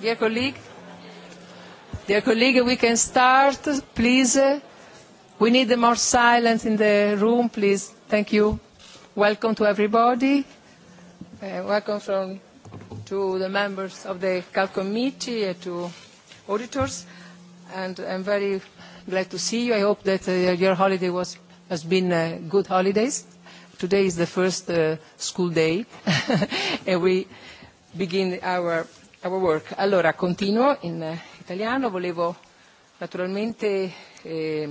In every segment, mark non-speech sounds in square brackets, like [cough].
Dear colleague, dear colleague, we can start, please. Uh, we need more silence in the room, please. Thank you. Welcome to everybody. Uh, welcome from, to the members of the CAL committee, uh, to auditors, and I'm very glad to see you. I hope that uh, your holiday was, has been uh, good holidays. Today is the first uh, school day [laughs] and we begin our, our work. Allora, continuo in eh, italiano. Volevo naturalmente eh,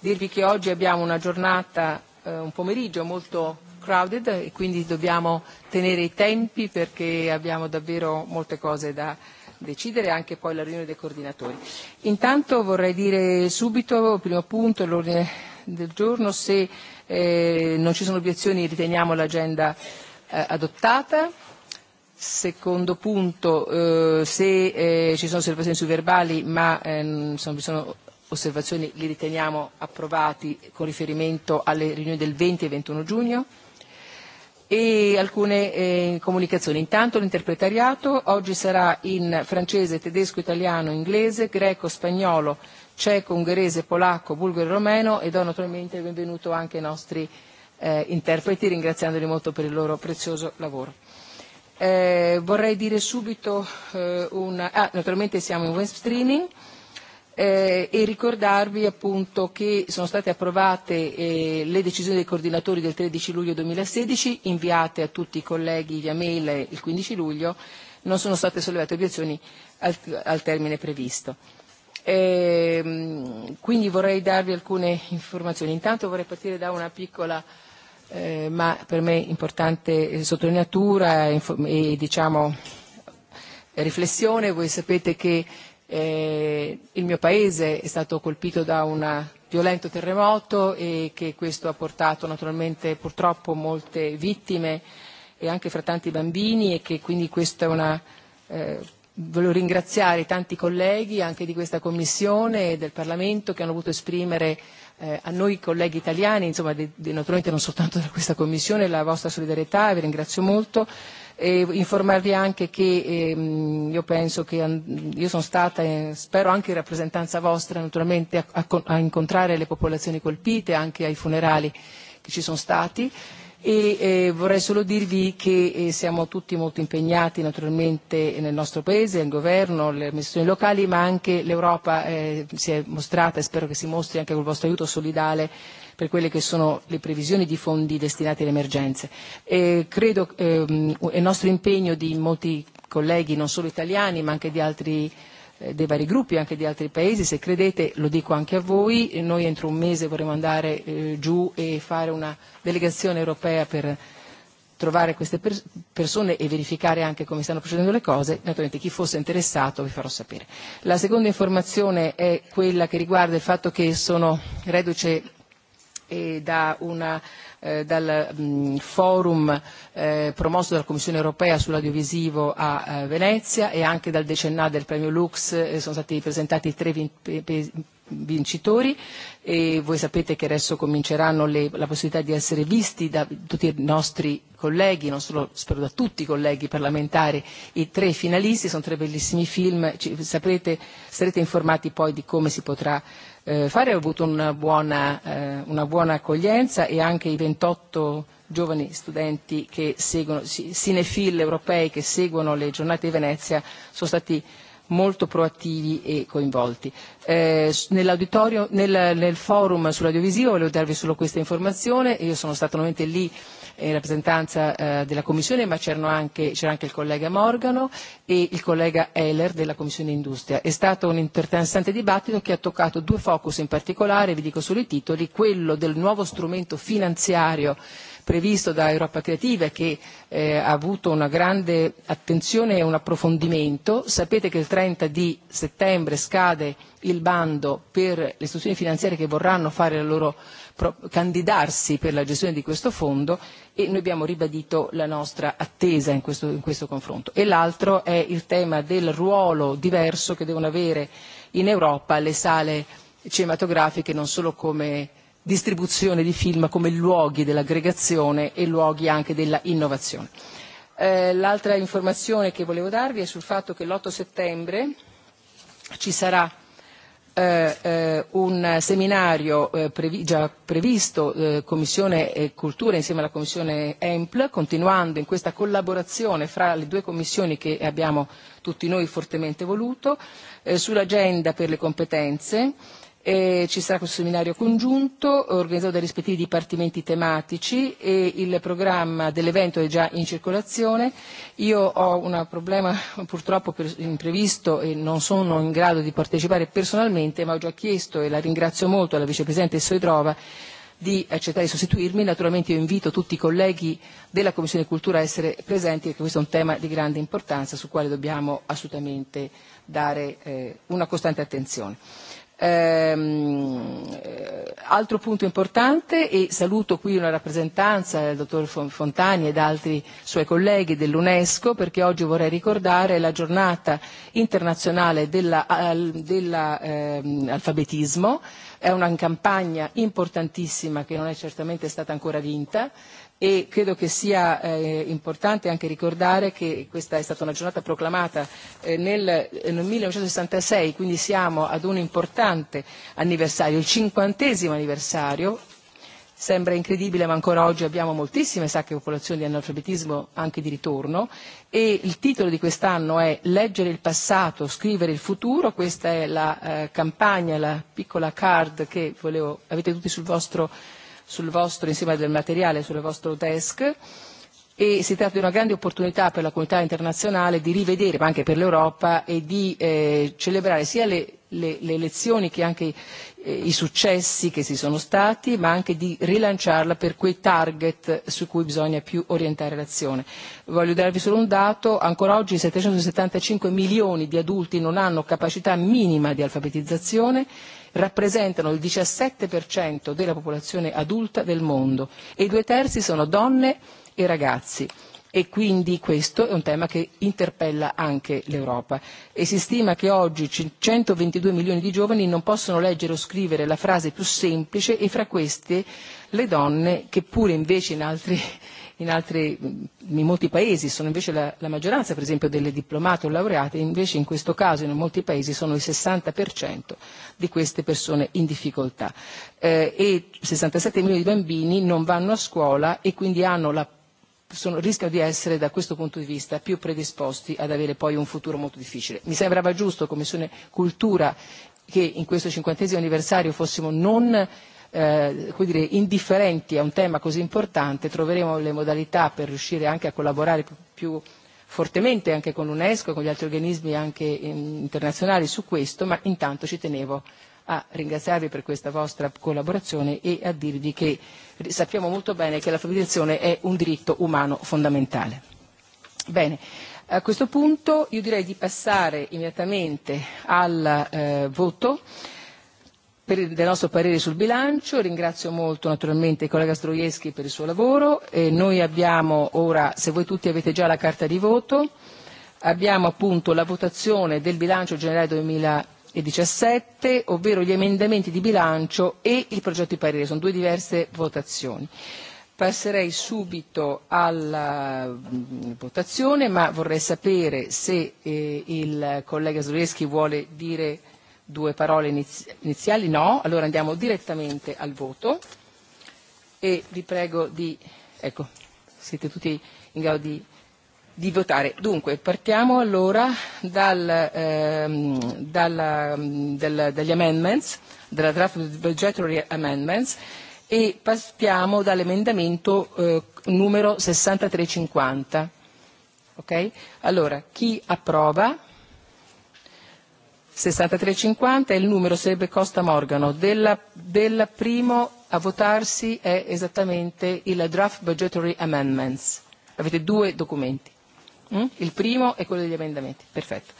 dirvi che oggi abbiamo una giornata, eh, un pomeriggio molto crowded e quindi dobbiamo tenere i tempi perché abbiamo davvero molte cose da decidere anche poi la riunione dei coordinatori. Intanto vorrei dire subito, primo punto, l'ordine del giorno, se Eh, non ci sono obiezioni, riteniamo l'agenda eh, adottata. Secondo punto, eh, se eh, ci sono osservazioni sui verbali, ma ehm, insomma, vi sono osservazioni, li riteniamo approvati con riferimento alle riunioni del 20 e 21 giugno e alcune eh, comunicazioni. Intanto l'interpretariato oggi sarà in francese, tedesco, italiano, inglese, greco, spagnolo, ceco, ungherese, polacco, bulgaro e romeno e do naturalmente il benvenuto anche ai nostri eh, interpreti ringraziandoli molto per il loro prezioso lavoro. Eh, vorrei dire subito eh, una... Ah, naturalmente siamo in web streaming eh, e ricordarvi appunto che sono state approvate eh, le decisioni dei coordinatori del 13 luglio 2016 inviate a tutti i colleghi via mail il 15 luglio non sono state sollevate obiezioni al, al termine previsto. E, quindi vorrei darvi alcune informazioni. Intanto vorrei partire da una piccola eh, ma per me importante eh, sottolineatura e, e diciamo riflessione. Voi sapete che eh, il mio paese è stato colpito da un violento terremoto e che questo ha portato naturalmente purtroppo molte vittime e anche fra tanti bambini e che quindi questa è una eh, voglio ringraziare i tanti colleghi anche di questa Commissione e del Parlamento che hanno voluto esprimere eh, a noi colleghi italiani, insomma di, di, naturalmente non soltanto da questa Commissione, la vostra solidarietà, vi ringrazio molto. E informarvi anche che ehm, io penso che an- io sono stata, eh, spero anche in rappresentanza vostra naturalmente, a, a, a incontrare le popolazioni colpite, anche ai funerali che ci sono stati e eh, vorrei solo dirvi che eh, siamo tutti molto impegnati naturalmente nel nostro Paese, il governo, le amministrazioni locali, ma anche l'Europa eh, si è mostrata e spero che si mostri anche col vostro aiuto solidale per quelle che sono le previsioni di fondi destinati alle emergenze. E credo che ehm, il nostro impegno di molti colleghi, non solo italiani ma anche di altri Eh, dei vari gruppi anche di altri paesi, se credete lo dico anche a voi, noi entro un mese vorremmo andare eh, giù e fare una delegazione europea per trovare queste per- persone e verificare anche come stanno procedendo le cose, naturalmente chi fosse interessato vi farò sapere. La seconda informazione è quella che riguarda il fatto che sono reduce eh, da una eh, eh, dal mh, mm, forum eh, promosso dalla Commissione europea sull'audiovisivo a eh, Venezia e anche dal decennale del premio Lux eh, sono stati presentati tre vin- pe- pe- vincitori e voi sapete che adesso cominceranno le, la possibilità di essere visti da tutti i nostri colleghi, non solo spero da tutti i colleghi parlamentari, i tre finalisti, sono tre bellissimi film, ci, saprete, sarete informati poi di come si potrà eh, fare, ho avuto una buona, eh, una buona accoglienza e anche i 28 giovani studenti che seguono, cinefil europei che seguono le giornate di Venezia sono stati molto proattivi e coinvolti. Eh, nell'auditorio, nel, nel forum sull'audiovisivo volevo darvi solo questa informazione, io sono stato nuovamente lì eh, eh, rappresentanza eh, della Commissione, ma c'era anche, c'era anche il collega Morgano e il collega Heller della Commissione Industria. È stato un interessante dibattito che ha toccato due focus in particolare, vi dico solo i titoli, quello del nuovo strumento finanziario previsto da Europa Creativa che eh, ha avuto una grande attenzione e un approfondimento. Sapete che il 30 di settembre scade il bando per le istituzioni finanziarie che vorranno fare la loro, pro, candidarsi per la gestione di questo fondo e noi abbiamo ribadito la nostra attesa in questo, in questo confronto. E l'altro è il tema del ruolo diverso che devono avere in Europa le sale cinematografiche non solo come distribuzione di film come luoghi dell'aggregazione e luoghi anche della innovazione. Eh, l'altra informazione che volevo darvi è sul fatto che l'8 settembre ci sarà eh, eh, un seminario eh, previ- già previsto eh, Commissione e Cultura insieme alla Commissione EMPL, continuando in questa collaborazione fra le due commissioni che abbiamo tutti noi fortemente voluto, eh, sull'agenda per le competenze Eh, ci sarà questo seminario congiunto organizzato dai rispettivi dipartimenti tematici e il programma dell'evento è già in circolazione. Io ho un problema purtroppo per, imprevisto e non sono in grado di partecipare personalmente, ma ho già chiesto e la ringrazio molto alla vicepresidente Soidrova di accettare di sostituirmi. Naturalmente io invito tutti i colleghi della Commissione Cultura a essere presenti perché questo è un tema di grande importanza sul quale dobbiamo assolutamente dare eh, una costante attenzione. Ehm, altro punto importante e saluto qui una rappresentanza, il dottor Fontani ed altri suoi colleghi dell'UNESCO perché oggi vorrei ricordare la giornata internazionale dell'alfabetismo, della, ehm, è una campagna importantissima che non è certamente stata ancora vinta e credo che sia eh, importante anche ricordare che questa è stata una giornata proclamata eh, nel, eh, nel 1966, quindi siamo ad un importante anniversario, il cinquantesimo anniversario. Sembra incredibile, ma ancora oggi abbiamo moltissime sacche popolazioni di analfabetismo anche di ritorno e il titolo di quest'anno è Leggere il passato, scrivere il futuro. Questa è la eh, campagna, la piccola card che volevo, avete tutti sul vostro sul vostro insieme del materiale, sul vostro desk e si tratta di una grande opportunità per la comunità internazionale di rivedere, ma anche per l'Europa, e di eh, celebrare sia le, le, le lezioni che anche eh, i successi che si sono stati, ma anche di rilanciarla per quei target su cui bisogna più orientare l'azione. Voglio darvi solo un dato, ancora oggi 775 milioni di adulti non hanno capacità minima di alfabetizzazione rappresentano il 17% della popolazione adulta del mondo e due terzi sono donne e ragazzi e quindi questo è un tema che interpella anche l'Europa e si stima che oggi 122 milioni di giovani non possono leggere o scrivere la frase più semplice e fra queste le donne che pure invece in altri in, altri, in molti paesi sono invece la, la maggioranza, per esempio, delle diplomate o laureate, invece in questo caso in molti paesi sono il 60% di queste persone in difficoltà. Eh, e 67 milioni di bambini non vanno a scuola e quindi hanno la sono, rischiano di essere da questo punto di vista più predisposti ad avere poi un futuro molto difficile. Mi sembrava giusto, Commissione Cultura, che in questo cinquantesimo anniversario fossimo non eh, come dire, indifferenti a un tema così importante, troveremo le modalità per riuscire anche a collaborare più, più fortemente anche con l'UNESCO e con gli altri organismi anche in, internazionali su questo, ma intanto ci tenevo a ringraziarvi per questa vostra collaborazione e a dirvi che sappiamo molto bene che l'alfabetizzazione è un diritto umano fondamentale. Bene, a questo punto io direi di passare immediatamente al eh, voto per il, del nostro parere sul bilancio. Ringrazio molto naturalmente il collega Stroieschi per il suo lavoro. E noi abbiamo ora, se voi tutti avete già la carta di voto, abbiamo appunto la votazione del bilancio generale 2017, ovvero gli emendamenti di bilancio e il progetto di parere. Sono due diverse votazioni. Passerei subito alla mm, votazione, ma vorrei sapere se eh, il collega Zulieschi vuole dire due parole iniziali? No, allora andiamo direttamente al voto e vi prego di, ecco, siete tutti in grado di, di votare. Dunque, partiamo allora dal, ehm, dalla, del, dagli amendments, dalla draft budgetary amendments e passiamo dall'emendamento eh, numero 6350. Ok? Allora, chi approva? 6350 e il numero sarebbe Costa Morgano. Della, del primo a votarsi è esattamente il draft budgetary amendments. Avete due documenti. Mm? Il primo è e quello degli emendamenti. Perfetto.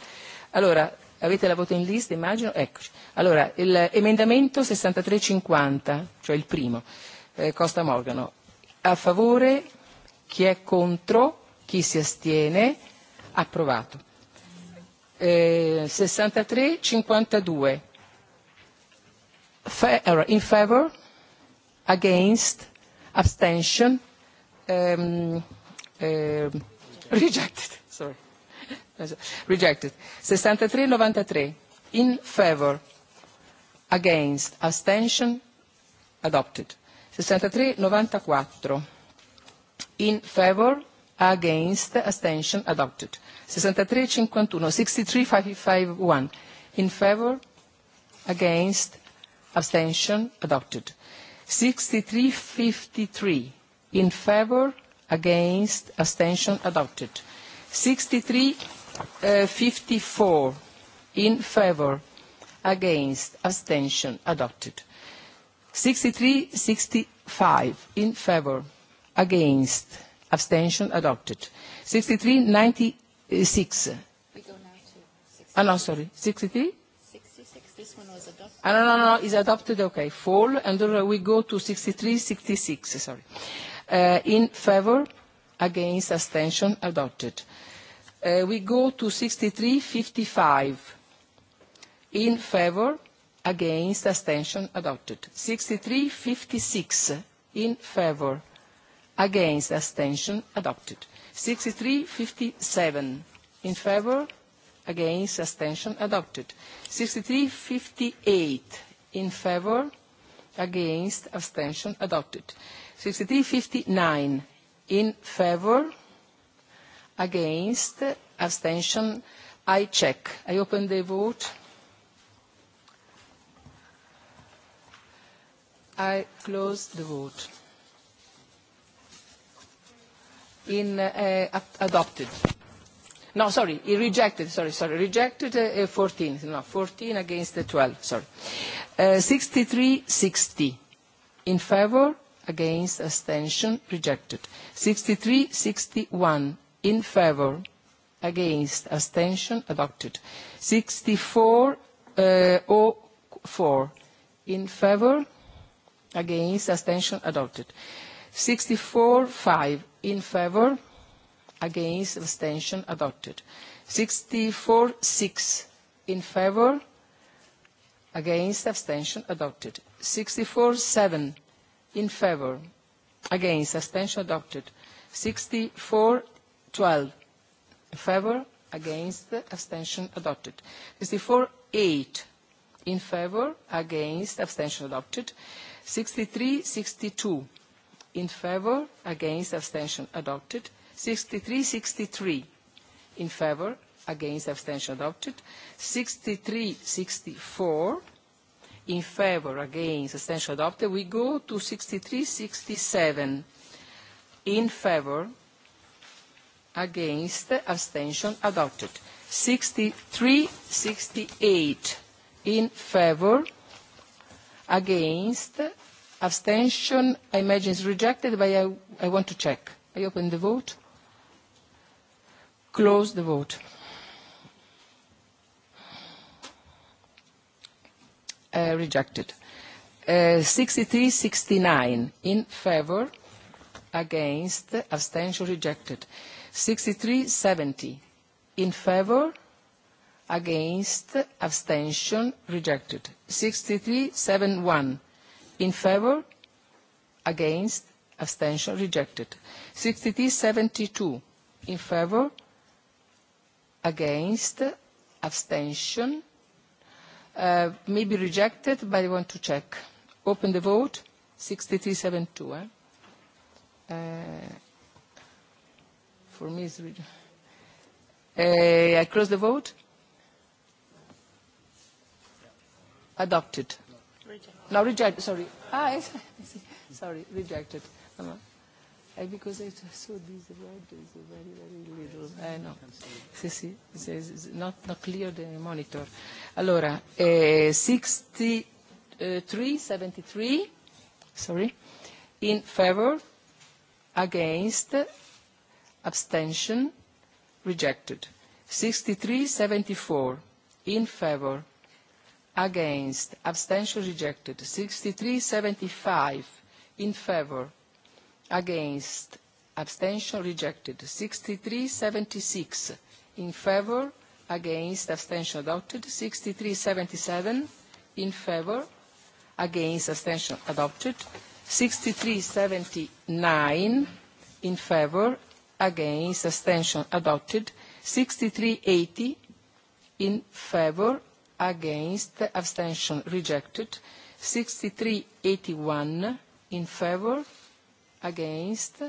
Allora, avete la voto in lista, immagino? Eccoci. Allora, l'emendamento 6350, cioè il primo, eh, Costa Morgano. A favore? Chi è contro? Chi si astiene? Approvato eh, 63, 52. Fa- er, in favor, against, abstention, um, uh, [laughs] rejected. Sorry. Rejected. 63, 93. E e in favor, against, abstention, adopted. 63, 94. E in favor, against, abstention, adopted. 63 51, 63 55 1. In favor, against, abstention, adopted. 63 53. In favor, against, abstention, adopted. 63 uh, 54. In favor, against, abstention, adopted. 63 65. In favor, against, abstention, adopted. 63 90 six. We go now to 66. Oh, no, sorry, 63? 66, this one was adopted. Oh, no, no, no, it's adopted, okay, fall, and then uh, we go to 63, 66, sorry. Uh, in favor, against, abstention, adopted. Uh, we go to 63, 55. In favor, against, abstention, adopted. 63, 56. In favor, against, abstention, adopted. 6357 in favor, against, abstention adopted. 6358 in favor, against, abstention adopted. 6359 in favor, against, abstention. I check. I open the vote. I close the vote in uh, adopted. No, sorry, rejected. Sorry, sorry. Rejected, uh, eh, 14. No, 14 against the 12. Sorry. 63-60. Uh, eh, in favor, against, abstention, rejected. 63-61. In favor, against, abstention, adopted. 64-04. In favor, against, abstention, adopted. 64.5 in favor, against, abstention, adopted. 64.6 in favor, against, abstention, adopted. 64.7 in favor, against, abstention, adopted. 64.12 in favor, against, abstention, adopted. 64.8 in favor, against, abstention, adopted. 63.62 in favor, against, abstention adopted. 63, 63 in favor, against, abstention adopted. 63, 64 in favor, against, abstention adopted. We go to 63, 67 in favor, against, abstention adopted. 63, 68 in favor, against, Abstention, I imagine is rejected, but I, I want to check. I open the vote. Close the vote. Uh, rejected. Uh, 63, 69 in favor, against, abstention rejected. 63, 70 in favor, against, abstention rejected. 63, 71 in favor against abstention rejected 63 72 in favor against abstention uh, may be rejected but i want to check open the vote 63 72 eh? uh, for me is uh, i close the vote adopted Rejected. No, rejected, sorry. Ah, yes. [laughs] sorry, rejected. Um, because I saw this word is very, very little. Eh, no. Sì, sì, it's not, not clear the monitor. Allora, eh, 63, uh, 73, sorry, in favor, against, abstention, rejected. 63, 74, in favor, against, abstention rejected. 63.75 in favor, against, abstention rejected. 63.76 in favor, against, abstention adopted. 63.77 in favor, against, abstention adopted. 63.79 in favor, against, abstention adopted. 63.80 in favor, against, abstention rejected. 6381 in favor, against,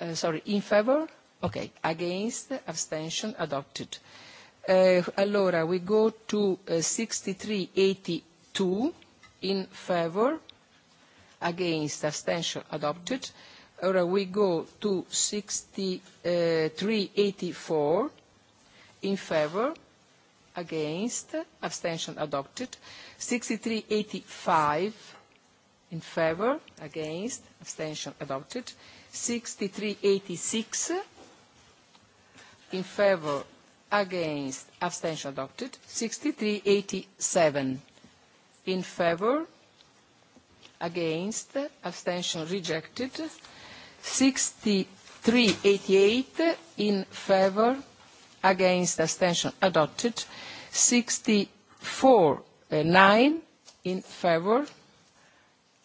uh, sorry, in favor, okay, against, abstention adopted. Uh, allora, we go to uh, 6382 in favor, against, abstention adopted. Allora, we go to 6384 uh, in favor, against, abstention adopted. 6385 in favor, against, abstention adopted. 6386 in favor, against, abstention adopted. 6387 in favor, against, abstention rejected. 6388 in favor, against abstention adopted 64 uh, 9 in favor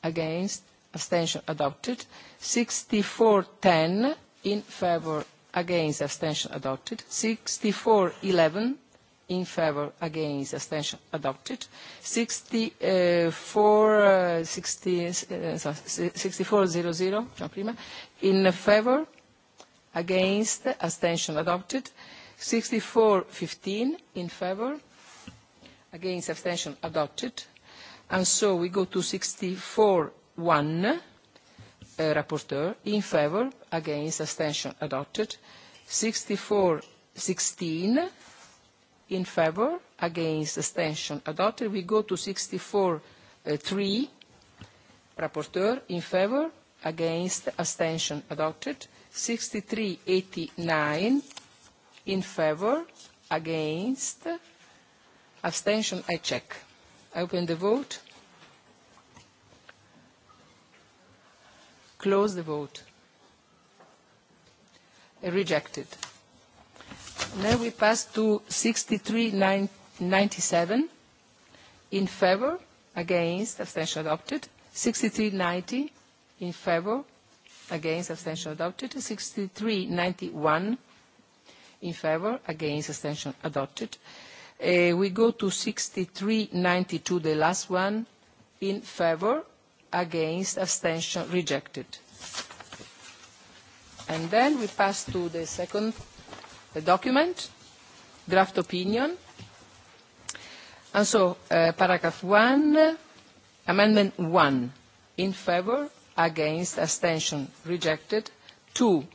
against abstention adopted 64 10 in favor against abstention adopted 64 11 in favor against abstention adopted 64 uh, 60 uh, sorry, 64 00 prima in favor against abstention adopted 64 6415 in favor, against abstention adopted. And so we go to 641, uh, rapporteur, in favor, against abstention adopted. 6416 in favor, against abstention adopted. We go to 64.3, uh, rapporteur in favor, against abstention adopted. 63.89 in favor against abstention i check i open the vote close the vote rejected now we pass to 6397 in favor against abstention adopted 6390 in favor against abstention adopted 6391 in favor, against, abstention adopted. Uh, we go to 6392, the last one, in favor, against, abstention rejected. And then we pass to the second the document, draft opinion. And so, uh, paragraph 1, amendment 1, in favor, against, abstention rejected. 2,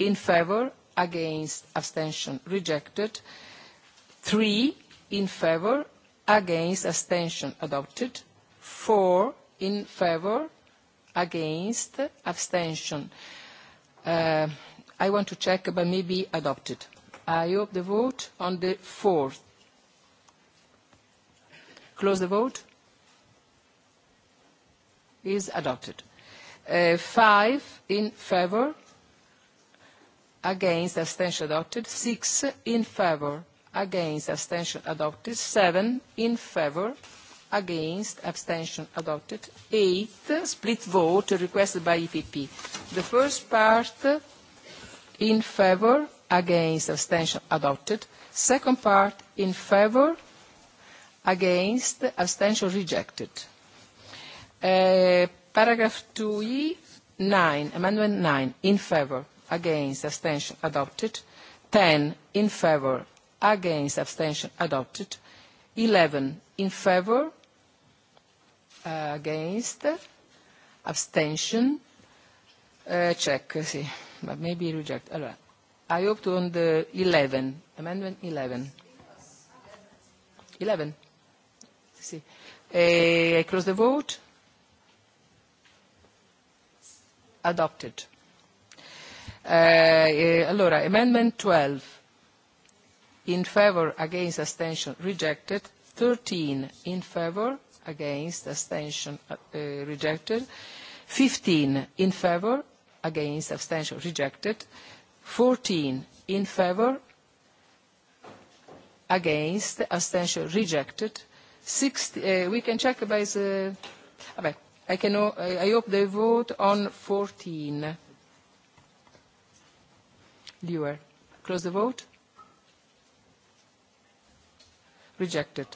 in favor, against, abstention rejected. 3 in favor, against, abstention adopted. 4 in favor, against, abstention. Uh, I want to check, but maybe adopted. I open the vote on the fourth. Close the vote. Is adopted. Uh, five in favor, against, abstention adopted. Six in favor, against, abstention adopted. Seven in favor, against, abstention adopted. Eight, split vote requested by EPP. The first part, in favor, against, abstention adopted. Second part, in favor, against, abstention rejected. Uh, paragraph 2E, 9, amendment 9, in favor, against, abstention adopted. 10 in favor, against, abstention adopted. 11 in favor, uh, against, abstention, uh, check, see, but maybe reject. Allora. I opt on the 11, amendment 11. 11. See. Uh, I close the vote. Adopted. Eh, eh, allora, amendment 12, in favor, against, astension, rejected. 13, in favor, against, abstention, uh, eh, rejected. 15, in favor, against, abstention, rejected. 14, in favor, against, abstention, rejected. 60, uh, eh, we can check by the... Vabbè, I, can, uh, I hope they vote on 14. Liuer. Close the vote. Rejected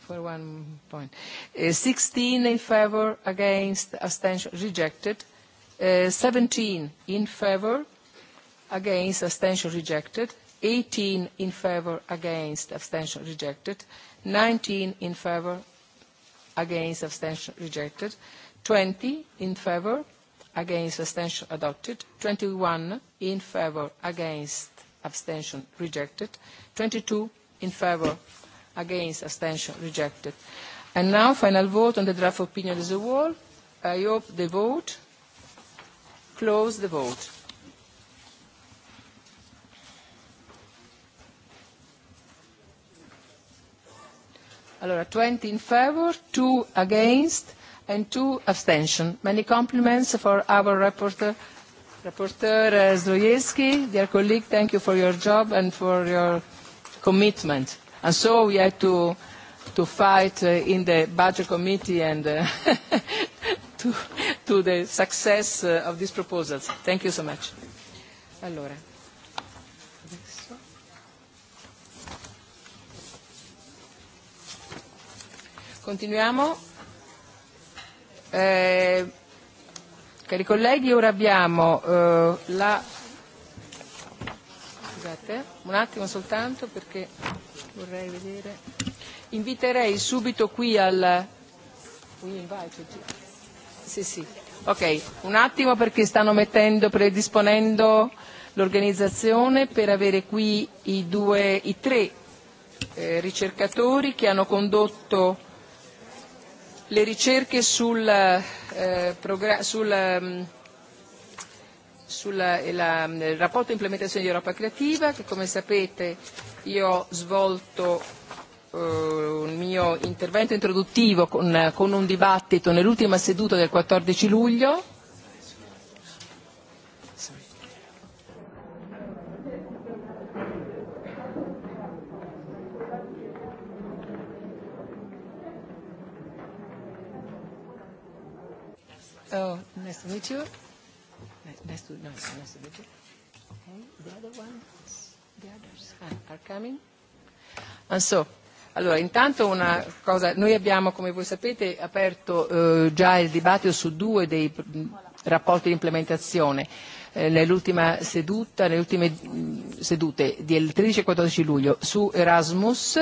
for one point. Uh, 16 in favor, against, abstention, rejected. Uh, 17 in favor, against, abstention, rejected. 18 in favor, against, abstention, rejected. 19 in favor, against, abstention, rejected. 20 in favor, against abstention adopted 21 in favor against abstention rejected 22 in favor against abstention rejected and now final vote on the draft opinion as a whole i open the vote close the vote allora 20 in favor 2 against and two abstentions. Many compliments for our rapporteur, rapporteur uh, Zdrojewski. Dear colleague, thank you for your job and for your commitment. And so we had to, to fight uh, in the budget committee and uh, [laughs] to, to the success uh, of these proposals. Thank you so much. Allora. Adesso. Continuiamo Eh, cari colleghi, ora abbiamo eh, la... Scusate, un attimo soltanto perché vorrei vedere. Inviterei subito qui al... Sì, sì. Ok, un attimo perché stanno mettendo, predisponendo l'organizzazione per avere qui i, due, i tre eh, ricercatori che hanno condotto le ricerche sul, eh, sul, um, sulla, eh, la, eh, il rapporto di implementazione di Europa Creativa, che come sapete io ho svolto eh, un mio intervento introduttivo con, con un dibattito nell'ultima seduta del 14 luglio Nice to meet you. Nice, nice to nice, nice to meet you. Okay, the other ones, the others ah, are coming. And so, allora, intanto una cosa, noi abbiamo, come voi sapete, aperto eh, già il dibattito su due dei mm, rapporti di implementazione eh, nell'ultima seduta, nelle ultime mm, sedute del 13 e 14 luglio su Erasmus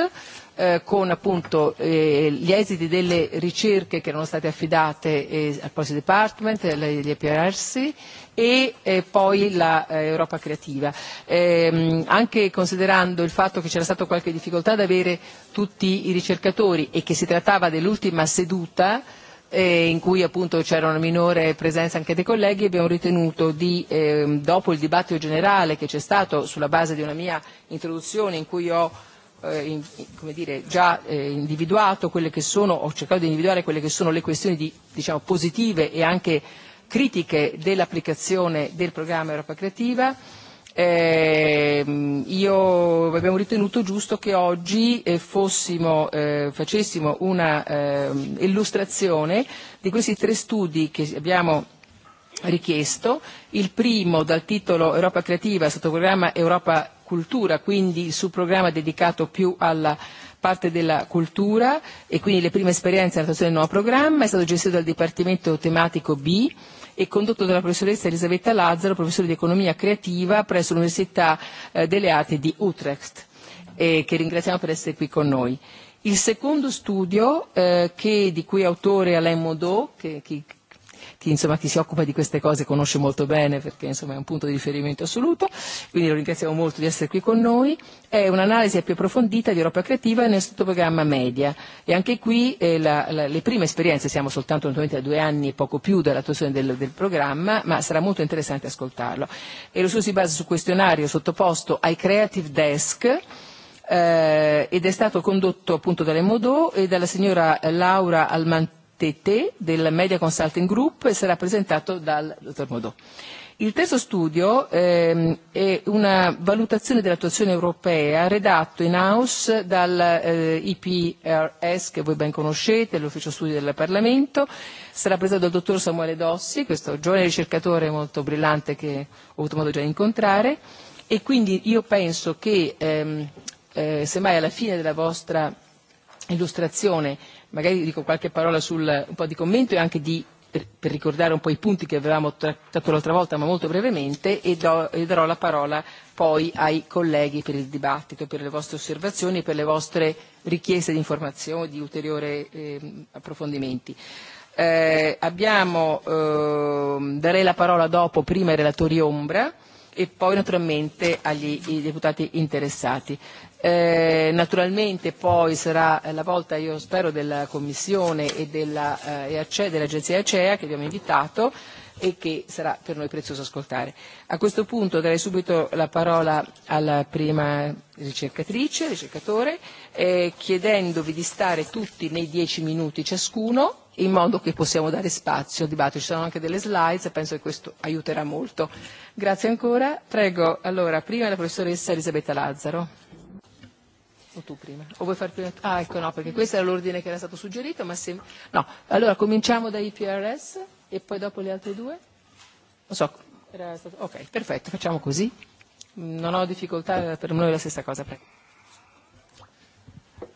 eh, con appunto eh, gli esiti delle ricerche che erano state affidate eh, al Policy Department, agli EPRC e eh, poi la eh, Europa creativa. Ehm, anche considerando il fatto che c'era stata qualche difficoltà ad avere tutti i ricercatori e che si trattava dell'ultima seduta, eh, in cui appunto c'era una minore presenza anche dei colleghi, abbiamo ritenuto di, eh, dopo il dibattito generale che c'è stato sulla base di una mia introduzione in cui ho eh, in, come dire, già eh, individuato quelle che sono, ho cercato di individuare quelle che sono le questioni di, diciamo, positive e anche critiche dell'applicazione del programma Europa Creativa. Eh, io abbiamo ritenuto giusto che oggi eh, fossimo, eh, facessimo una eh, illustrazione di questi tre studi che abbiamo richiesto, il primo dal titolo Europa Creativa, sottoprogramma Europa Cultura, quindi il subprogramma dedicato più alla parte della cultura e quindi le prime esperienze nell'attuazione del nuovo programma, è stato gestito dal Dipartimento tematico B e condotto dalla professoressa Elisabetta Lazzaro, professore di economia creativa presso l'Università eh, delle Arti di Utrecht, eh, che ringraziamo per essere qui con noi. Il secondo studio, eh, che, di cui è autore Alain Modot, che chi chi, insomma, chi si occupa di queste cose conosce molto bene perché insomma, è un punto di riferimento assoluto, quindi lo ringraziamo molto di essere qui con noi. È un'analisi più approfondita di Europa Creativa nel sottoprogramma Media e anche qui eh, la, la, le prime esperienze, siamo soltanto naturalmente a due anni e poco più dall'attuazione del, del programma, ma sarà molto interessante ascoltarlo. E lo studio si basa su questionario sottoposto ai Creative Desk eh, ed è stato condotto appunto dall'Emodo e dalla signora Laura Almantini TT del Media Consulting Group e sarà presentato dal dottor Modò. Il terzo studio ehm, è una valutazione dell'attuazione europea redatto in house dal eh, IPRS che voi ben conoscete, l'ufficio studi del Parlamento, sarà presentato dal dottor Samuele Dossi, questo giovane ricercatore molto brillante che ho avuto modo già di incontrare e quindi io penso che ehm, eh, semmai alla fine della vostra illustrazione magari dico qualche parola sul un po' di commento e anche di per, per ricordare un po' i punti che avevamo trattato l'altra volta, ma molto brevemente, e, do, e darò la parola poi ai colleghi per il dibattito, per le vostre osservazioni e per le vostre richieste di informazioni, di ulteriori eh, approfondimenti. Eh, abbiamo, eh, darei la parola dopo prima ai relatori ombra e poi naturalmente agli i deputati interessati. Eh, naturalmente poi sarà la volta, io spero, della Commissione e della, eh, e ACE, dell'Agenzia ACEA che abbiamo invitato e che sarà per noi prezioso ascoltare. A questo punto darei subito la parola alla prima ricercatrice, ricercatore, eh, chiedendovi di stare tutti nei dieci minuti ciascuno in modo che possiamo dare spazio al dibattito. Ci saranno anche delle slides e penso che questo aiuterà molto. Grazie ancora. Prego allora prima la professoressa Elisabetta Lazzaro. O tu prima? O vuoi far prima? Ah, ecco no, perché questo era l'ordine che era stato suggerito, ma se... No, allora cominciamo dai PRS e poi dopo le altre due? Non so, era stato... ok, perfetto, facciamo così. Non ho difficoltà, per noi è la stessa cosa. Prego.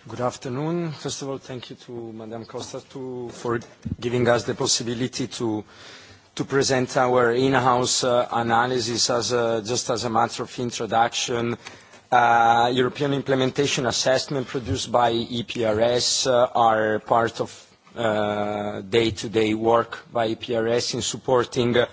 Good afternoon. First of all, thank you to Madame Costa to, for giving us the possibility to to present our in-house uh, analysis as a, just as a matter of introduction uh, European implementation assessment produced by EPRS uh, are part of uh, day-to-day uh, -day work by EPRS in supporting uh,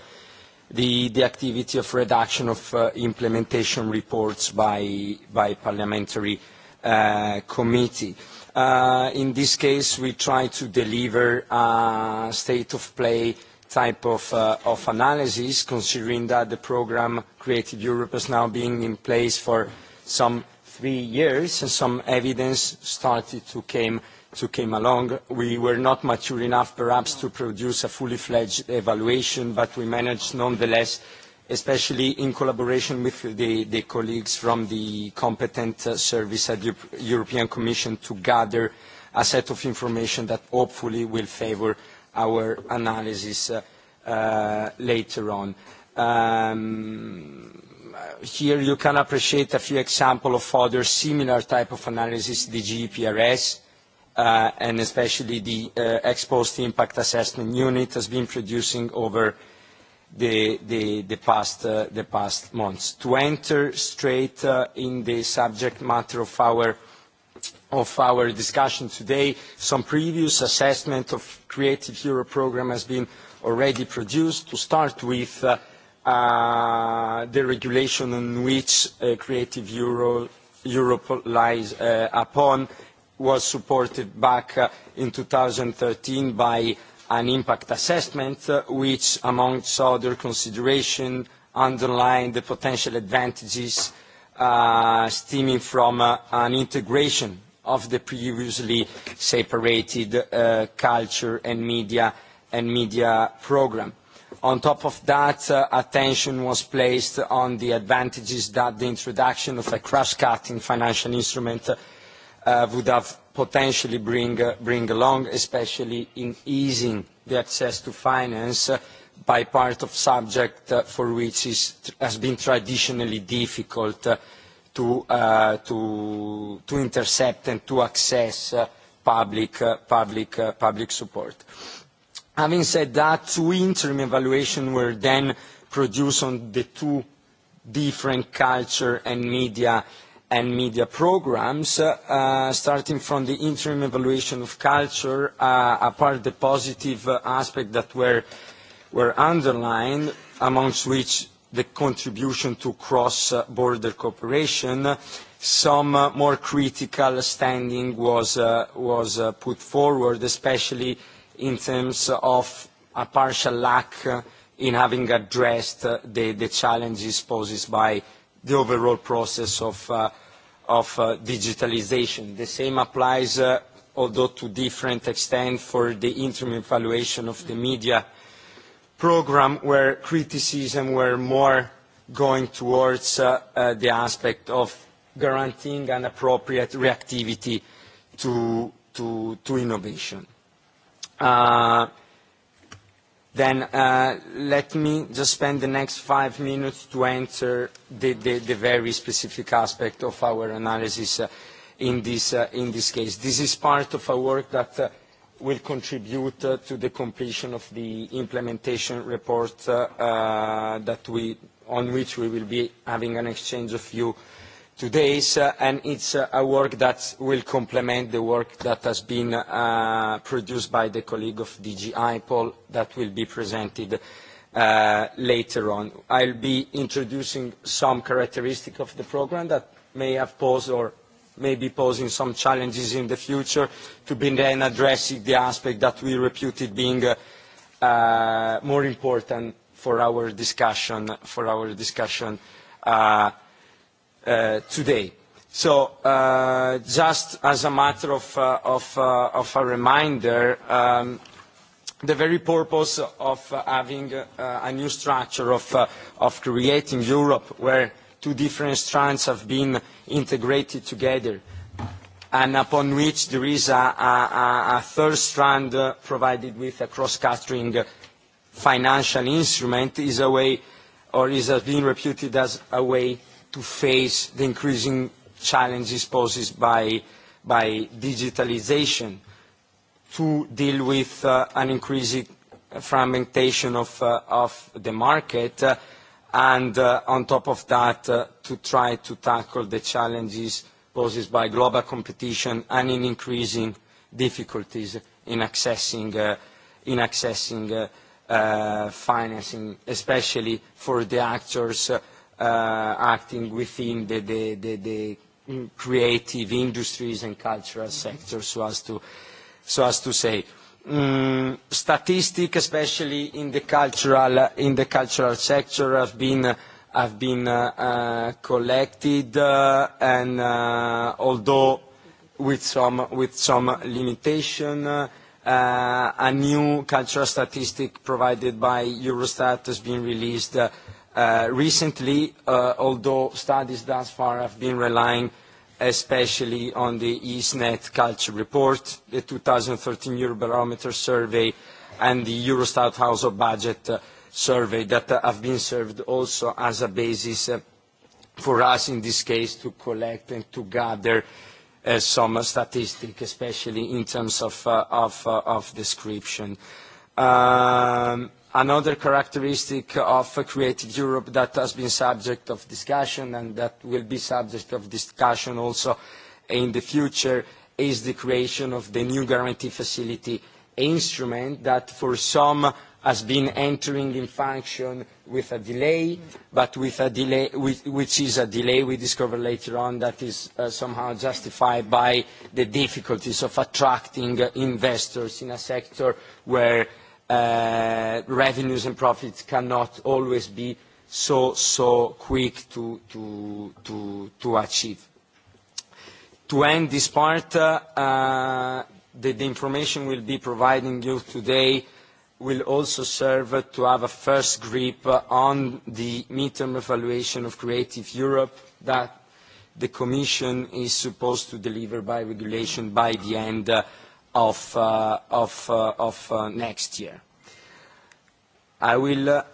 the, the activity of reduction of uh, implementation reports by, by parliamentary uh, committee. Uh, in this case, we try to deliver a state of play type of, uh, of analysis, considering that the program Creative Europe is now being in place for some three years, and some evidence started to came, to came along. We were not mature enough, perhaps, to produce a fully fledged evaluation, but we managed nonetheless, especially in collaboration with the, the colleagues from the competent uh, service at the European Commission, to gather a set of information that hopefully will favor our analysis uh, uh, later on. Um, Here you can appreciate a few examples of other similar type of analysis, the GEPRS, uh, and especially the uh, ex-post impact assessment unit has been producing over the, the, the, past, uh, the past months. To enter straight uh, in the subject matter of our, of our discussion today, some previous assessment of Creative Europe program has been already produced. To start with, uh, uh, the regulation on which uh, Creative Euro, Europe lies uh, upon was supported back uh, in 2013 by an impact assessment uh, which, amongst other consideration, underlined the potential advantages uh, stemming from uh, an integration of the previously separated uh, culture and media and media programme. On top of that, uh, attention was placed on the advantages that the introduction of a cross-cutting financial instrument uh, would have potentially bring, uh, bring along, especially in easing the access to finance uh, by part of subject uh, for which is, has been traditionally difficult uh, to, uh, to, to intercept and to access uh, public, uh, public, uh, public support. Uh, Having said that, two interim evaluation were then produced on the two different culture and media and media programs, uh, starting from the interim evaluation of culture, uh, apart the positive uh, aspect that were, were underlined, amongst which the contribution to cross-border uh, cooperation, some uh, more critical standing was, uh, was uh, put forward, especially uh, in terms of a partial lack uh, in having addressed uh, the, the challenges posed by the overall process of, uh, of uh, digitalization. The same applies, uh, although to different extent, for the interim evaluation of the media program, where criticism were more going towards uh, uh, the aspect of guaranteeing an appropriate reactivity to, to, to innovation. Uh, then uh, let me just spend the next five minutes to answer the, the, the very specific aspect of our analysis uh, in, this, uh, in this case. This is part of a work that uh, will contribute uh, to the completion of the implementation report uh, uh, that we, on which we will be having an exchange of view uh, today's, uh, and it's uh, a work that will complement the work that has been uh, produced by the colleague of DG IPOL that will be presented uh, later on. I'll be introducing some characteristics of the program that may have posed or may be posing some challenges in the future to be then addressing the aspect that we reputed being uh, uh, more important for our discussion, for our discussion uh, uh, today. So uh, just as a matter of, uh, of, uh, of a reminder, um, the very purpose of uh, having uh, a new structure of, uh, of creating Europe where two different strands have been integrated together and upon which there is a, a, a third strand uh, provided with a cross-cutting financial instrument is a way or is has been reputed as a way to face the increasing challenges posed by, by digitalization, to deal with uh, an increasing fragmentation of, uh, of the market, uh, and uh, on top of that, uh, to try to tackle the challenges posed by global competition and in increasing difficulties in accessing, uh, in accessing uh, uh, financing, especially for the actors uh, uh, acting within the, the, the, the creative industries and cultural sector, so as to, so as to say. Mm, statistics, especially in the cultural, in the cultural sector, have been, have been uh, uh, collected, uh, and uh, although with some, with some limitation, uh, a new cultural statistic provided by Eurostat has been released uh, Uh, recently, uh, although studies thus far have been relying especially on the EastNet Culture Report, the 2013 Eurobarometer survey, and the Eurostat Household Budget uh, survey that uh, have been served also as a basis uh, for us in this case to collect and to gather uh, some uh, statistic, especially in terms of, uh, of, uh, of description. Um, another characteristic of a creative Europe that has been subject of discussion and that will be subject of discussion also in the future is the creation of the new guarantee facility instrument that for some has been entering in function with a delay, but with a delay with, which is a delay we discover later on that is uh, somehow justified by the difficulties of attracting investors in a sector where uh, revenues and profits cannot always be so, so quick to, to, to, to achieve. To end this part, uh, uh, the, the information we'll be providing you today will also serve to have a first grip on the midterm evaluation of Creative Europe that the Commission is supposed to deliver by regulation by the end uh, of, uh, of, uh, of uh, next year. I will uh,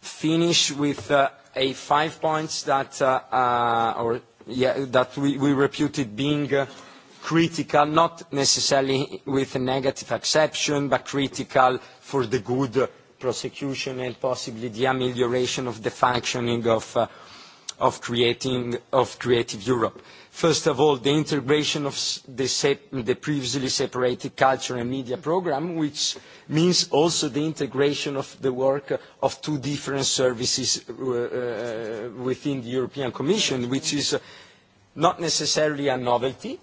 finish with uh, a five points that, uh, uh, or, yeah, that we, we reputed being uh, critical, not necessarily with a negative exception, but critical for the good prosecution and possibly the amelioration of the functioning of, uh, of, creating, of Creative Europe. First of all, the integration of the, sep the previously separated culture and media program, which means also the integration of the work of two different services uh, uh, within the European Commission, which is not necessarily a novelty,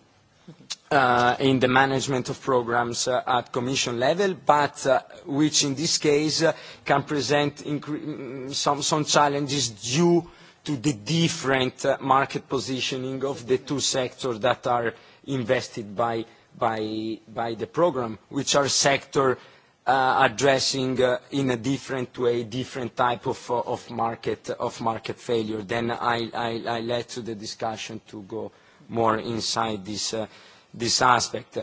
Uh, in the management of programs uh, at commission level, but uh, which in this case uh, can present mm, some, some challenges due to the different uh, market positioning of the two sectors that are invested by, by, by the program, which are sector uh, addressing uh, in a different way, different type of, uh, of, market, of market failure. Then I, I, I let to the discussion to go more inside this, uh, this aspect.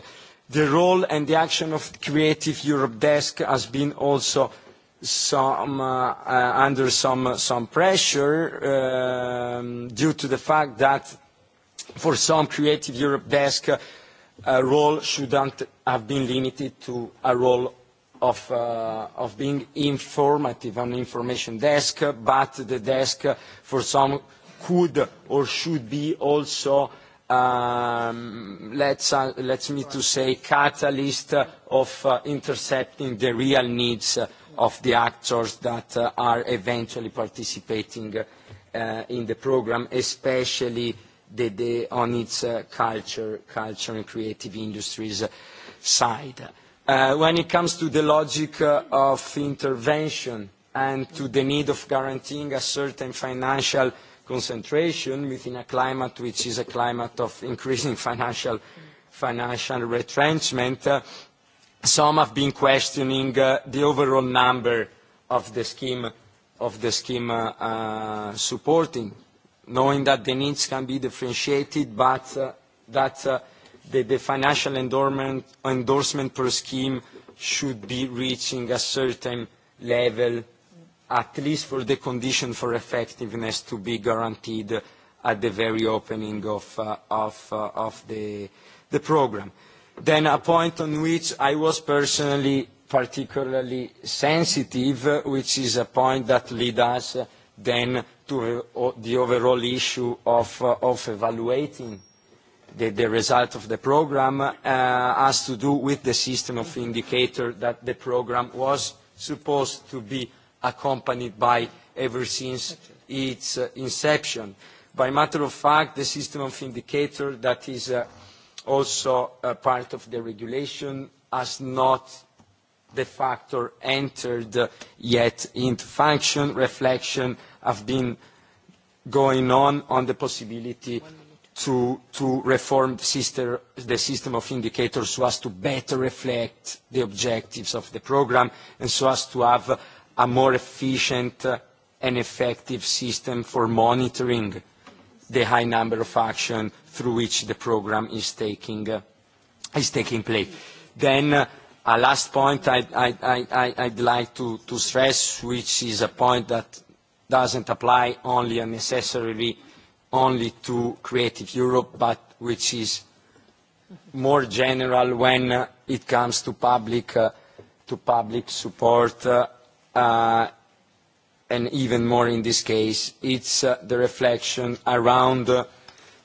The role and the action of Creative Europe Desk has been also uh, some uh, uh, under some some pressure um, due to the fact that for some Creative Europe desk, uh, a role shouldn't have been limited to a role of, uh, of being informative on information desk, but the desk uh, for some could or should be also um, let's, uh, let me to say, catalyst of uh, intercepting the real needs uh, of the actors that uh, are eventually participating uh, in the program, especially the, the, on its uh, culture, culture and creative industries side. Uh, when it comes to the logic uh, of intervention and to the need of guaranteeing a certain financial concentration within a climate which is a climate of increasing [laughs] financial, financial retrenchment, uh, some have been questioning uh, the overall number of the scheme, of the scheme uh, uh, supporting, knowing that the needs can be differentiated, but uh, that uh, the, the financial endorsement, endorsement per scheme should be reaching a certain level, at least for the condition for effectiveness to be guaranteed at the very opening of, uh, of, uh, of the, the program. Uh, Then a point on which I was personally particularly sensitive, which is a point that lead us then to the overall issue of, uh, of evaluating the, the result of the program, uh, has to do with the system of indicator that the program was supposed to be accompanied by ever since its uh, inception. By matter of fact, the system of indicator that is uh, also a part of the regulation, has not de facto entered yet into function. Reflection have been going on on the possibility to, to reform the, sister, the system of indicators so as to better reflect the objectives of the program and so as to have a more efficient and effective system for monitoring uh, the high number of actions through which the program is taking, uh, is taking place. Then uh, a last point I, I, I, I'd like to, to stress, which is a point that doesn't apply only and necessarily only to Creative Europe, but which is more general when uh, it comes to public, uh, to public support uh, uh, and even more in this case, it's uh, the reflection around uh,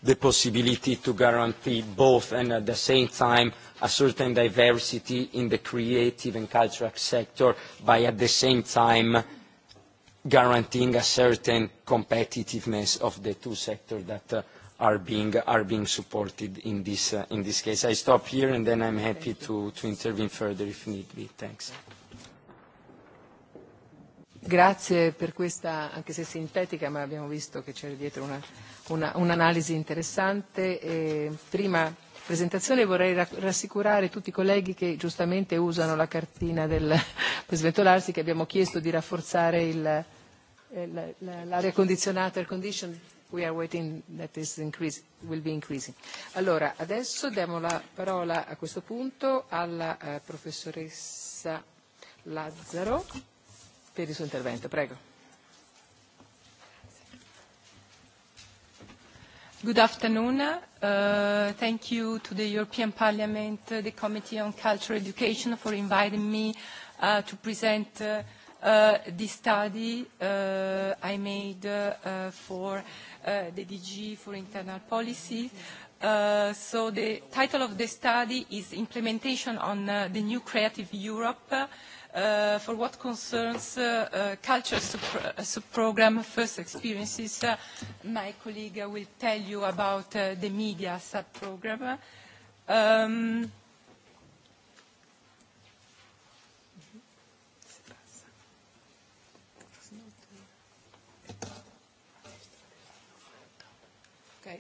the possibility to guarantee both and at the same time a certain diversity in the creative and cultural sector by at the same time guaranteeing a certain competitiveness of the two sectors that uh, are being are being supported in this uh, in this case. I stop here and then I'm happy to, to intervene further if need be. Thanks. Grazie per questa, anche se sintetica, ma abbiamo visto che c'era dietro una, una, un'analisi interessante. E prima presentazione vorrei rassicurare tutti i colleghi che giustamente usano la cartina del, [laughs] per sventolarsi che abbiamo chiesto di rafforzare il, il, l'aria condizionata, air condition. We are waiting that is increase, will be increasing. Allora, adesso diamo la parola a questo punto alla eh, professoressa Lazzaro per il suo intervento. Prego. Good afternoon. Uh, thank you to the European Parliament, uh, the Committee on Cultural Education for inviting me uh, to present uh, uh, this study uh, I made uh, uh, for uh, the DG for internal policy. Uh, so the title of the study is Implementation on uh, the New Creative Europe. Uh, uh, for what concerns uh, uh, culture sub- uh, sub-program first experiences, uh, my colleague will tell you about uh, the media sub-program. Um,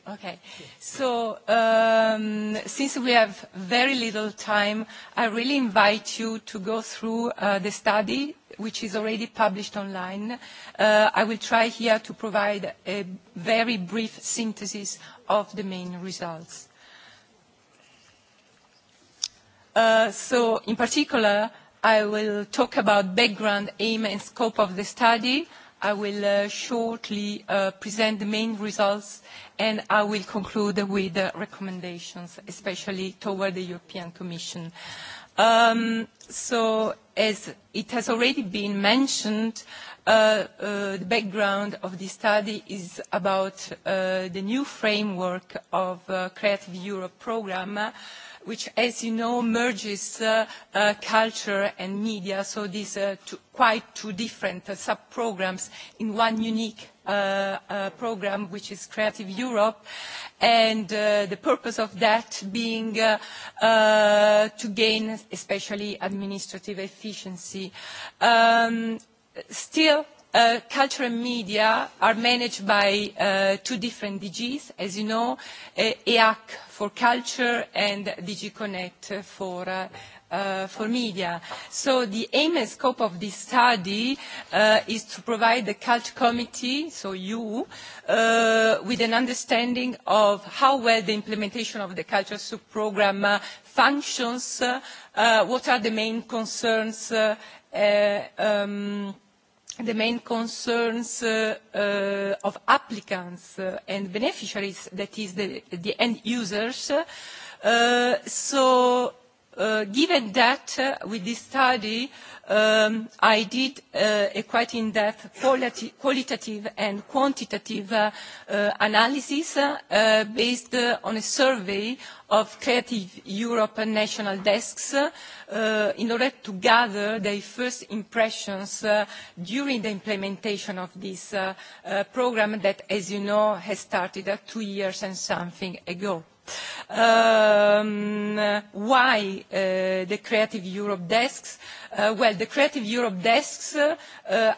Okay. Okay. So, um, since we have very little time, I really invite you to go through uh, the study, which is already published online. Uh, I will try here to provide a very brief synthesis of the main results. Uh, so in particular, I will talk about background, aim, and scope of the study, I will uh, shortly uh, present the main results, and I will conclude with the recommendations, especially toward the European Commission. Um, so as it has already been mentioned, uh, uh the background of this study is about uh, the new framework of uh, Creative Europe program, which, as you know, merges uh, uh, culture and media, so these uh, two, quite two different uh, sub-programs in one unique uh, uh, program, which is Creative Europe, and uh, the purpose of that being uh, uh, to gain especially administrative efficiency. Um, still, Uh, culture and media are managed by uh, two different DGs, as you know, uh, EAC for culture and DG Connect for uh, uh, for media. So the aim and scope of this study uh, is to provide the cult committee, so you, uh, with an understanding of how well the implementation of the culture sub-program uh, functions, uh, uh what are the main concerns uh, uh, um, the main concerns uh, uh, of applicants uh, and beneficiaries, that is the, the end users. Uh, so Uh, given that, uh, with this study, um, I did uh, a quite in-depth quality, qualitative and quantitative uh, uh, analysis uh, based uh, on a survey of Creative Europe national desks uh, in order to gather their first impressions uh, during the implementation of this uh, uh, program that, as you know, has started uh, two years and something ago. Um, why uh, the Creative Europe desks? Uh, well, the Creative Europe desks uh,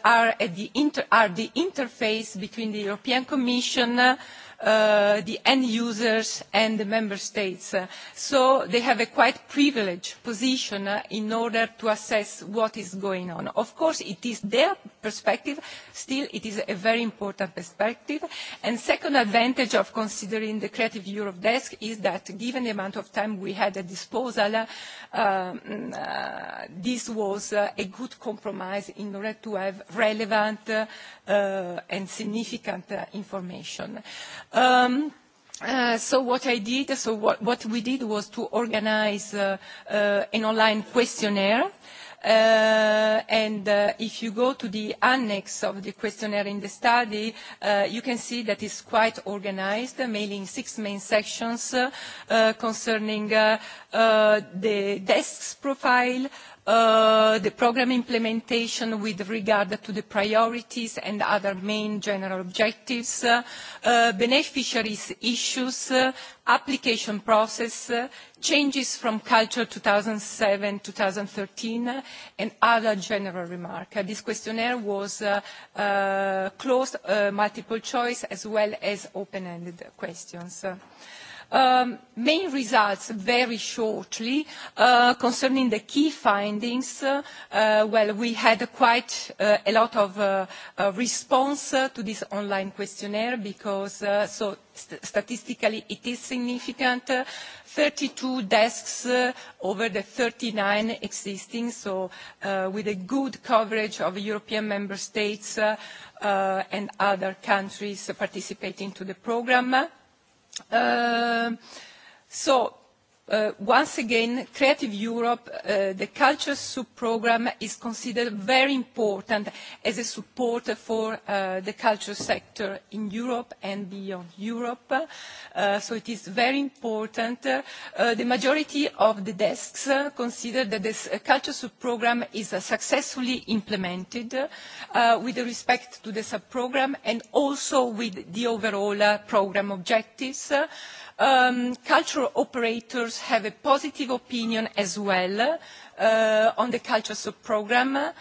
are, at the inter are the interface between the European Commission uh, uh, the end users and the member states. Uh, so they have a quite privileged position uh, in order to assess what is going on. Of course, it is their perspective. Still, it is a very important perspective. And second advantage of considering the Creative Europe Desk is that given the amount of time we had at disposal, uh, um, uh, this was uh, a good compromise in order to have relevant uh, uh, and significant uh, information. Uh, Um, Uh, so what I did, so what, what we did was to organize uh, uh, an online questionnaire. Uh, and uh, if you go to the annex of the questionnaire in the study, uh, you can see that it's quite organized, uh, mainly in six main sections uh, uh, concerning uh, uh, the desk's profile, uh, uh, the program implementation with regard to the priorities and other main general objectives, uh, uh, beneficiaries issues, uh, application process, uh, changes from culture 2007-2013, uh, and other general remark. Uh, this questionnaire was uh, uh, closed, uh, multiple choice, as well as open-ended questions. Uh, um, main results very shortly uh, concerning the key findings. Uh, well, we had quite uh, a lot of uh, uh, response uh, to this online questionnaire because uh, so st statistically it is significant. Uh, 32 desks uh, over the 39 existing, so uh, with a good coverage of European member states uh, uh, and other countries participating to the programme. Uh, so Uh, once again, Creative Europe, uh, the culture sub-programme is considered very important as a support for uh, the culture sector in Europe and beyond Europe. Uh, so it is very important. Uh, the majority of the desks uh, consider that this uh, culture sub-programme is uh, successfully implemented uh, with respect to the sub-programme and also with the overall uh, programme objectives. Uh, Um, cultural operators have a positive opinion as well uh, on the culture sub-programme. Uh,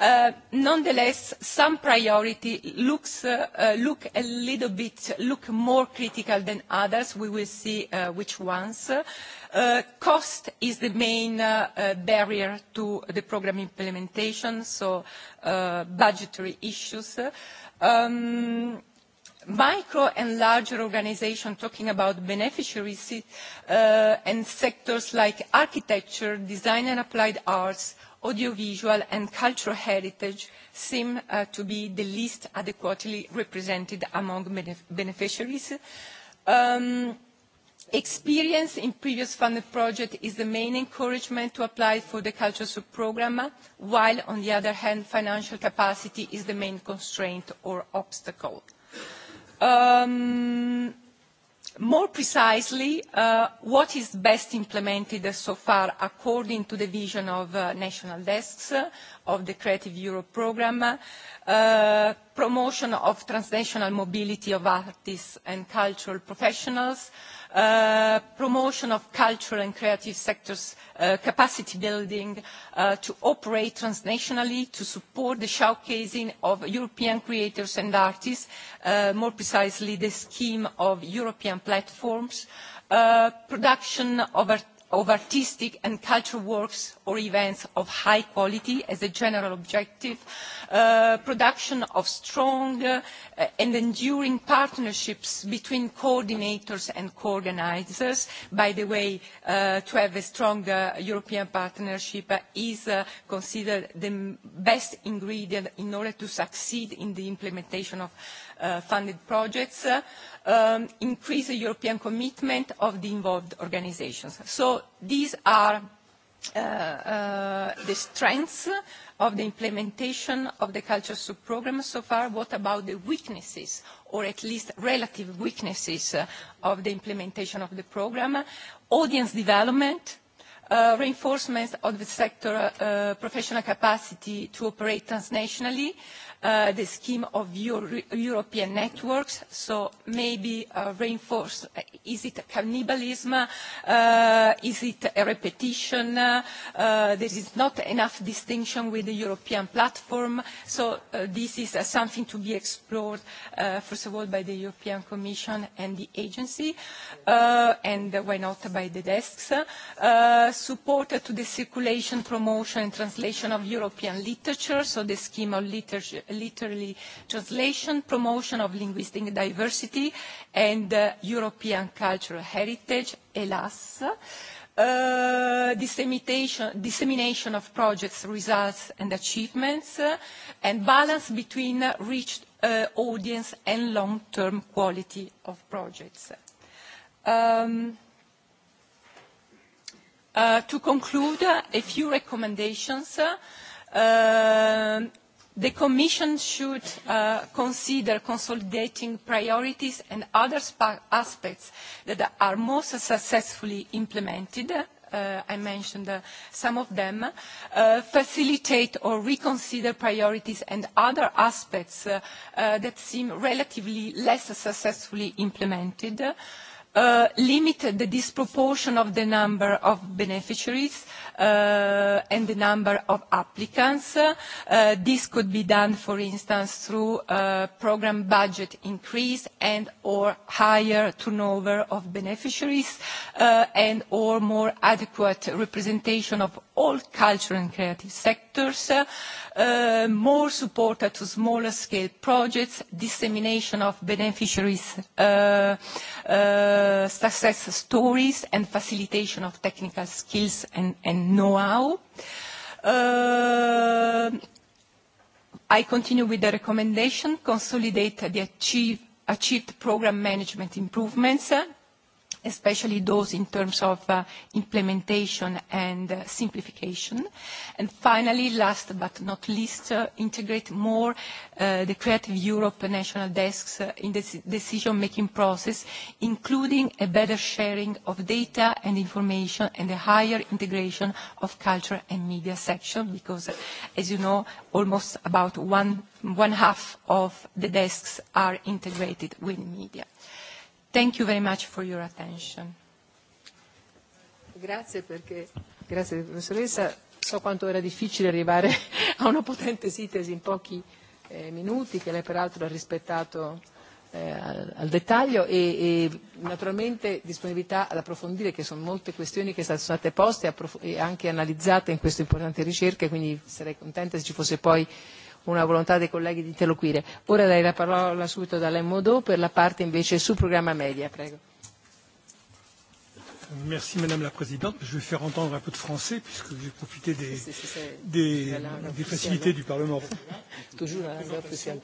Uh, nonetheless some priority looks, uh, uh, look a little bit look more critical than others we will see uh, which ones. Uh, cost is the main uh, barrier to the programme implementation so budgetary issues. Um, micro and larger organizations talking about beneficiaries uh, and sectors like architecture, design and applied arts, audiovisual and cultural heritage seem uh, to be the least adequately represented among benef beneficiaries. Um, experience in previous funded projects is the main encouragement to apply for the culture subprogramme while on the other hand financial capacity is the main constraint or obstacle. Uh, um, more precisely uh, what is best implemented so far according to the vision of uh, national desks uh, of the Creative Europe programme, uh, promotion of transnational mobility of artists and cultural professionals, uh, uh, promotion of cultural and creative sectors uh, capacity building uh, to operate transnationally to support the showcasing of European creators and artists, uh, more precisely the scheme of European platforms, uh, production of art of artistic and cultural works or events of high quality as a general objective, uh, production of strong uh, and enduring partnerships between coordinators and co-organizers. By the way, uh, to have a strong uh, European partnership uh, is uh, considered the best ingredient in order to succeed in the implementation of uh, uh, funded projects, uh, um, increase the European commitment of the involved organizations. So these are uh, uh, the strengths of the implementation of the culture sub-program so far. What about the weaknesses, or at least relative weaknesses, uh, of the implementation of the program? Audience development, Uh, reinforcement of the sector uh, professional capacity to operate transnationally, uh, the scheme of Euro European networks, so maybe uh, reinforce. Uh, is it cannibalism? Uh, is it a repetition? Uh, there is not enough distinction with the European platform, so uh, this is uh, something to be explored, uh, first of all, by the European Commission and the agency, uh, and why not by the desks. Uh, support to the circulation, promotion, and translation of European literature, so the scheme of literature literally translation, promotion of linguistic diversity and uh, European cultural heritage, ELAS, uh, dissemination, dissemination of projects, results and achievements, uh, and balance between uh, reached uh, audience and long-term quality of projects. Um, Uh, to conclude, uh, a few recommendations. Uh, The Commission should uh, consider consolidating priorities and other aspects that are most successfully implemented uh, I mentioned uh, some of them, uh, facilitate or reconsider priorities and other aspects uh, uh, that seem relatively less successfully implemented, uh, uh, limit the disproportion of the number of beneficiaries uh, and the number of applicants. Uh, this could be done, for instance, through uh, program budget increase and or higher turnover of beneficiaries uh, and or more adequate representation of all cultural and creative sectors, uh, more support to smaller scale projects, dissemination of beneficiaries uh, uh, uh, success stories and facilitation of technical skills and, and know-how. Uh, I continue with the recommendation, consolidate the achieve, achieved program management improvements, uh, especially those in terms of uh, implementation and uh, simplification. And finally, last but not least, uh, integrate more uh, the Creative Europe national desks uh, in the decision-making process, including a better sharing of data and information and a higher integration of culture and media section, because, uh, as you know, almost about one, one half of the desks are integrated with media. Uh, Thank you very much for your attention. Grazie perché, grazie professoressa, so quanto era difficile arrivare [laughs] a una potente sintesi in pochi eh, minuti, che lei peraltro ha rispettato eh, al, al dettaglio e, e naturalmente disponibilità ad approfondire che sono molte questioni che sono state poste e, e anche analizzate in questa importante ricerca, quindi sarei contenta se ci fosse poi una volontà dei colleghi di interloquire. Ora darei la parola subito ad Alain Modot per la parte invece sul programma media. Prego. Merci Madame la Présidente. Je vais faire entendre un peu de français puisque j'ai profité des, c est, c est, des, des facilités du Parlement. [laughs] Toujours la langue officielle.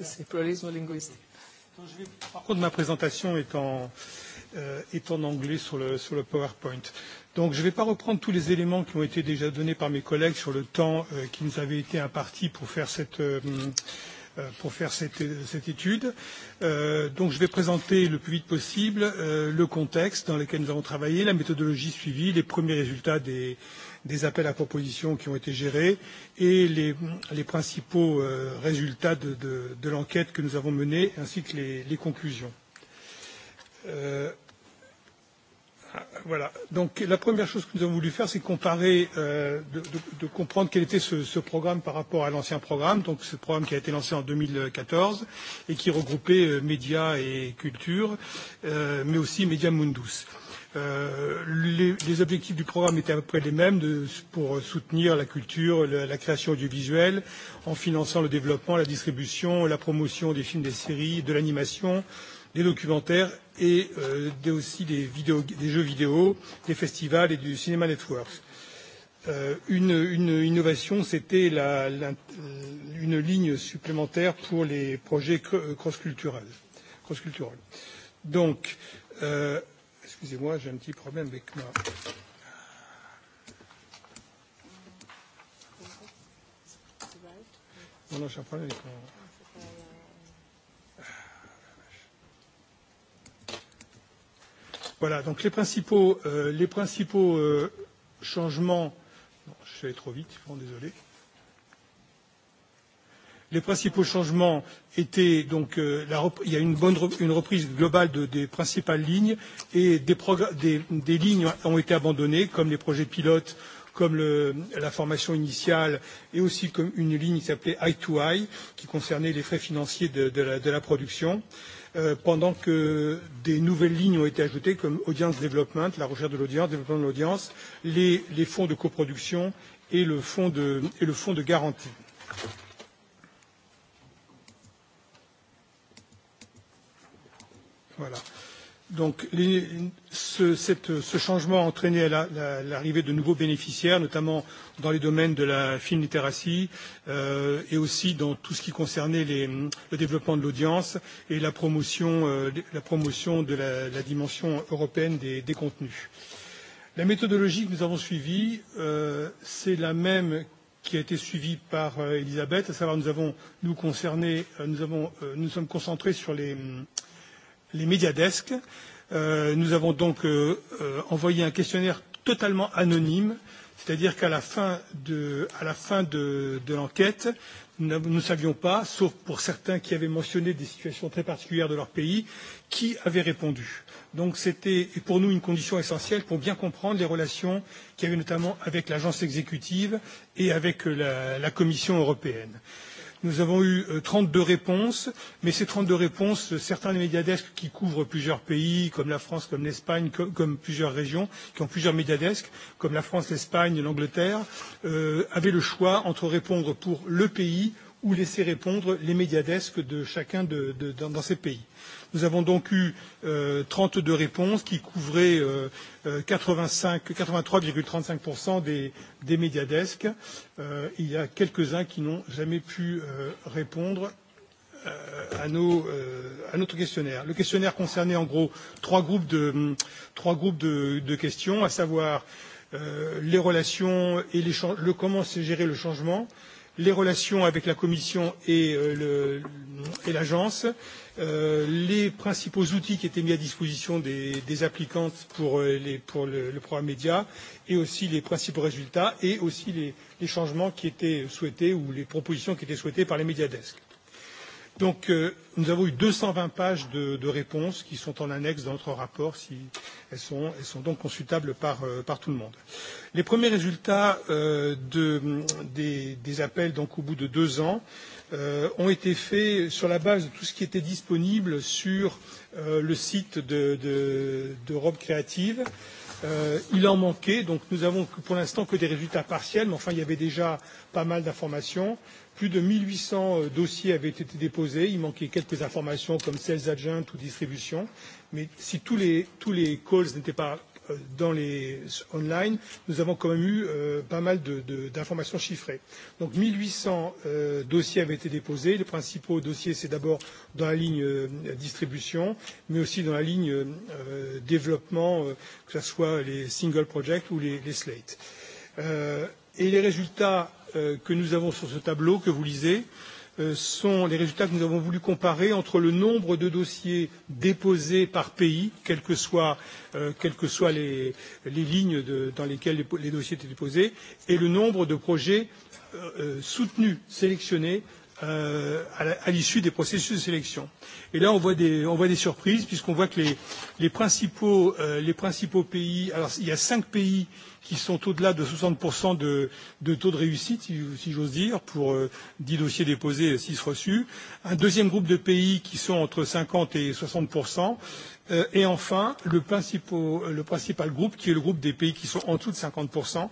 C'est pluralisme linguistique. Par contre, ma présentation est en, euh, est en anglais sur le, sur le PowerPoint. Euh, Donc je ne vais pas reprendre tous les éléments qui ont été déjà donnés par mes collègues sur le temps euh, qui nous avait été imparti pour faire cette, euh, euh pour faire cette, euh, cette étude. Euh, donc je vais présenter le plus vite possible euh, le contexte dans lequel nous avons travaillé, la méthodologie suivie, les premiers résultats des, des appels à propositions qui ont été gérés et les, les principaux euh, résultats de, de, de l'enquête que nous avons menée ainsi que les, les conclusions. Euh, Ah, voilà. Donc la première chose que nous avons voulu faire, c'est comparer, euh, de, de, de comprendre quel était ce, ce programme par rapport à l'ancien programme, donc ce programme qui a été lancé en 2014 et qui regroupait euh, médias et culture, euh, mais aussi Media Mundus. Euh, les, les objectifs du programme étaient à peu près les mêmes de, pour soutenir la culture, la, la création audiovisuelle, en finançant le développement, la distribution, la promotion des films, des séries, de l'animation, des documentaires et euh, de, aussi des, vidéos, des jeux vidéo, des festivals et du Cinema Networks. Euh, une, une innovation, c'était la, la, euh, une ligne supplémentaire pour les projets euh, cross-culturels. Cross -culturels. Donc, euh, excusez-moi, j'ai un petit problème avec ma... Non, non, j'ai un problème avec ma... Voilà, donc les principaux, euh, les principaux euh, changements. Non, je suis allé trop vite, bon, désolé. Les principaux changements étaient donc euh, la rep... il y a une bonne re... une reprise globale de, des principales lignes et des, progr... des, des lignes ont été abandonnées comme les projets pilotes, comme le, la formation initiale et aussi comme une ligne qui s'appelait Eye to Eye qui concernait les frais financiers de, de, la, de la production. Euh, euh, pendant que des nouvelles lignes ont été ajoutées comme audience development, la recherche de l'audience, développement de l'audience, les, les fonds de coproduction et le fonds de, et le fonds de garantie. Voilà. Donc les, ce, cette, ce changement a entraîné l'arrivée la, la, de nouveaux bénéficiaires, notamment dans les domaines de la film littératie euh, et aussi dans tout ce qui concernait les, le développement de l'audience et la promotion, euh, la promotion de la, la dimension européenne des, des contenus. La méthodologie que nous avons suivie, euh, c'est la même qui a été suivie par euh, Elisabeth, à savoir nous avons nous concernés, euh, nous, avons, euh, nous sommes concentrés sur les euh, les Mediadesk. Euh, nous avons donc euh, euh, envoyé un questionnaire totalement anonyme, c'est-à-dire qu'à la fin de, à la fin de, de l'enquête, nous ne savions pas, sauf pour certains qui avaient mentionné des situations très particulières de leur pays, qui avait répondu. Donc c'était pour nous une condition essentielle pour bien comprendre les relations qu'il y avait notamment avec l'agence exécutive et avec euh, la, la Commission européenne. Euh, Nous avons eu 32 euh, réponses, mais ces 32 réponses, euh, certains des médiadesques qui couvrent plusieurs pays, comme la France, comme l'Espagne, comme, comme plusieurs régions, qui ont plusieurs médiadesques, comme la France, l'Espagne, l'Angleterre, euh, avaient le choix entre répondre pour le pays ou laisser répondre les médiadesques de chacun de, de, dans, dans ces pays. Nous avons donc eu euh, 32 réponses qui couvraient euh, euh, 83,35% des, des médiadesques. Euh, il y a quelques-uns qui n'ont jamais pu euh, répondre euh, à, nos, euh, à notre questionnaire. Le questionnaire concernait en gros trois groupes de, trois groupes de, de questions, à savoir euh, les relations et les, le, comment s'est géré le changement, les relations avec la Commission et euh, l'agence, Euh, les principaux outils qui étaient mis à disposition des, des applicantes pour, euh, les, pour le, le programme média et aussi les principaux résultats et aussi les, les changements qui étaient souhaités ou les propositions qui étaient souhaitées par les médiadesks. Donc euh, nous avons eu 220 pages de, de réponses qui sont en annexe dans notre rapport. Si elles, sont, elles sont donc consultables par, euh, par tout le monde. Les premiers résultats euh, de, des, des appels donc, au bout de deux ans euh, ont été faits sur la base de tout ce qui était disponible sur euh, le site d'Europe de, de, Créative. Euh, il en manquait, donc nous avons pour l'instant que des résultats partiels, mais enfin il y avait déjà pas mal d'informations. Plus de 1800 euh, dossiers avaient été déposés. Il manquait quelques informations comme sales agent ou distribution. Mais si tous les, tous les calls n'étaient pas Euh, dans les online, nous avons quand même eu euh, pas mal d'informations chiffrées. Donc 1800 euh, dossiers avaient été déposés. Les principaux dossiers, c'est d'abord dans la ligne euh, distribution, mais aussi dans la ligne euh, développement, euh, que ce soit les single projects ou les, les slates. Euh, et les résultats euh, que nous avons sur ce tableau que vous lisez, euh, Euh, sont les résultats que nous avons voulu comparer entre le nombre de dossiers déposés par pays, quelles que soient, euh, quelles que soient les, les lignes de, dans lesquelles les, les dossiers étaient déposés, et le nombre de projets euh, euh soutenus, sélectionnés euh, à l'issue des processus de sélection. Et là, on voit des, on voit des surprises puisqu'on voit que les, les, principaux, euh, les principaux pays, alors il y a cinq pays qui sont au-delà de 60% de, de taux de réussite, si, si j'ose dire, pour euh, 10 dossiers déposés, 6 reçus. Un deuxième groupe de pays qui sont entre 50 et 60%. Euh, et enfin, le, principal, le principal groupe qui est le groupe des pays qui sont en dessous de 50%,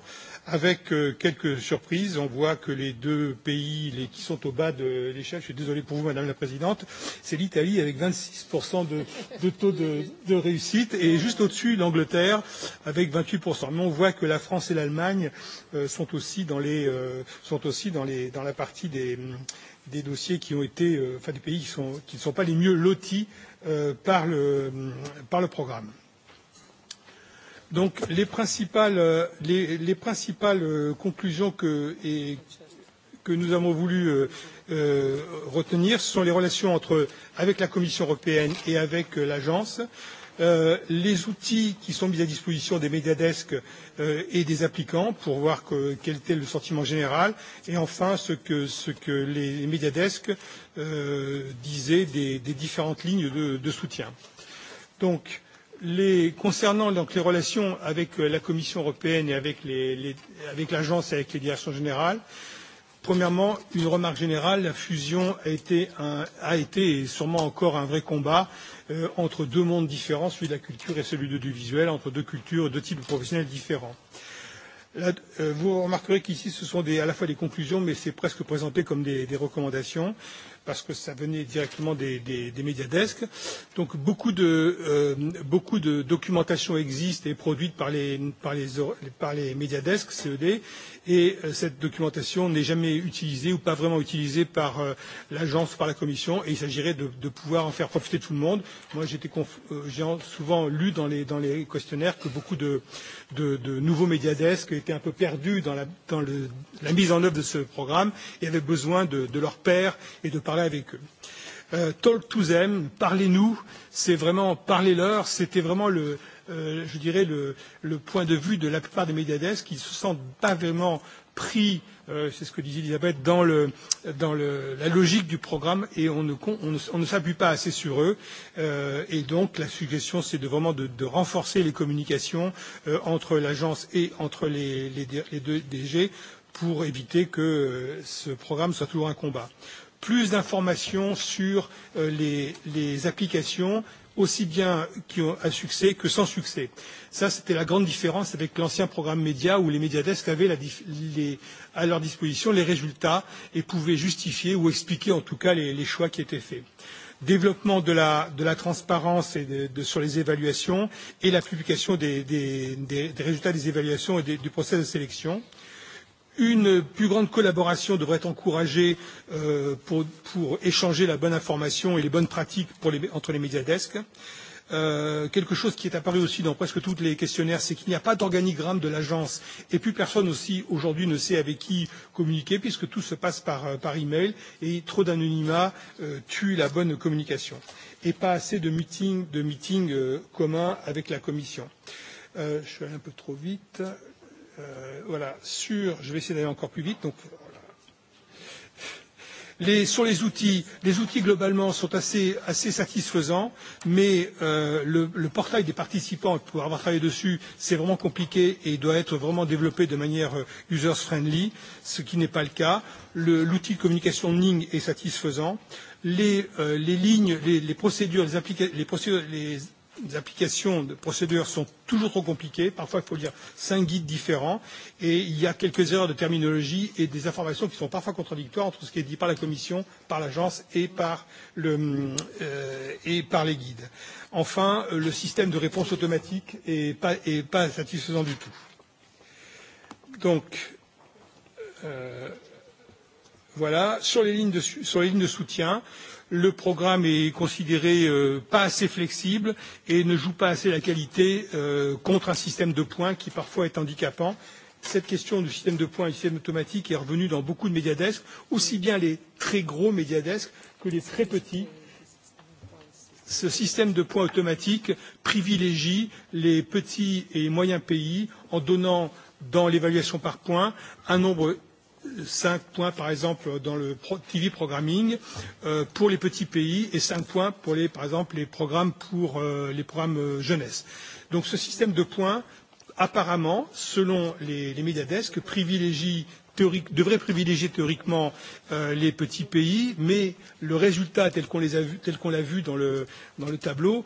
Avec euh, quelques surprises, on voit que les deux pays les, qui sont au bas de l'échelle, je suis désolé pour vous Madame la Présidente, c'est l'Italie avec 26% de, de taux de, de réussite et juste au-dessus l'Angleterre avec 28%. Mais on voit que la France et l'Allemagne euh, sont aussi, dans, les, euh, sont aussi dans, les, dans la partie des, des dossiers qui ont été, euh, enfin des pays qui, sont, qui ne sont pas les mieux lotis euh, par, le, par le programme. Euh, Donc les principales, euh, les, les principales euh, conclusions que, et, que nous avons voulu euh, euh, retenir, ce sont les relations entre, avec la Commission européenne et avec euh, l'agence, euh, les outils qui sont mis à disposition des médiadesques euh, et des applicants pour voir que, quel était le sentiment général, et enfin ce que, ce que les, les médiadesques euh, disaient des, des différentes lignes de, de soutien. Donc, les, concernant donc les relations avec euh, la Commission européenne et avec, les, les, avec l'agence et avec les directions générales, premièrement, une remarque générale, la fusion a été, un, a été et sûrement encore un vrai combat euh, entre deux mondes différents, celui de la culture et celui de l'audiovisuel, entre deux cultures, deux types de professionnels différents. Là, euh, vous remarquerez qu'ici, ce sont des, à la fois des conclusions, mais c'est presque présenté comme des, des recommandations parce que ça venait directement des, des, des médiadesques. Donc beaucoup de, euh, beaucoup de documentation existe et est produite par les, par les, par les médiadesques, CED, et euh, cette documentation n'est jamais utilisée ou pas vraiment utilisée par euh, l'agence ou par la commission et il s'agirait de, de pouvoir en faire profiter tout le monde. Moi, euh, j'ai euh, souvent lu dans les, dans les questionnaires que beaucoup de, de, de nouveaux médiadesques étaient un peu perdus dans, la, dans le, la mise en œuvre de ce programme et avaient besoin de, de leur père et de parler avec eux. Euh, talk to them, parlez-nous, c'est vraiment parlez-leur, c'était vraiment le, euh, euh, je dirais, le, le point de vue de la plupart des médiades qui ne se sentent pas vraiment pris, euh, c'est ce que disait Elisabeth, dans, le, dans le, la logique du programme et on ne, on ne, on ne s'appuie pas assez sur eux. Euh, et donc la suggestion, c'est de vraiment de, de renforcer les communications euh, entre l'agence et entre les, les, les deux DG pour éviter que euh, ce programme soit toujours un combat plus d'informations sur euh, les, les applications aussi bien qui ont à succès que sans succès. Ça, c'était la grande différence avec l'ancien programme média où les médiadesk avaient la, les, à leur disposition les résultats et pouvaient justifier ou expliquer en tout cas les, les choix qui étaient faits développement de la, de la transparence et de, de, sur les évaluations et la publication des, des, des, des résultats des évaluations et des, du process de sélection. Euh, Une plus grande collaboration devrait être encouragée euh, pour, pour échanger la bonne information et les bonnes pratiques pour les, entre les médias desks. Euh, quelque chose qui est apparu aussi dans presque tous les questionnaires, c'est qu'il n'y a pas d'organigramme de l'agence et plus personne aussi aujourd'hui ne sait avec qui communiquer puisque tout se passe par, euh, par email et trop d'anonymat euh, tue la bonne communication et pas assez de meetings de meeting, euh, communs avec la Commission. Euh, je suis allé un peu trop vite. Euh, voilà, sur, je vais essayer d'aller encore plus vite, donc les, sur les outils, les outils globalement sont assez, assez satisfaisants, mais euh, le, le portail des participants, pour avoir travaillé dessus, c'est vraiment compliqué et doit être vraiment développé de manière euh, user-friendly, ce qui n'est pas le cas. L'outil de communication Ning est satisfaisant. Les, euh, les lignes, les, les procédures, les, les, procédures, les les applications de procédures sont toujours trop compliquées. Parfois, il faut lire cinq guides différents et il y a quelques erreurs de terminologie et des informations qui sont parfois contradictoires entre ce qui est dit par la Commission, par l'agence et par, le, euh, et par les guides. Enfin, euh, le système de réponse automatique n'est pas, est pas satisfaisant du tout. Donc, euh, voilà. Sur les lignes de, sur les lignes de soutien, euh, le programme est considéré euh, pas assez flexible et ne joue pas assez la qualité euh, contre un système de points qui parfois est handicapant. Cette question du système de points et du système automatique est revenue dans beaucoup de médiadesques, aussi bien les très gros médiadesques que les très petits ce système de points automatique privilégie les petits et moyens pays en donnant dans l'évaluation par points un nombre cinq points, par exemple, dans le TV programming euh, pour les petits pays et cinq points pour les, par exemple, les programmes pour euh, les programmes euh, jeunesse. Donc ce système de points, apparemment, selon les, les médiadesques, privilégie théorique, devrait privilégier théoriquement euh, les petits pays, mais le résultat tel qu'on l'a vu, qu vu dans le, dans le tableau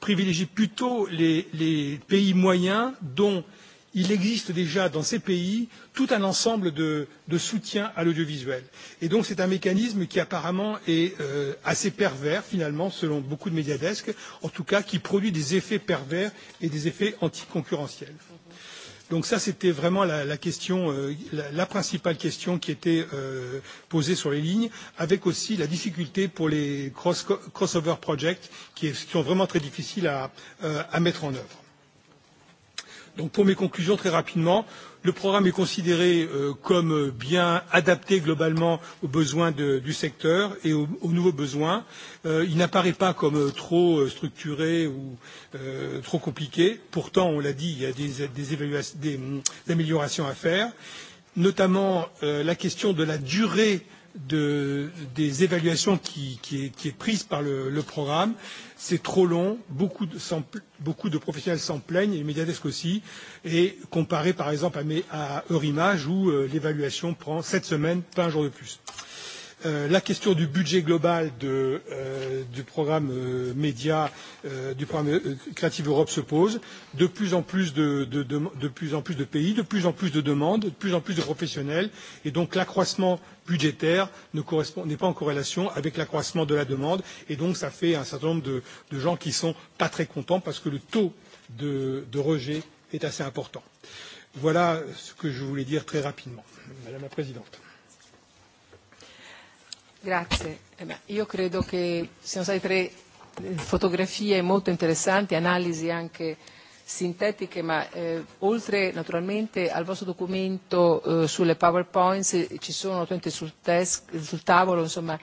privilégie plutôt les, les pays moyens dont euh, il existe déjà dans ces pays tout un ensemble de, de soutien à l'audiovisuel. Et donc c'est un mécanisme qui apparemment est euh, assez pervers finalement selon beaucoup de médiadesques, en tout cas qui produit des effets pervers et des effets anticoncurrentiels. Donc ça c'était vraiment la, la question, euh, la, la principale question qui était euh, posée sur les lignes, avec aussi la difficulté pour les cross, crossover projects qui, est, qui sont vraiment très difficiles à, euh, à mettre en œuvre. Donc pour mes conclusions très rapidement, le programme est considéré euh, comme euh, bien adapté globalement aux besoins de, du secteur et aux, aux nouveaux besoins. Euh, il n'apparaît pas comme euh, trop euh, structuré ou euh, trop compliqué. Pourtant, on l'a dit, il y a des, des, évaluations, des, des mm, améliorations à faire, notamment euh, la question de la durée de, des évaluations qui, qui, est, qui est prise par le, le programme. Euh, c'est trop long, beaucoup de, sans, beaucoup de professionnels s'en plaignent, et Mediadesk aussi, et comparé par exemple à, à Eurimage où euh, l'évaluation prend sept semaines, pas un jour de plus. Euh, Euh, la question du budget global de, euh, du programme euh, média, euh, du programme euh, Creative Europe se pose. De plus en plus de, de, de, de plus en plus de pays, de plus en plus de demandes, de plus en plus de professionnels, et donc l'accroissement budgétaire ne correspond n'est pas en corrélation avec l'accroissement de la demande, et donc ça fait un certain nombre de, de gens qui sont pas très contents parce que le taux de, de rejet est assez important. Voilà ce que je voulais dire très rapidement, Madame la Présidente. Grazie. Eh beh, io credo che siano state tre eh, fotografie molto interessanti, analisi anche sintetiche, ma eh, oltre naturalmente al vostro documento eh, sulle PowerPoints eh, ci sono naturalmente sul, desk, sul tavolo insomma,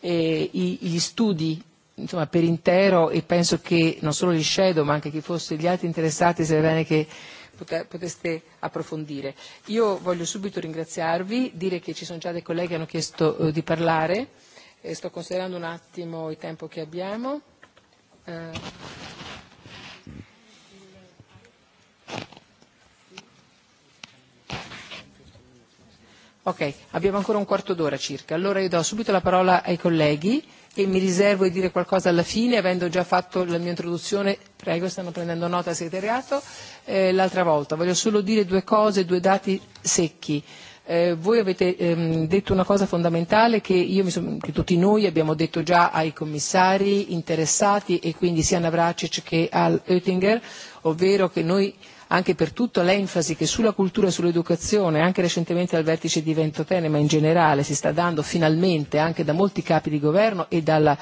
eh, i, gli studi insomma, per intero e penso che non solo gli shadow ma anche chi fosse gli altri interessati sia bene che poteste approfondire. Io voglio subito ringraziarvi, dire che ci sono già dei colleghi che hanno chiesto eh, di parlare. E sto considerando un attimo il tempo che abbiamo. Eh, Ok, abbiamo ancora un quarto d'ora circa. Allora io do subito la parola ai colleghi e mi riservo di dire qualcosa alla fine, avendo già fatto la mia introduzione, prego, stanno prendendo nota il segretariato, eh, l'altra volta. Voglio solo dire due cose, due dati secchi. Eh, voi avete ehm, detto una cosa fondamentale che, io mi sono, che tutti noi abbiamo detto già ai commissari interessati e quindi sia a Navracic che al Oettinger, ovvero che noi anche per tutta l'enfasi che sulla cultura e sull'educazione, anche recentemente al vertice di Ventotene, ma in generale si sta dando finalmente anche da molti capi di governo e dalla,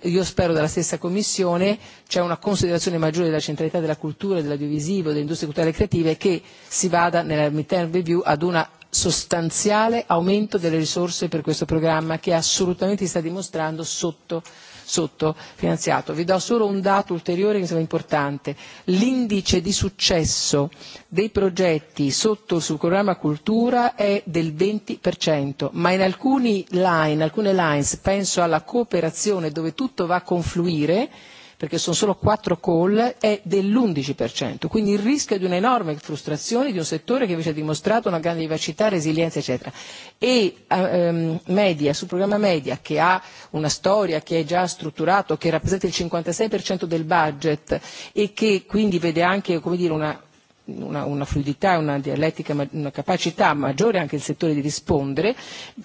io spero dalla stessa Commissione, c'è una considerazione maggiore della centralità della cultura, dell'audiovisivo, dell'industria culturale e creativa e che si vada nella midterm review ad una sostanziale aumento delle risorse per questo programma che assolutamente si sta dimostrando sotto sottofinanziato. Vi do solo un dato ulteriore che mi sembra importante. L'indice di successo dei progetti sotto sul programma cultura è del 20%, ma in alcuni line, alcune lines, penso alla cooperazione dove tutto va a confluire, perché sono solo quattro call, è dell'11%. Quindi il rischio di un'enorme frustrazione di un settore che invece ha dimostrato una grande vivacità, resilienza, eccetera. E ehm, media, sul programma media, che ha una storia, che è già strutturato, che rappresenta il 56% del budget e che quindi vede anche come dire, una, una, una fluidità, una dialettica, una capacità maggiore anche il settore di rispondere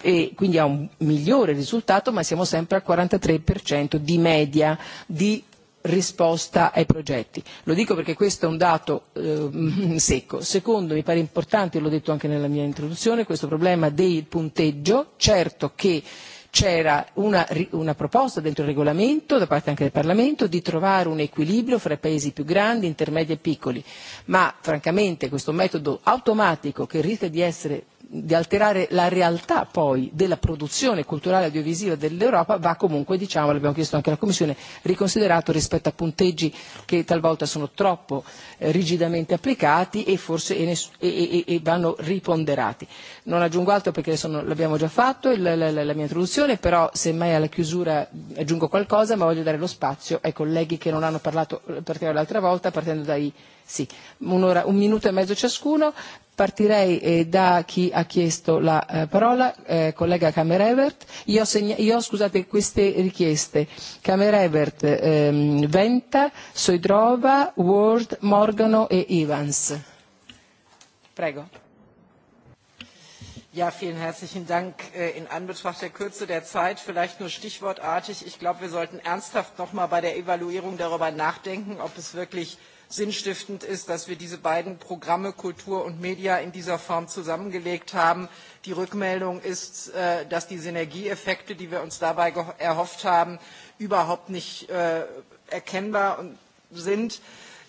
e quindi ha un migliore risultato, ma siamo sempre al 43% di media di risposta ai progetti. Lo dico perché questo è un dato eh, [laughs] secco. Secondo, mi pare importante, l'ho detto anche nella mia introduzione, questo problema del punteggio. Certo che c'era una, una proposta dentro il regolamento da parte anche del Parlamento di trovare un equilibrio fra i paesi più grandi, intermedi e piccoli, ma francamente questo metodo automatico che rischia di essere di alterare la realtà poi della produzione culturale e audiovisiva dell'Europa va comunque, diciamo, l'abbiamo chiesto anche alla Commissione, riconsiderato rispetto a punteggi che talvolta sono troppo eh, rigidamente applicati e forse e, e e, e, e vanno riponderati. Non aggiungo altro perché sono, l'abbiamo già fatto, il, la, la, la mia introduzione, però semmai alla chiusura aggiungo qualcosa, ma voglio dare lo spazio ai colleghi che non hanno parlato, eh, partivano l'altra volta, partendo dai Sì, un'ora, un minuto e mezzo ciascuno Partirei eh, da chi ha chiesto la eh, parola, eh, collega Camerevert. Io, segna- io scusate queste richieste. Camerevert, ehm, Venta, Soidrova, Ward, Morgano e Evans. Prego. Ja, vielen herzlichen Dank. Äh, in Anbetracht der Kürze der Zeit vielleicht nur stichwortartig. Ich glaube, wir sollten ernsthaft noch mal bei der Evaluierung darüber nachdenken, ob es wirklich äh, sinnstiftend ist, dass wir diese beiden Programme Kultur und Media in dieser Form zusammengelegt haben. Die Rückmeldung ist, äh, dass die Synergieeffekte, die wir uns dabei erhofft haben, überhaupt nicht äh, erkennbar sind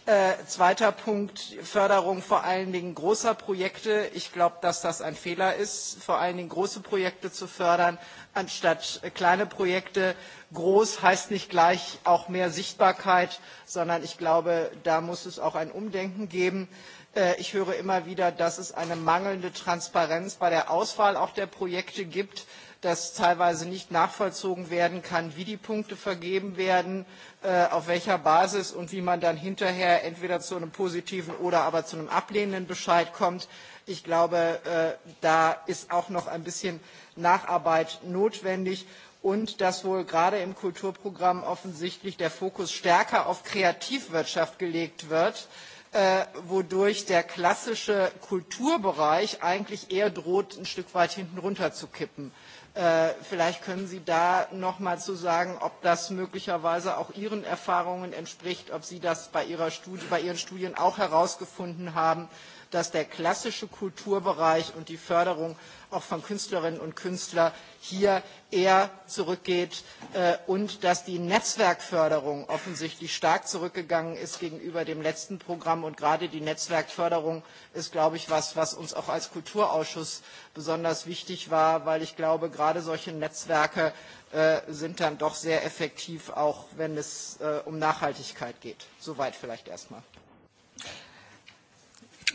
Äh, zweiter Punkt, Förderung vor allen Dingen großer Projekte. Ich glaube, dass das ein Fehler ist, vor allen Dingen große Projekte zu fördern, anstatt kleine Projekte. Groß heißt nicht gleich auch mehr Sichtbarkeit, sondern ich glaube, da muss es auch ein Umdenken geben. Äh, ich höre immer wieder, dass es eine mangelnde Transparenz bei der Auswahl auch der Projekte gibt dass teilweise nicht nachvollzogen werden kann, wie die Punkte vergeben werden, äh, auf welcher Basis und wie man dann hinterher entweder zu einem positiven oder aber zu einem ablehnenden Bescheid kommt. Ich glaube, äh, da ist auch noch ein bisschen Nacharbeit notwendig und dass wohl gerade im Kulturprogramm offensichtlich der Fokus stärker auf Kreativwirtschaft gelegt wird, äh, wodurch der klassische Kulturbereich eigentlich eher droht, ein Stück weit hinten runterzukippen. Äh, vielleicht können Sie da noch mal zu sagen, ob das möglicherweise auch Ihren Erfahrungen entspricht, ob Sie das bei, ihrer Studie, bei Ihren Studien auch herausgefunden haben, dass der klassische Kulturbereich und die Förderung auch von Künstlerinnen und Künstlern hier eher zurückgeht äh, und dass die Netzwerkförderung offensichtlich stark zurückgegangen ist gegenüber dem letzten Programm. Und gerade die Netzwerkförderung ist, glaube ich, was, was uns auch als Kulturausschuss besonders wichtig war, weil ich glaube, gerade solche Netzwerke äh, sind dann doch sehr effektiv, auch wenn es äh, um Nachhaltigkeit geht. Soweit vielleicht erstmal.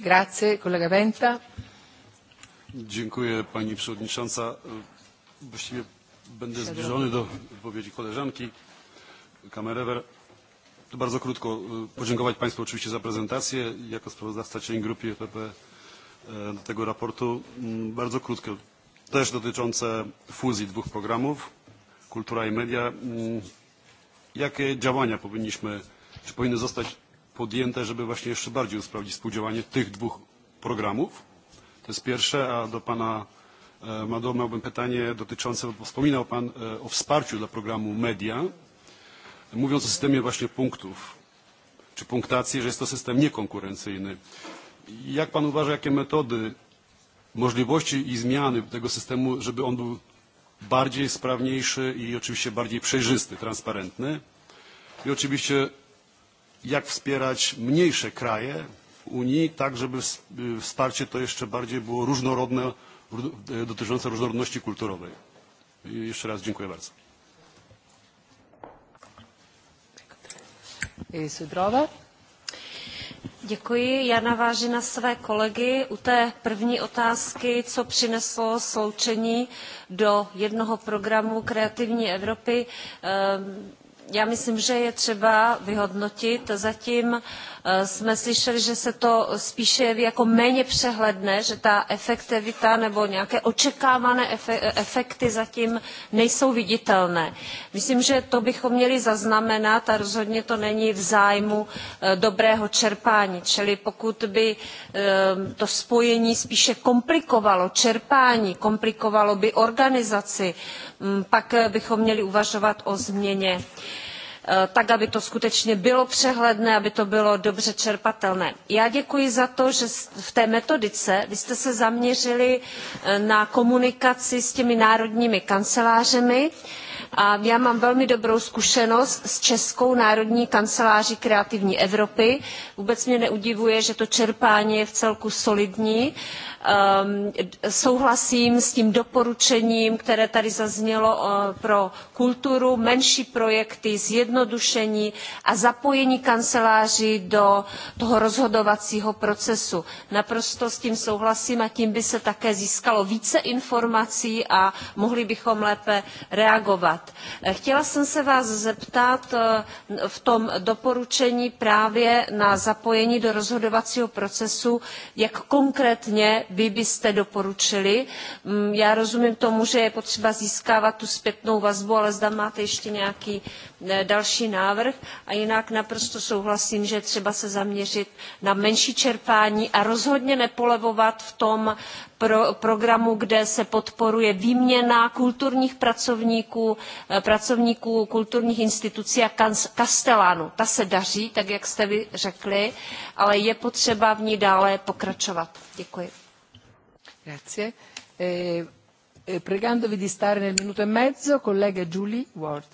Grazie, kolega Wenta. Dziękuję Pani Przewodnicząca. Właściwie będę zbliżony do wypowiedzi koleżanki Kamerewer. To bardzo krótko podziękować Państwu oczywiście za prezentację. Jako sprawozdawca cień grupy EPP e, do tego raportu mm, bardzo krótko. Też dotyczące fuzji dwóch programów, kultura i media. Mm, jakie działania powinniśmy, czy powinny zostać podjęte, żeby właśnie jeszcze bardziej usprawnić współdziałanie tych dwóch programów? To jest pierwsze, a do Pana e, Madonna miałbym pytanie dotyczące, bo wspominał Pan e, o wsparciu dla programu Media, mówiąc o systemie właśnie punktów, czy punktacji, że jest to system niekonkurencyjny. Jak Pan uważa, jakie metody, możliwości i zmiany tego systemu, żeby on był bardziej sprawniejszy i oczywiście bardziej przejrzysty, transparentny? I oczywiście jak wspierać mniejsze kraje Unii, tak żeby wsparcie to jeszcze bardziej było różnorodne, e, dotyczące różnorodności kulturowej. I jeszcze raz dziękuję bardzo. Sudrova. Děkuji. Já navážu na své kolegy u té první otázky, co přineslo sloučení do jednoho programu Kreativní Evropy. Ehm, já myslím, že je třeba vyhodnotit. Zatím Eh, jsme slyšeli, že se to spíše jeví jako méně přehledné, že ta efektivita nebo nějaké očekávané efekty zatím nejsou viditelné. Myslím, že to bychom měli zaznamenat a rozhodně to není v zájmu eh, dobrého čerpání. Čili pokud by eh, to spojení spíše komplikovalo čerpání, komplikovalo by organizaci, mm, pak bychom měli uvažovat o změně. Uh, E, tak aby to skutečně bylo přehledné aby to bylo dobře čerpatelné. já děkuji za to že v té metodice vy jste se zaměřili e, na komunikaci s těmi národními kancelářemi a já mám velmi dobrou zkušenost s českou národní kanceláří kreativní evropy vůbec mě neudivuje že to čerpání je vcelku solidní Ehm, souhlasím s tím doporučením které tady zaznělo eh, pro kulturu menší projekty zjednodušení a zapojení kanceláří do toho rozhodovacího procesu. naprosto s tím souhlasím a tím by se také získalo více informací a mohli bychom lépe reagovat. Eh, chtěla jsem se vás zeptat eh, v tom doporučení právě na zapojení do rozhodovacího procesu jak konkrétně vy byste doporučili. Mm, já rozumím tomu, že je potřeba získávat tu zpětnou vazbu, ale zda máte ještě nějaký další návrh. A jinak naprosto souhlasím, že třeba se zaměřit na menší čerpání a rozhodně nepolevovat v tom pro, programu, kde se podporuje výměna kulturních pracovníků, eh, pracovníků kulturních institucí a kastelánů. Ta se daří, tak jak jste vy řekli, ale je potřeba v ní dále pokračovat. Děkuji. Grazie. Eh, eh, pregandovi di stare nel minuto e mezzo, collega Julie Ward.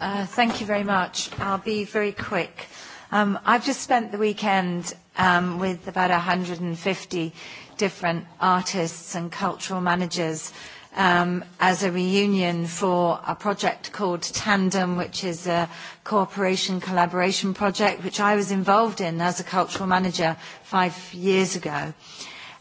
Uh, thank you very much. I'll be very quick. Um, I've just spent the weekend um, with about 150 different artists and cultural managers um, as a reunion for a project called Tandem, which is a cooperation collaboration project, which I was involved in as a cultural manager five years ago.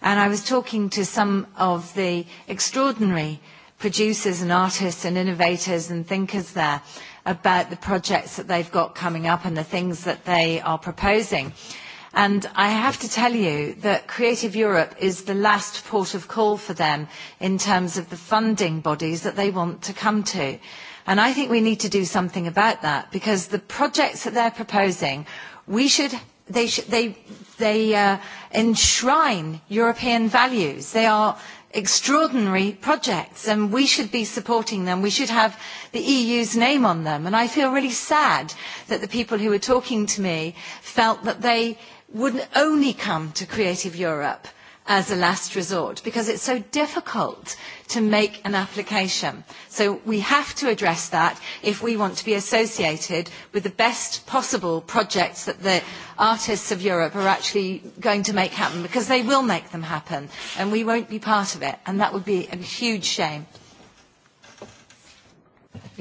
And I was talking to some of the extraordinary producers and artists and innovators and thinkers there about the projects that they've got coming up and the things that they are proposing. Mm-hmm. And I have to tell you that Creative Europe is the last port of call for them in terms of the funding bodies that they want to come to. And I think we need to do something about that because the projects that they're proposing, we should, they, should, they, they uh, enshrine European values. They are extraordinary projects and we should be supporting them. We should have the EU's name on them. And I feel really sad that the people who were talking to me felt that they would only come to Creative Europe as a last resort because it's so difficult to make an application. So we have to address that if we want to be associated with the best possible projects that the artists of Europe are actually going to make happen because they will make them happen and we won't be part of it and that would be a huge shame.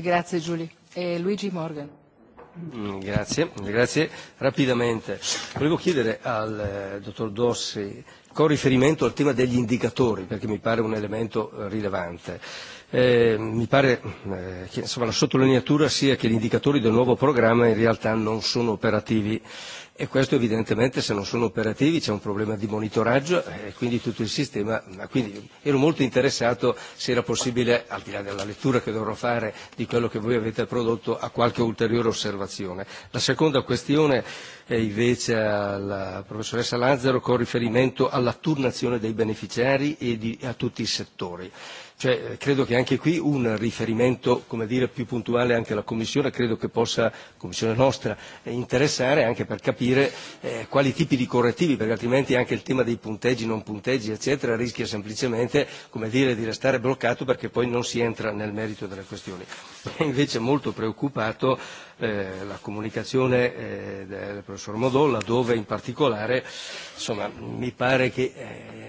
Grazie Julie. E Luigi Morgan. Mm, grazie, grazie. Rapidamente, volevo chiedere al eh, dottor Dossi con riferimento al tema degli indicatori, perché mi pare un elemento eh, rilevante. Eh, mi pare eh, che insomma, la sottolineatura sia che gli indicatori del nuovo programma in realtà non sono operativi e questo evidentemente se non sono operativi c'è un problema di monitoraggio e quindi tutto il sistema, quindi ero molto interessato se era possibile, al di là della lettura che dovrò fare di quello che voi avete prodotto, a qualche ulteriore osservazione. La seconda questione è invece alla professoressa Lazzaro con riferimento alla turnazione dei beneficiari e di, a tutti i settori. Cioè, credo che anche qui un riferimento come dire, più puntuale anche alla Commissione credo che possa, Commissione nostra, eh, interessare anche per capire eh, quali tipi di correttivi, perché altrimenti anche il tema dei punteggi, non punteggi, eccetera, rischia semplicemente come dire, di restare bloccato perché poi non si entra nel merito delle questioni. È e invece molto preoccupato eh, la comunicazione eh, del professor Modolla, dove in particolare insomma, mi pare che eh,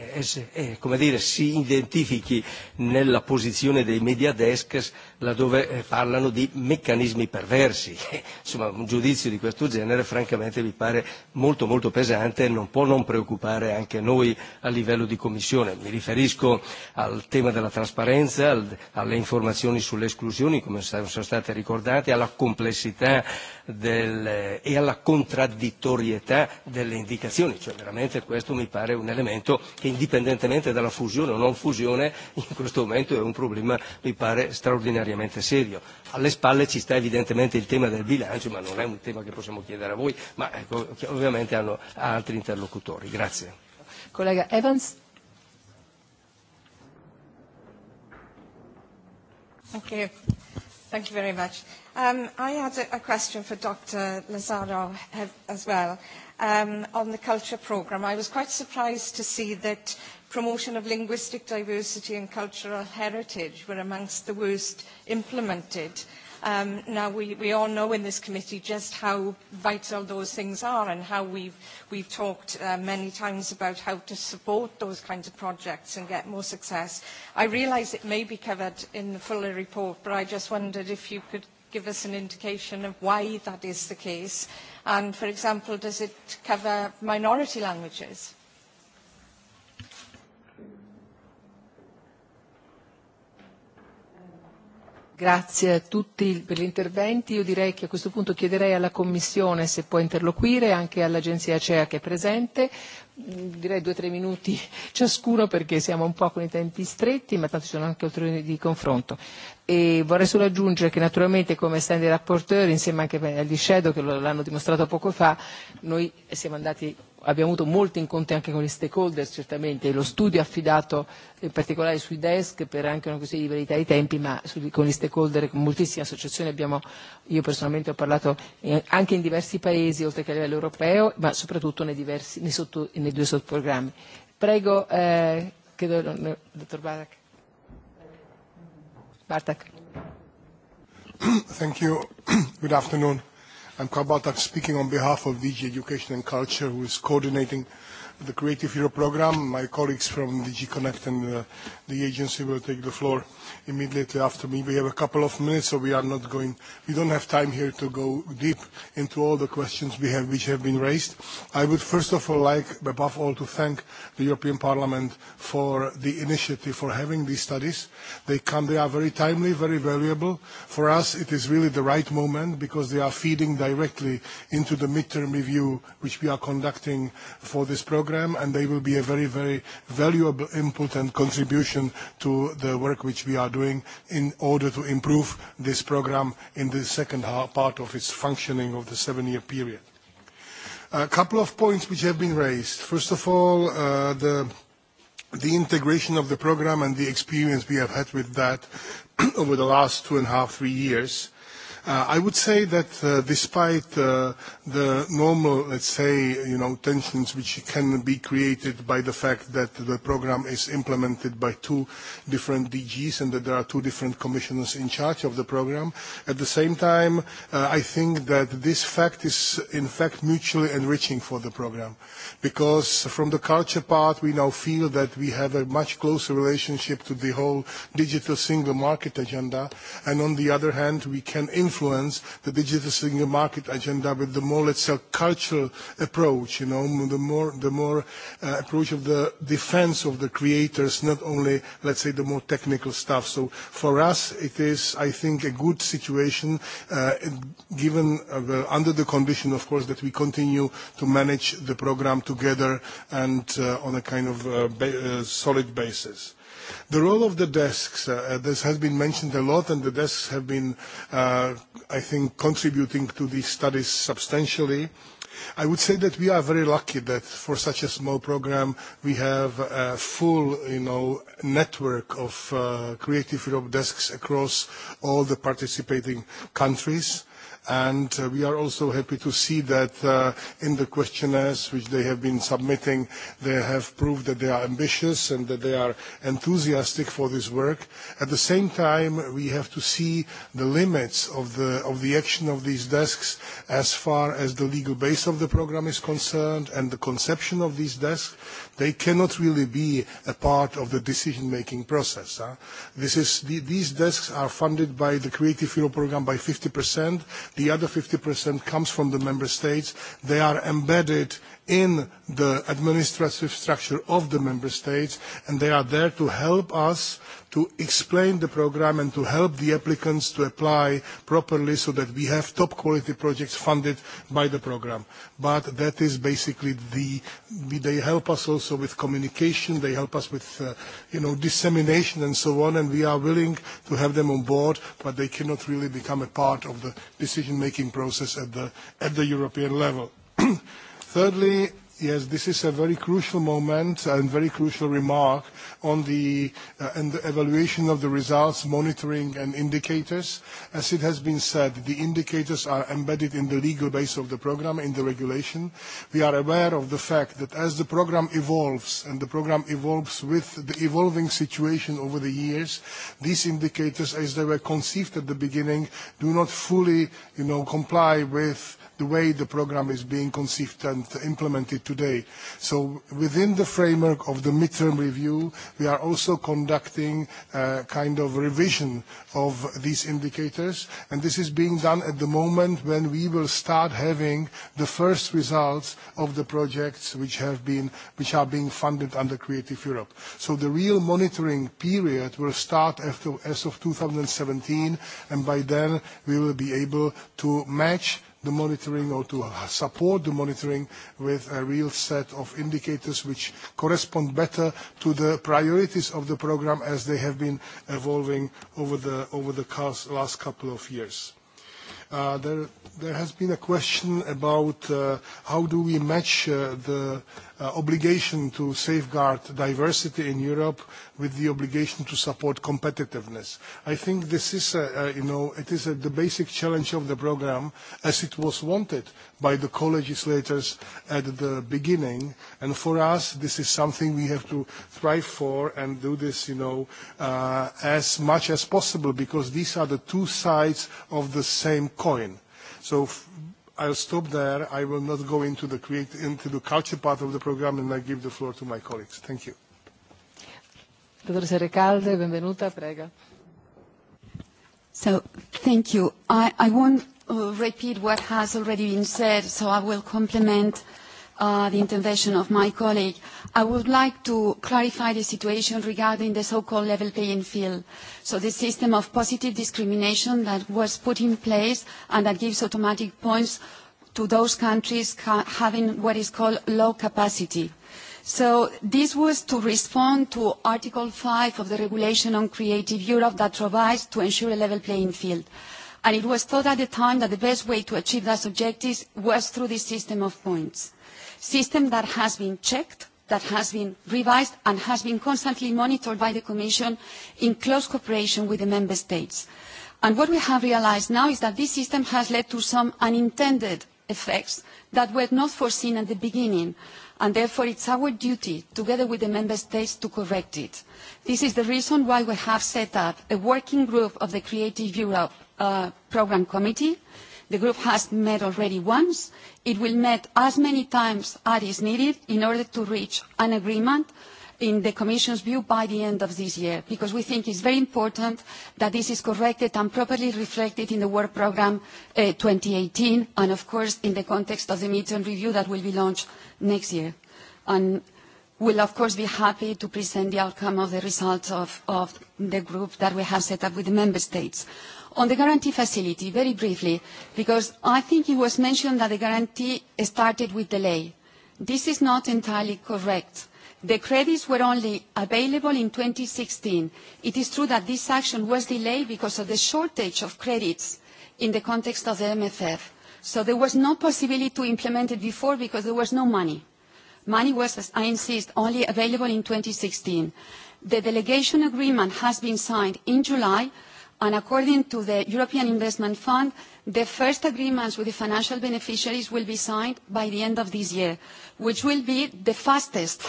eh, come dire, si identifichi nella posizione dei media desk laddove eh, parlano di meccanismi perversi. [laughs] insomma, un giudizio di questo genere francamente mi pare molto molto pesante e non può non preoccupare anche noi a livello di Commissione. Mi riferisco al tema della trasparenza, al, alle informazioni sulle esclusioni come sono state ricordate, alla complessità del, eh, e alla contraddittorietà delle indicazioni, cioè veramente questo mi pare un elemento che indipendentemente dalla fusione o non fusione in questo momento è un problema mi pare straordinariamente serio. Alle spalle ci sta evidentemente il tema del bilancio, ma non è un tema che possiamo chiedere a voi, ma ecco, ovviamente hanno altri interlocutori. Grazie. Collega Evans. Thank you. Thank you very much. Um, I had a, a question for Dr. Lazaro as well um, on the culture programme. I was quite surprised to see that promotion of linguistic diversity and cultural heritage were amongst the worst implemented. Um, now, we, we all know in this committee just how vital those things are and how we've, we've talked uh, many times about how to support those kinds of projects and get more success. I realise it may be covered in the fuller report, but I just wondered if you could give us an indication of why that is the case? And, for example, does it cover minority languages? Grazie a tutti per gli interventi. Io direi che a questo punto chiederei alla Commissione se può interloquire, anche all'Agenzia CEA che è presente, direi due o tre minuti [laughs] ciascuno perché siamo un po' con i tempi stretti, ma tanto ci sono anche ulteriori di confronto. E vorrei solo aggiungere che naturalmente come stand rapporteur, insieme anche agli shadow che l'hanno dimostrato poco fa, noi siamo andati abbiamo avuto molti incontri anche con gli stakeholder certamente, lo studio affidato in particolare sui desk per anche una questione di verità dei tempi, ma su, con gli stakeholder, con moltissime associazioni abbiamo, io personalmente ho parlato eh, anche in diversi paesi, oltre che a livello europeo, ma soprattutto nei, diversi, nei, sotto, nei due sottoprogrammi. Prego, eh, credo, no, dottor Bartak. Bartak. Thank you. [clears throat] Good afternoon. I'm Karbatak speaking on behalf of DG Education and Culture, who is coordinating uh, the Creative Europe program. My colleagues from DG Connect and uh, the agency will take the floor immediately after me. We have a couple of minutes, so we are not going, we don't have time here to go deep into all the questions we have, which have been raised. I would first of all like, above all, to thank the European Parliament for the initiative for having these studies. They come, they are very timely, very valuable. For us, it is really the right moment because they are feeding directly into the midterm review, which we are conducting for this program program, and they will be a very, very valuable input and contribution to the work which we are doing in order to improve this program in the second half part of its functioning of the seven-year period. A couple of points which have been raised. First of all, uh, the the integration of the program and the experience we have had with that [clears throat] over the last two and a half, three years. Uh, I would say that uh, despite uh, the normal, let's say, you know, tensions which can be created by the fact that the program is implemented by two different DGs and that there are two different commissioners in charge of the program, at the same time, uh, I think that this fact is in fact mutually enriching for the program. Because from the culture part, we now feel that we have a much closer relationship to the whole digital single market agenda, and on the other hand, we can influence influence the digital single market agenda with the more, let's say, cultural approach, you know, the more, the more uh, approach of the defense of the creators, not only, let's say, the more technical stuff. So for us, it is, I think, a good situation, uh, given uh, well, under the condition, of course, that we continue to manage the program together and uh, on a kind of uh, ba uh, solid basis. The role of the desks, uh, uh, this has been mentioned a lot, and the desks have been, uh, I think, contributing to these studies substantially. I would say that we are very lucky that for such a small program, we have a full, you know, network of uh, Creative Europe desks across all the participating countries and uh, we are also happy to see that uh, in the questionnaires which they have been submitting, they have proved that they are ambitious and that they are enthusiastic for this work. At the same time, we have to see the limits of the, of the action of these desks as far as the legal base of the program is concerned and the conception of these desks. They cannot really be a part of the decision-making process. Huh? This is, the, these desks are funded by the Creative Europe program by 50%. The other 50% comes from the member states. They are embedded in the administrative structure of the member states, and they are there to help us to explain the program and to help the applicants to apply properly so that we have top quality projects funded by the program. But that is basically the, they help us also with communication, they help us with, uh, you know, dissemination and so on, and we are willing to have them on board, but they cannot really become a part of the decision-making process at the, at the European level. [clears throat] Thirdly, Yes, this is a very crucial moment and very crucial remark on the, uh, and the evaluation of the results, monitoring and indicators. As it has been said, the indicators are embedded in the legal base of the program, in the regulation. We are aware of the fact that as the program evolves, and the program evolves with the evolving situation over the years, these indicators, as they were conceived at the beginning, do not fully, you know, comply with the way the program is being conceived and implemented today. So within the framework of the midterm review, we are also conducting a kind of revision of these indicators, and this is being done at the moment when we will start having the first results of the projects which, have been, which are being funded under Creative Europe. So the real monitoring period will start after, as of 2017, and by then we will be able to match the monitoring or to support the monitoring with a real set of indicators which correspond better to the priorities of the program as they have been evolving over the, over the last couple of years. Uh, there, there has been a question about uh, how do we match uh, the uh, obligation to safeguard diversity in Europe with the obligation to support competitiveness. I think this is, a, uh, you know, it is a, the basic challenge of the program as it was wanted by the co-legislators at the beginning. And for us, this is something we have to strive for and do this, you know, uh, as much as possible because these are the two sides of the same coin. So I'll stop there. I will not go into the create into the culture part of the program, and I give the floor to my colleagues. Thank you. Dottoressa Recalde, benvenuta, prego. So, thank you. I, I won't uh, repeat what has already been said, so I will complement uh, uh, the intervention of my colleague, I would like to clarify the situation regarding the so-called level playing field. So the system of positive discrimination that was put in place and that gives automatic points to those countries ca having what is called low capacity. So this was to respond to Article 5 of the Regulation on Creative Europe that provides to ensure a level playing field. And it was thought at the time that the best way to achieve that objective was through this system of points system that has been checked, that has been revised and has been constantly monitored by the Commission in close cooperation with the Member States. And what we have realized now is that this system has led to some unintended effects that were not foreseen at the beginning, and therefore it's our duty, together with the Member States, to correct it. This is the reason why we have set up a working group of the Creative Europe uh, Programme Committee The group has met already once. It will meet as many times as is needed in order to reach an agreement in the Commission's view by the end of this year, because we think it's very important that this is corrected and properly reflected in the work programme uh, 2018, and of course, in the context of the midterm review that will be launched next year. And we'll of course be happy to present the outcome of the results of, of the group that we have set up with the member states. On the guarantee facility, very briefly, because I think it was mentioned that the guarantee started with delay. This is not entirely correct. The credits were only available in 2016. It is true that this action was delayed because of the shortage of credits in the context of the MFF. So there was no possibility to implement it before because there was no money. Money was, as I insist, only available in 2016. The delegation agreement has been signed in July, And according to the European Investment Fund, the first agreements with the financial beneficiaries will be signed by the end of this year, which will be the fastest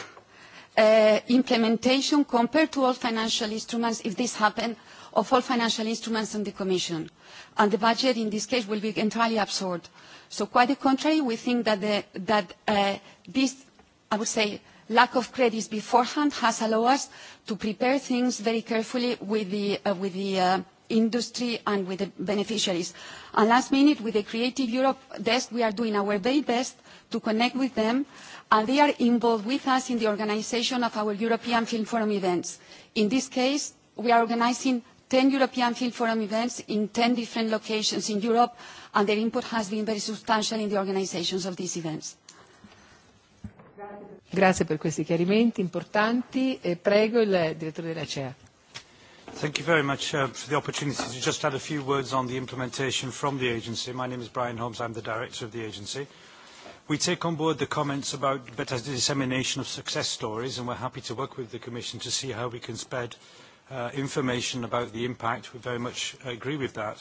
uh, implementation compared to all financial instruments, if this happen, of all financial instruments in the Commission. And the budget, in this case, will be entirely absorbed. So quite the contrary, we think that, the, that uh, this, I would say, lack of credits beforehand has allowed us to prepare things very carefully with the, uh, with the uh, industry and with the beneficiaries. And last minute, with the Creative Europe desk, we are doing our very best to connect with them, and they are involved with us in the organization of our European Film Forum events. In this case, we are organizing 10 European Film Forum events in 10 different locations in Europe, and their input has been very substantial in the organizations of these events. Grazie per questi chiarimenti importanti. E prego il direttore della CEA. Thank you very much uh, for the opportunity to just add a few words on the implementation from the agency. My name is Brian Holmes. I'm the director of the agency. We take on board the comments about better dissemination of success stories, and we're happy to work with the Commission to see how we can spread uh, information about the impact. We very much agree with that.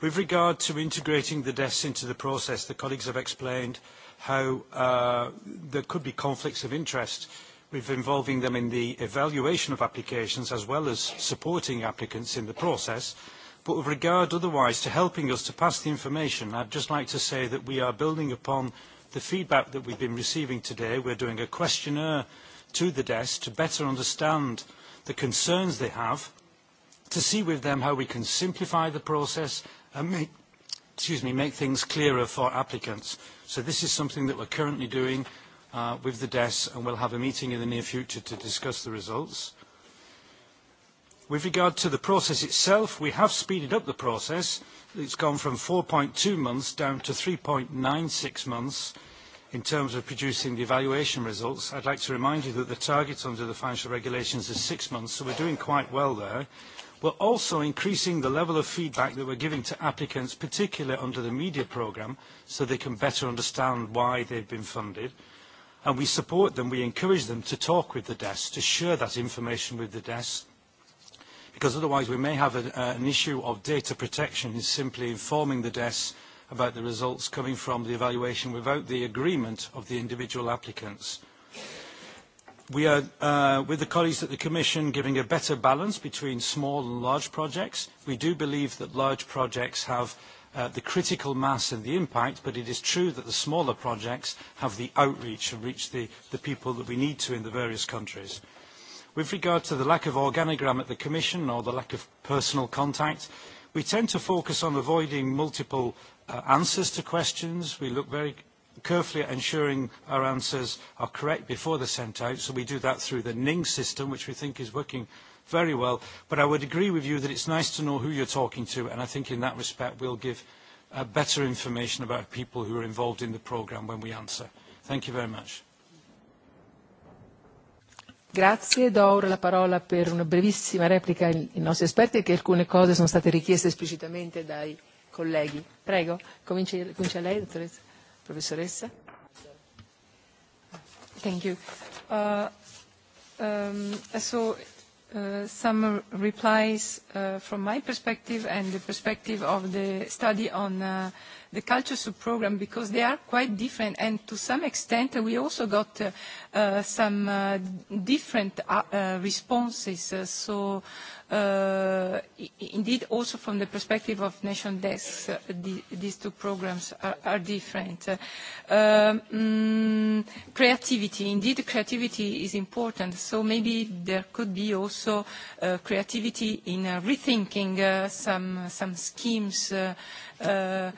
With regard to integrating the deaths into the process, the colleagues have explained how uh, there could be conflicts of interest uh, with involving them in the evaluation of applications as well as supporting applicants in the process. But with regard otherwise to helping us to pass the information, I'd just like to say that we are building upon the feedback that we've been receiving today. We're doing a questionnaire to the desk to better understand the concerns they have, to see with them how we can simplify the process and make, excuse me, make things clearer for applicants. So this is something that we're currently doing uh, with the DES, and we'll have a meeting in the near future to discuss the results. With regard to the process itself, we have speeded up the process. It's gone from 4.2 months down to 3.96 months in terms of producing the evaluation results. I'd like to remind you that the target under the financial regulations is six months, so we're doing quite well there. We're also increasing the level of feedback that we're giving to applicants, particularly under the media program, so they can better understand why they've been funded and we support them, we encourage them to talk with the desk, to share that information with the desk, because otherwise we may have a, uh, an issue of data protection is simply informing the desk about the results coming from the evaluation without the agreement of the individual applicants. We are, uh, with the colleagues at the Commission, giving a better balance between small and large projects. We do believe that large projects have uh, the critical mass and the impact, but it is true that the smaller projects have the outreach and reach the, the people that we need to in the various countries. With regard to the lack of organogram at the Commission or the lack of personal contact, we tend to focus on avoiding multiple uh, answers to questions. We look very carefully at ensuring our answers are correct before they're sent out, so we do that through the NING system, which we think is working very well. But I would agree with you that it's nice to know who you're talking to, and I think in that respect we'll give uh, better information about people who are involved in the programme when we answer. Thank you very much. Grazie, do ora la parola per una brevissima replica ai nostri esperti che alcune cose sono state richieste esplicitamente dai colleghi. Prego, comincia, comincia lei, professoressa. Thank you. Uh, um, so uh, some replies uh, from my perspective and the perspective of the study on uh, the culture sub-program because they are quite different and to some extent we also got uh, uh, some uh, different uh, uh, responses. Uh, so uh, indeed also from the perspective of national desks, uh, the, these two programs are, are different. Uh, um, creativity, indeed creativity is important. So maybe there could be also uh, creativity in uh, rethinking uh, some, some schemes uh, uh,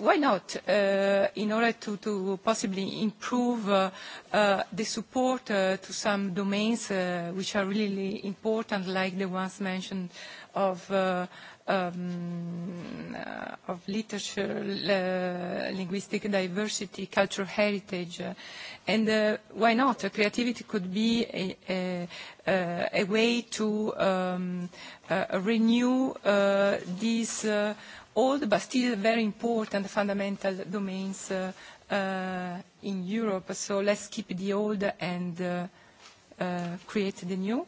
why not, uh, in order to, to possibly improve uh, uh, the support uh, to some domains uh, which are really important, like the ones mentioned of, uh, um, uh, of literature, uh, linguistic diversity, cultural heritage. Uh, and uh, why not? Uh, creativity could be a, a, uh, a way to um, uh, renew uh, these uh, old but still very important fundamental domains uh, uh, in Europe. So let's keep the old and uh, uh, create the new.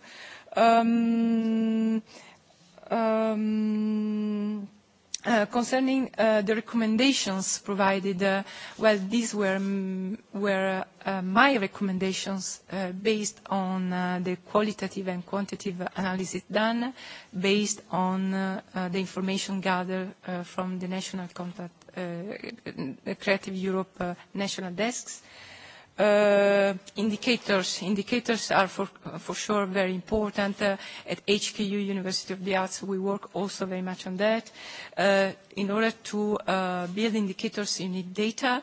Um, um, Uh, concerning uh, the recommendations provided, uh, well, these were, were uh, my recommendations uh, based on uh, the qualitative and quantitative analysis done, based on the information gathered from the national contact, Creative Europe national desks uh, indicators. Indicators are for, for sure very important. Uh, at HKU, University of the Arts, we work also very much on that. Uh, in order to uh, build indicators, you need data,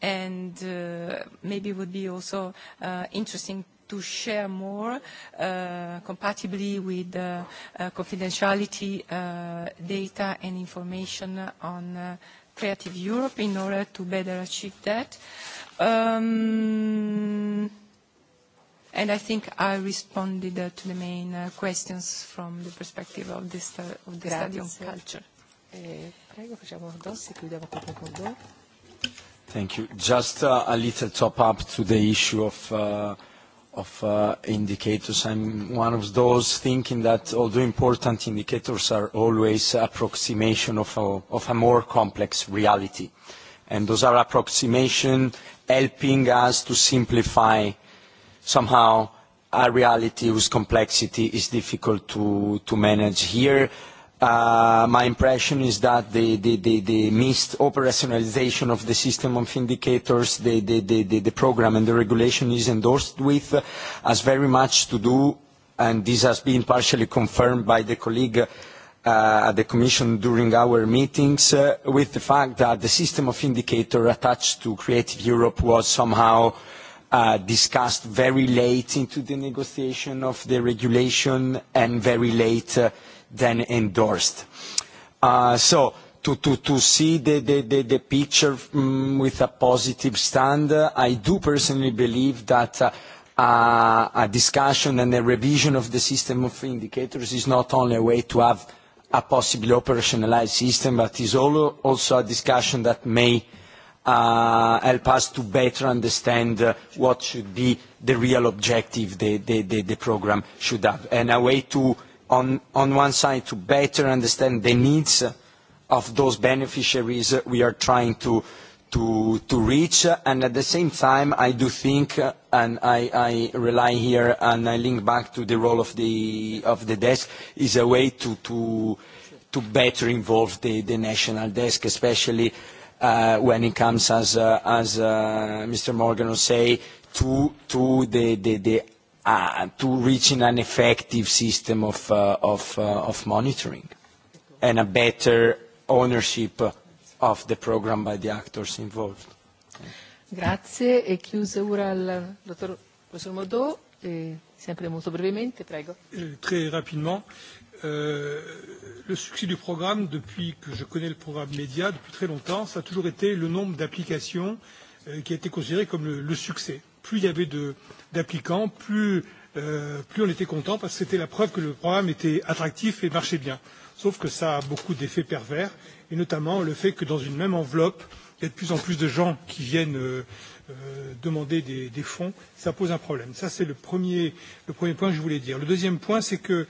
and uh, maybe it would be also uh, interesting to share more uh, compatibly with uh, uh, confidentiality uh, data and information on uh, Creative Europe in order to better achieve that. Uh, Um, and I think I responded uh, to the main uh, questions from the perspective of the, sta uh, of the Grazie. stadium culture. Eh, prego, facciamo dos e chiudiamo con Condor. Thank you. Just uh, a little top up to the issue of, uh, of uh, indicators. I'm one of those thinking that although important indicators are always approximation of a, of a more complex reality. Uh, and those are approximations helping us to simplify somehow a reality whose complexity is difficult to, to manage here. Uh, my impression is that the, the, the, the missed operationalization of the system of indicators, the, the, the, the, the program and the regulation is endorsed with has uh, very much to do, and this has been partially confirmed by the colleague uh, uh, at the Commission during our meetings uh, with the fact that the system of indicator attached to Creative Europe was somehow uh, discussed very late into the negotiation of the regulation and very late uh, then endorsed. Uh, so to, to, to see the, the, the, the picture um, with a positive stand, uh, I do personally believe that uh, uh, a discussion and a revision of the system of indicators is not only a way to have a possibly operationalized system, but is also a discussion that may uh, help us to better understand uh, what should be the real objective the, the, the, the program should have. And a way to, on, on one side, to better understand the needs of those beneficiaries we are trying to, uh, to, to reach. And at the same time, I do think, and I, I rely here and I link back to the role of the, of the desk, is a way to, to, to better involve the, the national desk, especially uh, when it comes, as, uh, as uh, Mr. Morgan will say, to, to the, the, the uh, to reaching an effective system of, uh, of, uh, of monitoring and a better ownership of the program by the actors involved. Grazie. È e chiusa ora il dottor professor Modò. Eh, sempre molto brevemente, prego. Eh, très rapidement. Euh, le succès du programme, depuis que je connais le programme Média, depuis très longtemps, ça a toujours été le nombre d'applications euh, qui a été considéré comme le, le succès. Plus il y avait d'applicants, plus, euh, plus on était content parce que c'était la preuve que le programme était attractif et marchait bien. Sauf que ça a beaucoup d'effets pervers et notamment le fait que dans une même enveloppe, il y a de plus en plus de gens qui viennent euh, euh, demander des, des fonds, ça pose un problème. Ça, c'est le premier, le premier point que je voulais dire. Le deuxième point, c'est que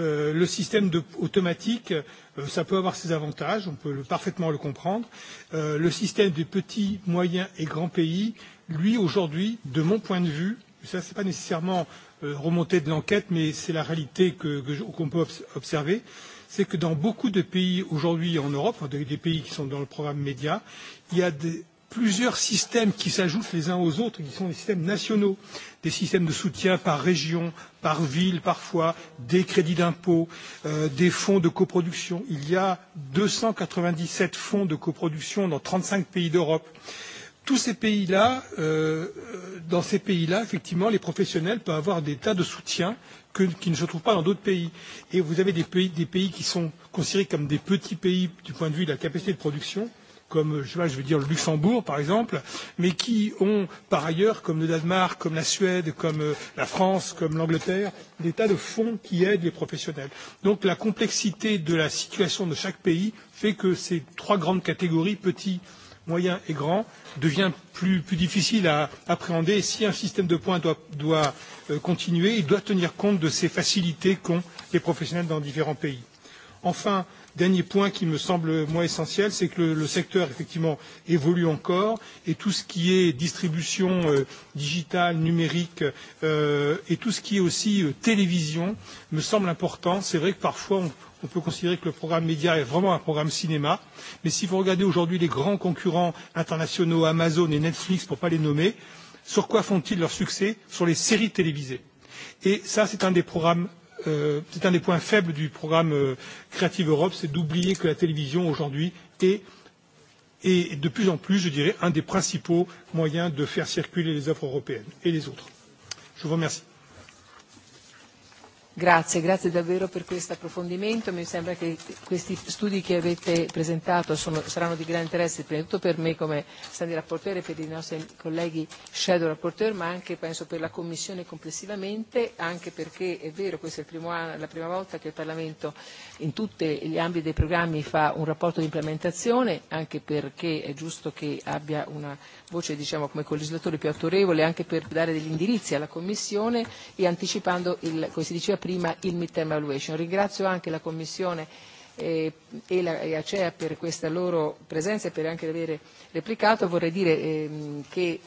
euh, le système de, automatique, euh, ça peut avoir ses avantages, on peut le, parfaitement le comprendre. Euh, le système des petits, moyens et grands pays, lui, aujourd'hui, de mon point de vue, ça, ce n'est pas nécessairement euh, remonté de l'enquête, mais c'est la réalité qu'on que, que qu peut observer. Euh, c'est que dans beaucoup de pays aujourd'hui en Europe, des pays qui sont dans le programme média, il y a des, plusieurs systèmes qui s'ajoutent les uns aux autres, qui sont des systèmes nationaux, des systèmes de soutien par région, par ville parfois, des crédits d'impôt, euh, des fonds de coproduction. Il y a 297 fonds de coproduction dans 35 pays d'Europe. Tous ces pays-là, euh, euh, dans ces pays-là, effectivement, les professionnels peuvent avoir des tas de soutiens que, qui ne se trouvent pas dans d'autres pays. Et vous avez des pays, des pays qui sont considérés comme des petits pays du point de vue de la capacité de production, comme je, sais pas, je veux dire le Luxembourg par exemple, mais qui ont par ailleurs, comme le Danemark, comme la Suède, comme euh, la France, comme l'Angleterre, des tas de fonds qui aident les professionnels. Donc la complexité de la situation de chaque pays fait que ces trois grandes catégories petits, moyen et grand devient plus, plus difficile à appréhender. Si un système de points doit, doit euh, continuer, il doit tenir compte de ces facilités qu'ont les professionnels dans différents pays. Enfin, dernier point qui me semble moi essentiel, c'est que le, le secteur effectivement évolue encore et tout ce qui est distribution euh, digitale, numérique euh, et tout ce qui est aussi euh, télévision me semble important. C'est vrai que parfois on, on peut considérer que le programme média est vraiment un programme cinéma. Mais si vous regardez aujourd'hui les grands concurrents internationaux, Amazon et Netflix, pour ne pas les nommer, sur quoi font-ils leur succès Sur les séries télévisées. Et ça, c'est un des programmes euh, c'est un des points faibles du programme euh, Creative Europe, c'est d'oublier que la télévision aujourd'hui est, est de plus en plus, je dirais, un des principaux moyens de faire circuler les œuvres européennes et les autres. Je vous remercie. Grazie, grazie davvero per questo approfondimento. Mi sembra che questi studi che avete presentato sono, saranno di grande interesse prima di tutto per me come stand rapporteur e per i nostri colleghi shadow rapporteur, ma anche penso per la Commissione complessivamente, anche perché è vero, questa è il primo anno, la prima volta che il Parlamento in tutti gli ambiti dei programmi fa un rapporto di implementazione, anche perché è giusto che abbia una voce diciamo, come colegislatore più autorevole, anche per dare degli indirizzi alla Commissione e anticipando, il, come si diceva, prima il midterm evaluation. Ringrazio anche la Commissione e, e la e ACEA per questa loro presenza e per anche aver replicato. Vorrei dire ehm, che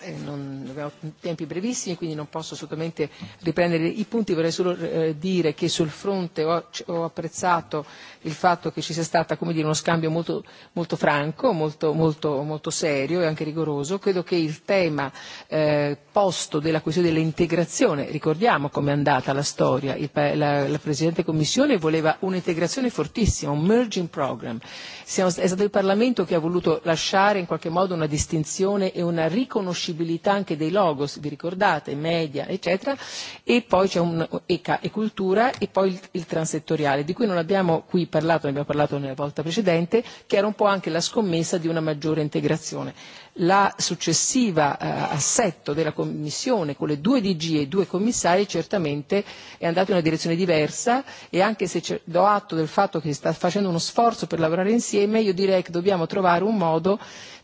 eh, non, abbiamo tempi brevissimi, quindi non posso assolutamente riprendere i punti. Vorrei solo eh, dire che sul fronte ho, ho apprezzato il fatto che ci sia stato come dire, uno scambio molto, molto franco, molto, molto, molto serio e anche rigoroso. Credo che il tema eh, posto della questione dell'integrazione, ricordiamo com'è andata la storia, il, la, la Presidente Commissione voleva un'integrazione fortissima, un merging program. Siamo, è stato il Parlamento che ha voluto lasciare in qualche modo una distinzione e una riconoscenza riconoscibilità anche dei logos, vi ricordate, media, eccetera, e poi c'è un ECA e cultura e poi il, il transettoriale, di cui non abbiamo qui parlato, ne abbiamo parlato nella volta precedente, che era un po' anche la scommessa di una maggiore integrazione. La successiva eh, assetto della Commissione con le due DG e i due commissari certamente è andato in una direzione diversa e anche se do atto del fatto che si sta facendo uno sforzo per lavorare insieme, io direi che dobbiamo trovare un modo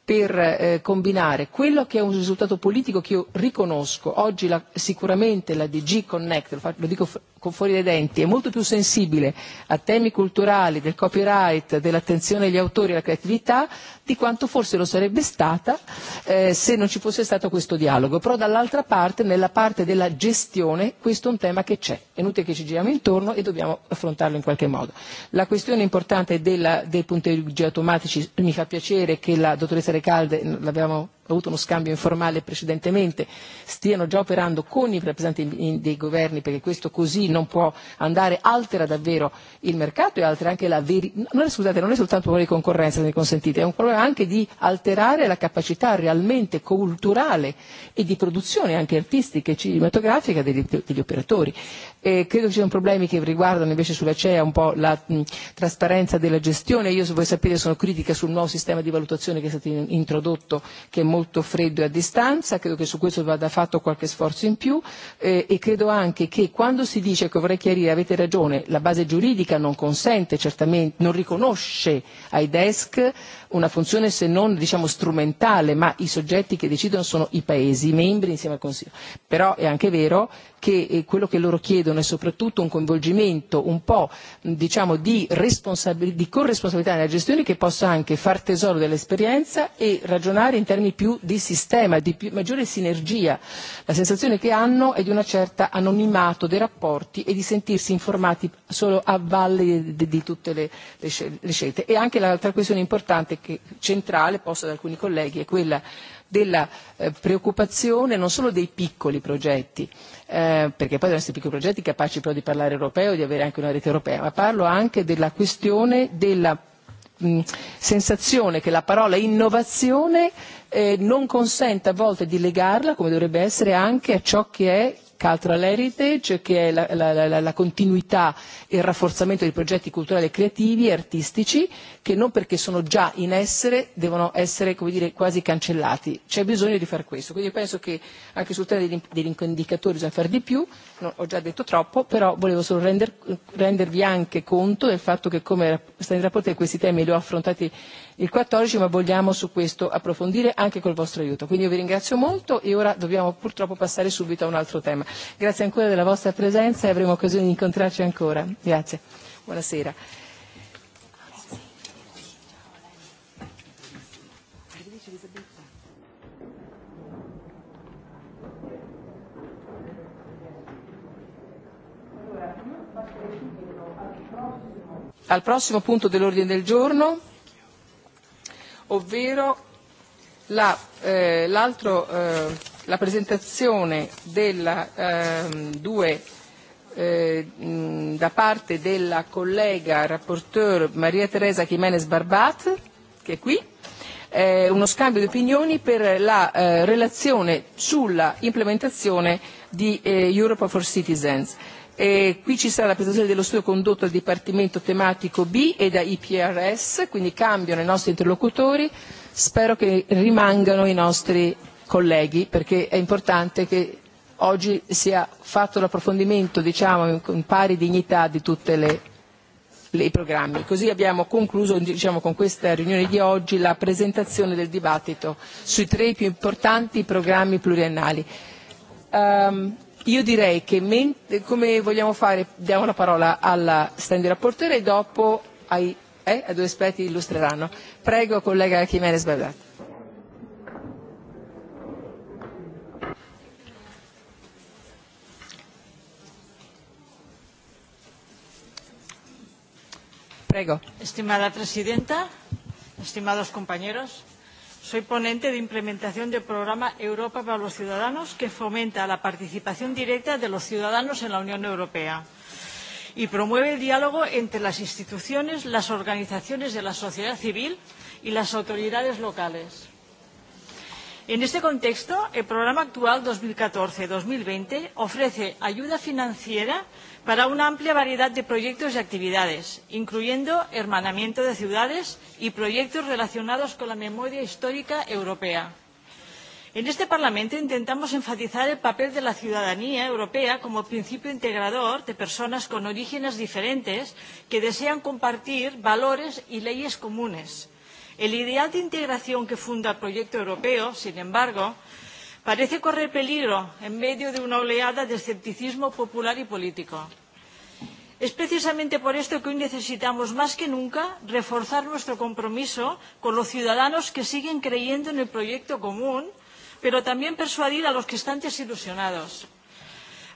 per eh, combinare quello che è un risultato politico che io riconosco. Oggi la, sicuramente la DG Connect, lo, fa, lo dico con fuori dai denti, è molto più sensibile a temi culturali, del copyright, dell'attenzione agli autori e alla creatività, di quanto forse lo sarebbe stata eh, se non ci fosse stato questo dialogo. Però dall'altra parte, nella parte della gestione, questo è un tema che c'è. È inutile che ci giriamo intorno e dobbiamo affrontarlo in qualche modo. La questione importante della, dei punteggi automatici, mi fa piacere che la dottoressa essere calde, l'abbiamo avuto uno scambio informale precedentemente, stiano già operando con i rappresentanti dei governi, perché questo così non può andare, altera davvero il mercato e altera anche la verità. Non è, scusate, non è soltanto un problema di concorrenza, se mi consentite, è un problema anche di alterare la capacità realmente culturale e di produzione anche artistica e cinematografica degli, degli operatori. E credo ci siano problemi che riguardano invece sulla CEA un po' la mh, trasparenza della gestione. Io, se vuoi sapere, sono critica sul nuovo sistema di valutazione che è stato in, introdotto, che è molto freddo e a distanza, credo che su questo vada fatto qualche sforzo in più eh, e credo anche che quando si dice che vorrei chiarire, avete ragione, la base giuridica non consente certamente, non riconosce ai desk una funzione se non diciamo strumentale, ma i soggetti che decidono sono i Paesi, i membri insieme al Consiglio. Però è anche vero che eh, quello che loro chiedono è soprattutto un coinvolgimento, un po' diciamo di, responsabil- di corresponsabilità nella gestione che possa anche far tesoro dell'esperienza e ragionare in termini più di sistema, di più, maggiore sinergia. La sensazione che hanno è di una certa anonimato dei rapporti e di sentirsi informati solo a valle di, di tutte le, le, scel- le scelte. E anche l'altra questione importante anche centrale posta da alcuni colleghi è quella della eh, preoccupazione non solo dei piccoli progetti, eh, perché poi devono essere piccoli progetti capaci però di parlare europeo e di avere anche una rete europea, ma parlo anche della questione della mh, sensazione che la parola innovazione eh, non consente a volte di legarla, come dovrebbe essere, anche a ciò che è Cultural Heritage, che è la, la, la, la continuità e il rafforzamento di progetti culturali e creativi e artistici che non perché sono già in essere devono essere come dire, quasi cancellati. C'è bisogno di far questo. Quindi penso che anche sul tema degli, degli indicatori bisogna fare di più, non, ho già detto troppo, però volevo solo render, rendervi anche conto del fatto che come stand rapporto questi temi li ho affrontati il 14, ma vogliamo su questo approfondire anche col vostro aiuto. Quindi io vi ringrazio molto e ora dobbiamo purtroppo passare subito a un altro tema. Grazie ancora della vostra presenza e avremo occasione di incontrarci ancora. Grazie. Buonasera. Al prossimo punto dell'ordine del giorno ovvero la, eh, l'altro, eh, la presentazione della, eh, due, eh, mh, da parte della collega rapporteur Maria Teresa Jiménez Barbat, che è qui, eh, uno scambio di opinioni per la eh, relazione sulla implementazione di eh, Europa for Citizens. Eh, Eh, qui ci sarà la presentazione dello studio condotto dal Dipartimento tematico B e da IPRS, quindi cambiano i nostri interlocutori. Spero che rimangano i nostri colleghi perché è importante che oggi sia fatto l'approfondimento diciamo, con pari dignità di tutti i programmi. Così abbiamo concluso diciamo, con questa riunione di oggi la presentazione del dibattito sui tre più importanti programmi pluriannali. Um, ehm, Io direi che mente, come vogliamo fare, diamo la parola alla stand rapporteur e dopo ai, eh, ai due esperti illustreranno. Prego, collega Jiménez Barbat. Prego. Estimada Presidenta, estimados compañeros, Soy ponente de implementación del programa Europa para los Ciudadanos, que fomenta la participación directa de los ciudadanos en la Unión Europea y promueve el diálogo entre las instituciones, las organizaciones de la sociedad civil y las autoridades locales. En este contexto, el programa actual 2014-2020 ofrece ayuda financiera para una amplia variedad de proyectos y actividades, incluyendo hermanamiento de ciudades y proyectos relacionados con la memoria histórica europea. En este Parlamento intentamos enfatizar el papel de la ciudadanía europea como principio integrador de personas con orígenes diferentes que desean compartir valores y leyes comunes El ideal de integración que funda el proyecto europeo, sin embargo, parece correr peligro en medio de una oleada de escepticismo popular y político. Es precisamente por esto que hoy necesitamos más que nunca reforzar nuestro compromiso con los ciudadanos que siguen creyendo en el proyecto común, pero también persuadir a los que están desilusionados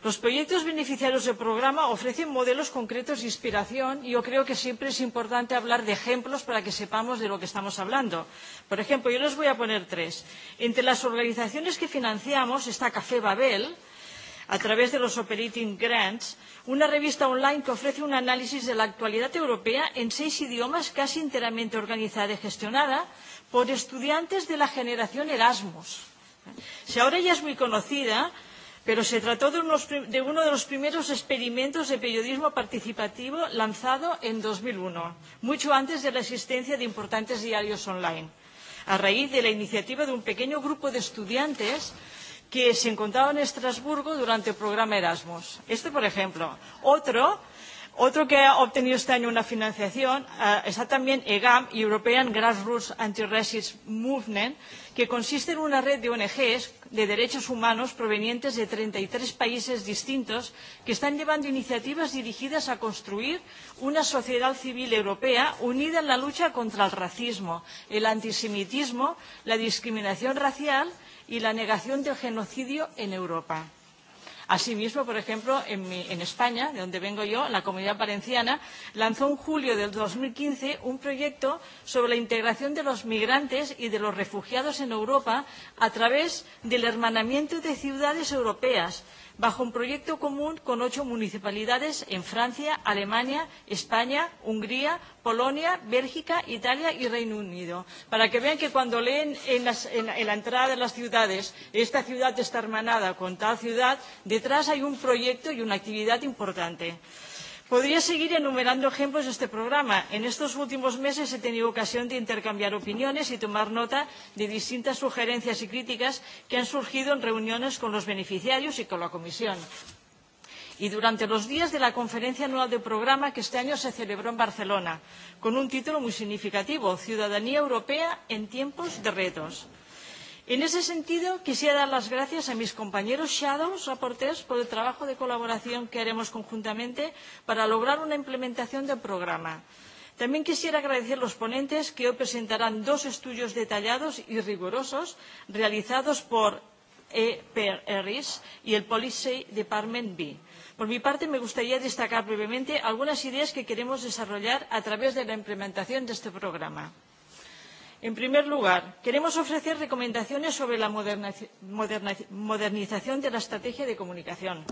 los proyectos beneficiarios del programa ofrecen modelos concretos de inspiración y yo creo que siempre es importante hablar de ejemplos para que sepamos de lo que estamos hablando. Por ejemplo, yo les voy a poner tres. Entre las organizaciones que financiamos está Café Babel, a través de los Operating Grants, una revista online que ofrece un análisis de la actualidad europea en seis idiomas casi enteramente organizada y gestionada por estudiantes de la generación Erasmus. Si ahora ya es muy conocida, pero se trató de, unos, de uno de los primeros experimentos de periodismo participativo lanzado en 2001, mucho antes de la existencia de importantes diarios online, a raíz de la iniciativa de un pequeño grupo de estudiantes que se encontraba en Estrasburgo durante el programa Erasmus. Este, por ejemplo. Otro, otro que ha obtenido este año una financiación uh, está también EGAM, European Grassroots Anti-Racist Movement, que consiste en una red de ONGs de derechos humanos provenientes de 33 países distintos que están llevando iniciativas dirigidas a construir una sociedad civil europea unida en la lucha contra el racismo, el antisemitismo, la discriminación racial y la negación del genocidio en Europa. Asimismo, por ejemplo, en, mi, en España, de donde vengo yo, la Comunidad Valenciana, lanzó en julio del 2015 un proyecto sobre la integración de los migrantes y de los refugiados en Europa a través del hermanamiento de ciudades europeas bajo un proyecto común con ocho municipalidades en Francia, Alemania, España, Hungría, Polonia, Bélgica, Italia y Reino Unido. Para que vean que cuando leen en, las, en, en la entrada de las ciudades, esta ciudad está hermanada con tal ciudad, detrás hay un proyecto y una actividad importante. Podría seguir enumerando ejemplos de este programa. En estos últimos meses he tenido ocasión de intercambiar opiniones y tomar nota de distintas sugerencias y críticas que han surgido en reuniones con los beneficiarios y con la Comisión. Y durante los días de la conferencia anual del programa que este año se celebró en Barcelona, con un título muy significativo, Ciudadanía Europea en tiempos de retos En ese sentido, quisiera dar las gracias a mis compañeros shadows rapporteurs por el trabajo de colaboración que haremos conjuntamente para lograr una implementación del programa. También quisiera agradecer a los ponentes que hoy presentarán dos estudios detallados y rigurosos realizados por EPRIS y el Policy Department B. Por mi parte, me gustaría destacar brevemente algunas ideas que queremos desarrollar a través de la implementación de este programa. En primer lugar, queremos ofrecer recomendaciones sobre la modernización de la estrategia de comunicación.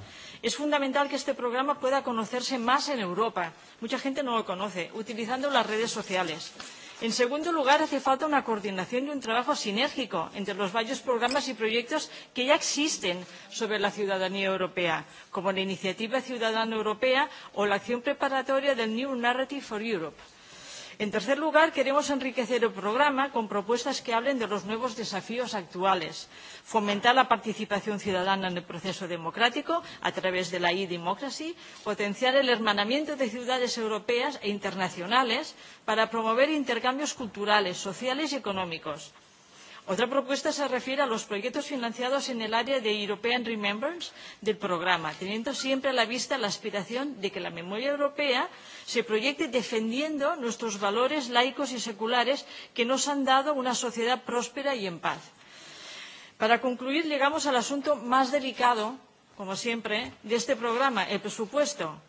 Es fundamental que este programa pueda conocerse más en Europa. Mucha gente no lo conoce, utilizando las redes sociales. En segundo lugar, hace falta una coordinación y un trabajo sinérgico entre los varios programas y proyectos que ya existen sobre la ciudadanía europea, como la Iniciativa Ciudadana Europea o la acción preparatoria del New Narrative for Europe En tercer lugar, queremos enriquecer el programa con propuestas que hablen de los nuevos desafíos actuales, fomentar la participación ciudadana en el proceso democrático a través de la e-democracy, potenciar el hermanamiento de ciudades europeas e internacionales para promover intercambios culturales, sociales y económicos Otra propuesta se refiere a los proyectos financiados en el área de European Remembrance del programa, teniendo siempre a la vista la aspiración de que la memoria europea se proyecte defendiendo nuestros valores laicos y seculares que nos han dado una sociedad próspera y en paz. Para concluir, llegamos al asunto más delicado, como siempre, de este programa, el presupuesto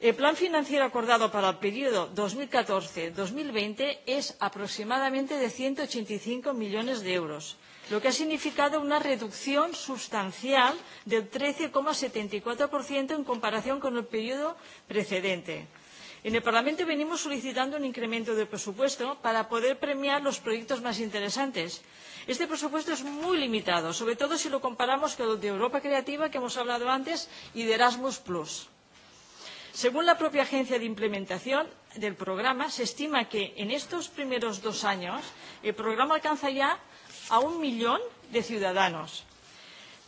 El plan financiero acordado para el periodo 2014-2020 es aproximadamente de 185 millones de euros, lo que ha significado una reducción sustancial del 13,74% en comparación con el periodo precedente. En el Parlamento venimos solicitando un incremento de presupuesto para poder premiar los proyectos más interesantes. Este presupuesto es muy limitado, sobre todo si lo comparamos con el de Europa Creativa que hemos hablado antes y de Erasmus Plus Según la propia agencia de implementación del programa, se estima que en estos primeros dos años el programa alcanza ya a un millón de ciudadanos.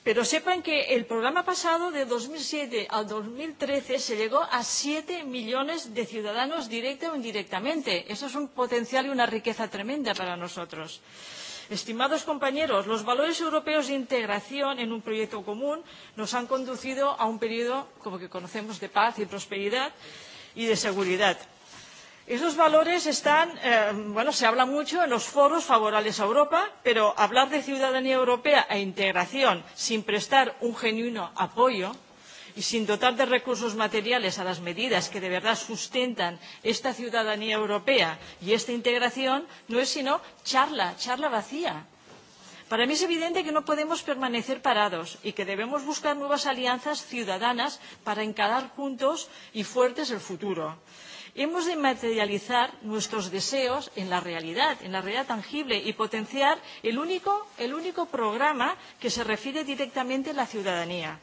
Pero sepan que el programa pasado, de 2007 al 2013, se llegó a 7 millones de ciudadanos directa o indirectamente. Eso es un potencial y una riqueza tremenda para nosotros. Eh, Estimados compañeros, los valores europeos de integración en un proyecto común nos han conducido a un periodo, como que conocemos, de paz y prosperidad y de seguridad. Esos valores están, eh, bueno, se habla mucho en los foros favorables a Europa, pero hablar de ciudadanía europea e integración sin prestar un genuino apoyo y sin dotar de recursos materiales a las medidas que de verdad sustentan esta ciudadanía europea y esta integración no es sino charla, charla vacía. Para mí es evidente que no podemos permanecer parados y que debemos buscar nuevas alianzas ciudadanas para encarar juntos y fuertes el futuro. Hemos de materializar nuestros deseos en la realidad, en la realidad tangible y potenciar el único, el único programa que se refiere directamente a la ciudadanía.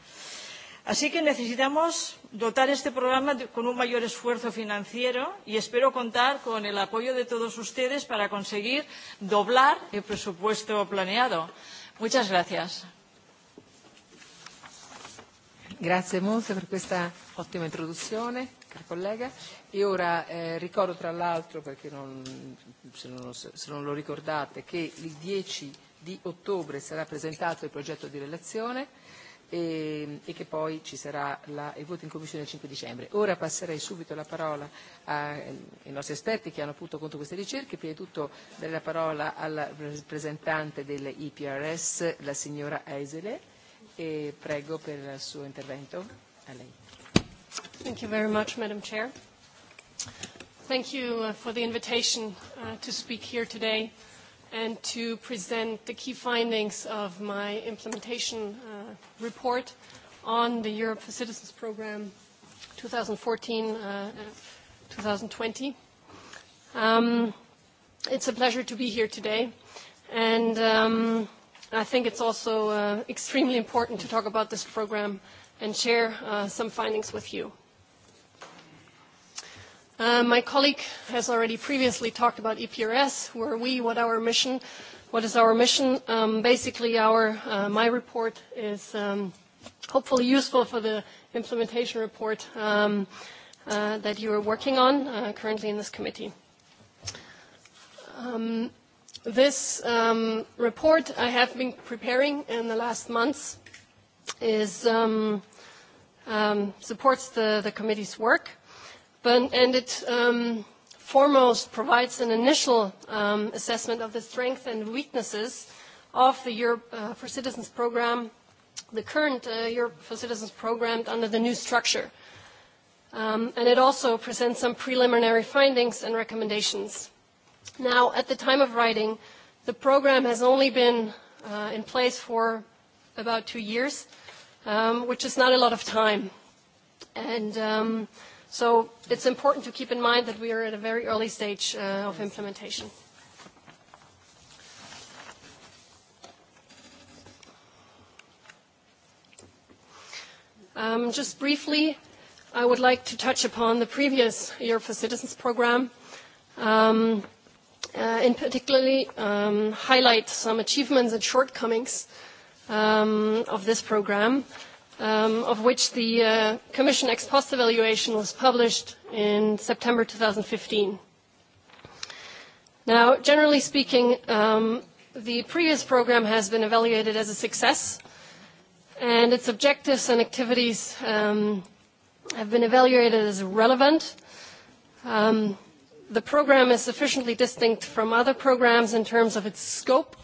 Así que necesitamos dotar este programa de, con un mayor esfuerzo financiero y espero contar con el apoyo de todos ustedes para conseguir doblar el presupuesto planeado. Muchas gracias. Grazie molte per questa ottima introduzione, caro collega. E ora eh, ricordo tra l'altro, perché non, se, non lo, se non lo ricordate, che il 10 di ottobre sarà presentato il progetto di relazione e, e che poi ci sarà la, il voto in Commissione il 5 dicembre. Ora passerei subito la parola a, ai nostri esperti che hanno appunto conto queste ricerche. Prima di tutto dare la parola alla rappresentante dell'IPRS, e la signora Eisele. E prego per il suo intervento. A lei. Thank you very much, Madam Chair. Thank you uh, for the invitation uh, to speak here today. Uh, and to present the key findings of my implementation uh, report on the Europe for Citizens Program 2014 uh, 2020. Um, it's a pleasure to be here today, and um, I think it's also uh, extremely important to talk about this program and share uh, some findings with you. Uh, my colleague has already previously talked about EPRS, who are we, what our mission, what is our mission. Um, basically, our, uh, my report is um, hopefully useful for the implementation report um, uh, that you are working on uh, currently in this committee. Um, this um, report I have been preparing in the last months is, um, um, supports the, the committee's work. Uh, But, and it um, foremost provides an initial um, assessment of the strengths and weaknesses of the Europe uh, for Citizens program, the current uh, Europe for Citizens program under the new structure. Um, and it also presents some preliminary findings and recommendations. Now, at the time of writing, the program has only been uh, in place for about two years, um, which is not a lot of time. And um, uh, So it's important to keep in mind that we are at a very early stage uh, of implementation. Um, just briefly, I would like to touch upon the previous Europe for Citizens program, um, uh, and particularly um, highlight some achievements and shortcomings um, of this program um, of which the uh, Commission ex post evaluation was published in September 2015. Now, generally speaking, um, the previous program has been evaluated as a success, and its objectives and activities um, have been evaluated as relevant. Um, the program is sufficiently distinct from other programs in terms of its scope,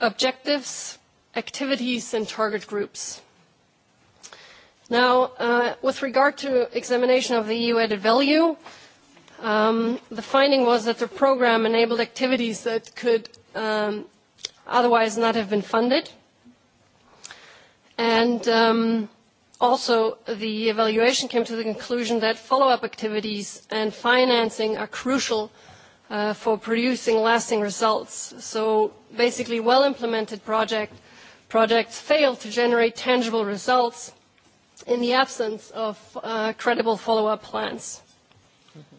objectives, activities, and target groups. Now, uh, with regard to examination of the EU added value, um, the finding was that the program enabled activities that could um, otherwise not have been funded. And um, also, the evaluation came to the conclusion that follow-up activities and financing are crucial uh, for producing lasting results. So basically, well-implemented project, projects fail to generate tangible results – in the absence of uh, credible follow-up plans. Mm-hmm.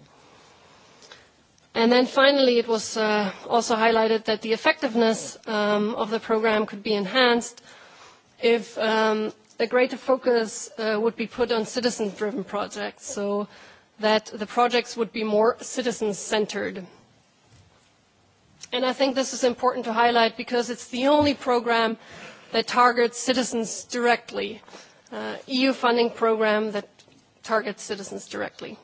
And then finally, it was uh, also highlighted that the effectiveness um, of the program could be enhanced if um, a greater focus uh, would be put on citizen-driven projects, so that the projects would be more citizen-centered. And I think this is important to highlight because it's the only program that targets citizens directly. Uh, uh, EU funding program that targets citizens directly.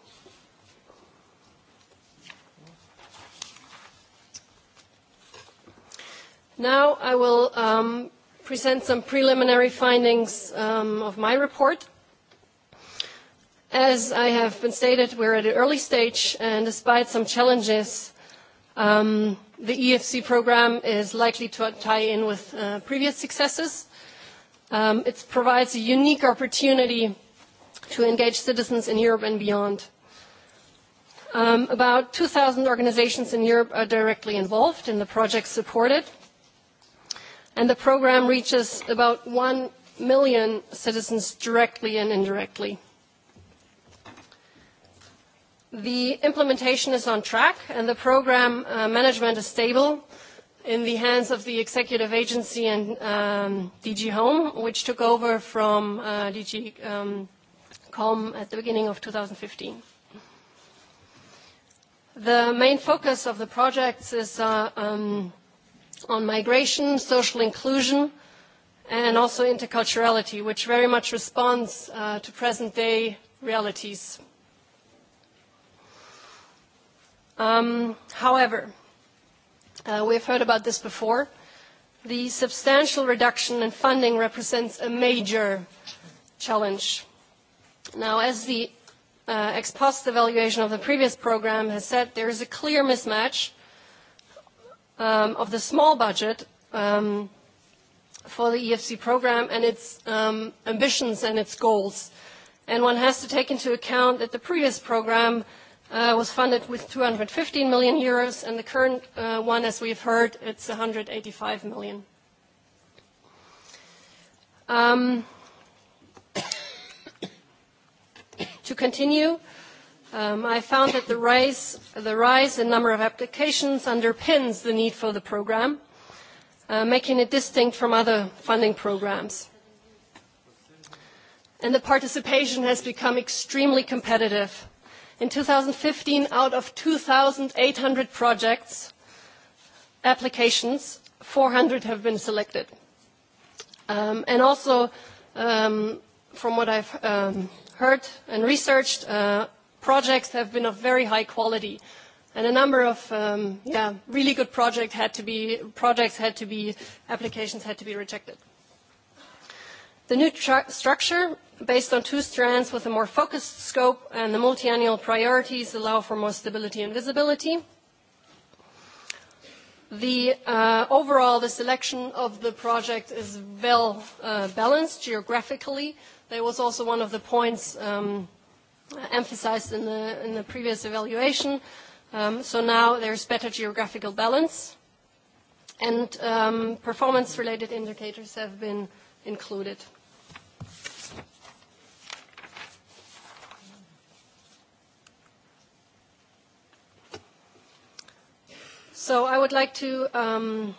Now I will um, present some preliminary findings um, of my report. As I have been stated, we're at an early stage, and despite some challenges, um, the EFC program is likely to tie in with uh, previous successes Um, it provides a unique opportunity to engage citizens in Europe and beyond. Um, about 2,000 organizations in Europe are directly involved in the projects supported, and the program reaches about 1 million citizens directly and indirectly. The implementation is on track, and the program uh, management is stable, in the hands of the executive agency and um, DG Home, which took over from uh, DG um, Com at the beginning of 2015. The main focus of the projects is uh, um, on migration, social inclusion, and also interculturality, which very much responds uh, to present-day realities. Um, however, Uh, we have heard about this before. The substantial reduction in funding represents a major challenge. Now, as the uh, ex post evaluation of the previous program has said, there is a clear mismatch um, of the small budget um, for the EFC program and its um, ambitions and its goals. And one has to take into account that the previous program uh, was funded with 215 million euros, and the current uh, one, as we've heard, it's 185 million. Um, [coughs] to continue, um, I found that the rise, the rise in number of applications underpins the need for the program, uh, making it distinct from other funding programs. And the participation has become extremely competitive In 2015, out of 2,800 projects, applications, 400 have been selected. Um, and also, um, from what I've um, heard and researched, uh, projects have been of very high quality. And a number of um, yeah, really good project had to be, projects had to be, applications had to be rejected. The new structure, based on two strands with a more focused scope and the multi-annual priorities, allow for more stability and visibility. The, uh, overall, the selection of the project is well uh, balanced geographically. That was also one of the points um, emphasized in the, in the previous evaluation. Um, so now there's better geographical balance, and um, performance-related indicators have been included. So I would like to um,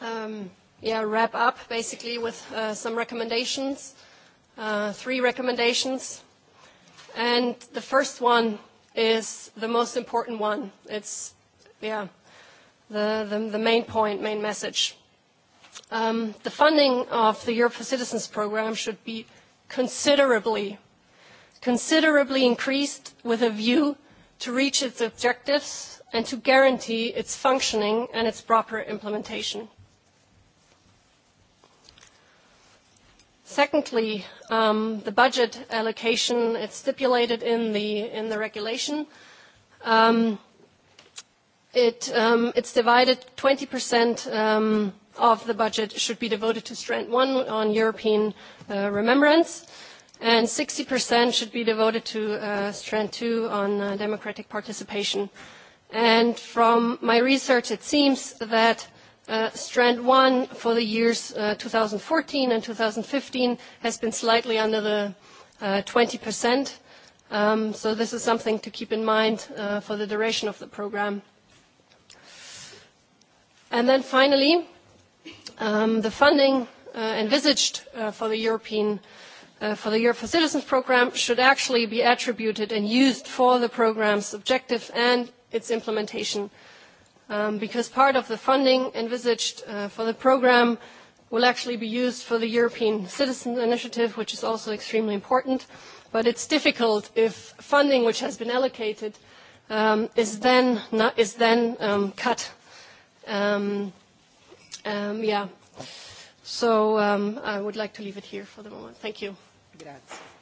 um, yeah, wrap up basically with uh, some recommendations, uh, three recommendations. And the first one is the most important one. It's, yeah, the, the, the main point, main message. Um, the funding of the Europe for Citizens program should be considerably, considerably increased with a view to reach its objectives and to guarantee its functioning and its proper implementation. Secondly, um, the budget allocation, it's stipulated in the, in the regulation. Um, it, um, it's divided 20% um, of the budget should be devoted to Strand 1 on European uh, remembrance, and 60% should be devoted to uh, Strand 2 on uh, democratic participation. Uh, And from my research, it seems that uh, strand one for the years uh, 2014 and 2015 has been slightly under the uh, 20%. Um, so this is something to keep in mind uh, for the duration of the program. And then finally, um, the funding uh, envisaged uh, for the European uh, for the Europe for Citizens program should actually be attributed and used for the program's objective and its implementation. Um, because part of the funding envisaged uh, for the program will actually be used for the European Citizen Initiative, which is also extremely important. But it's difficult if funding which has been allocated um, is then, not, is then um, cut. Um, um, yeah. So um, I would like to leave it here for the moment. Thank you. Grazie.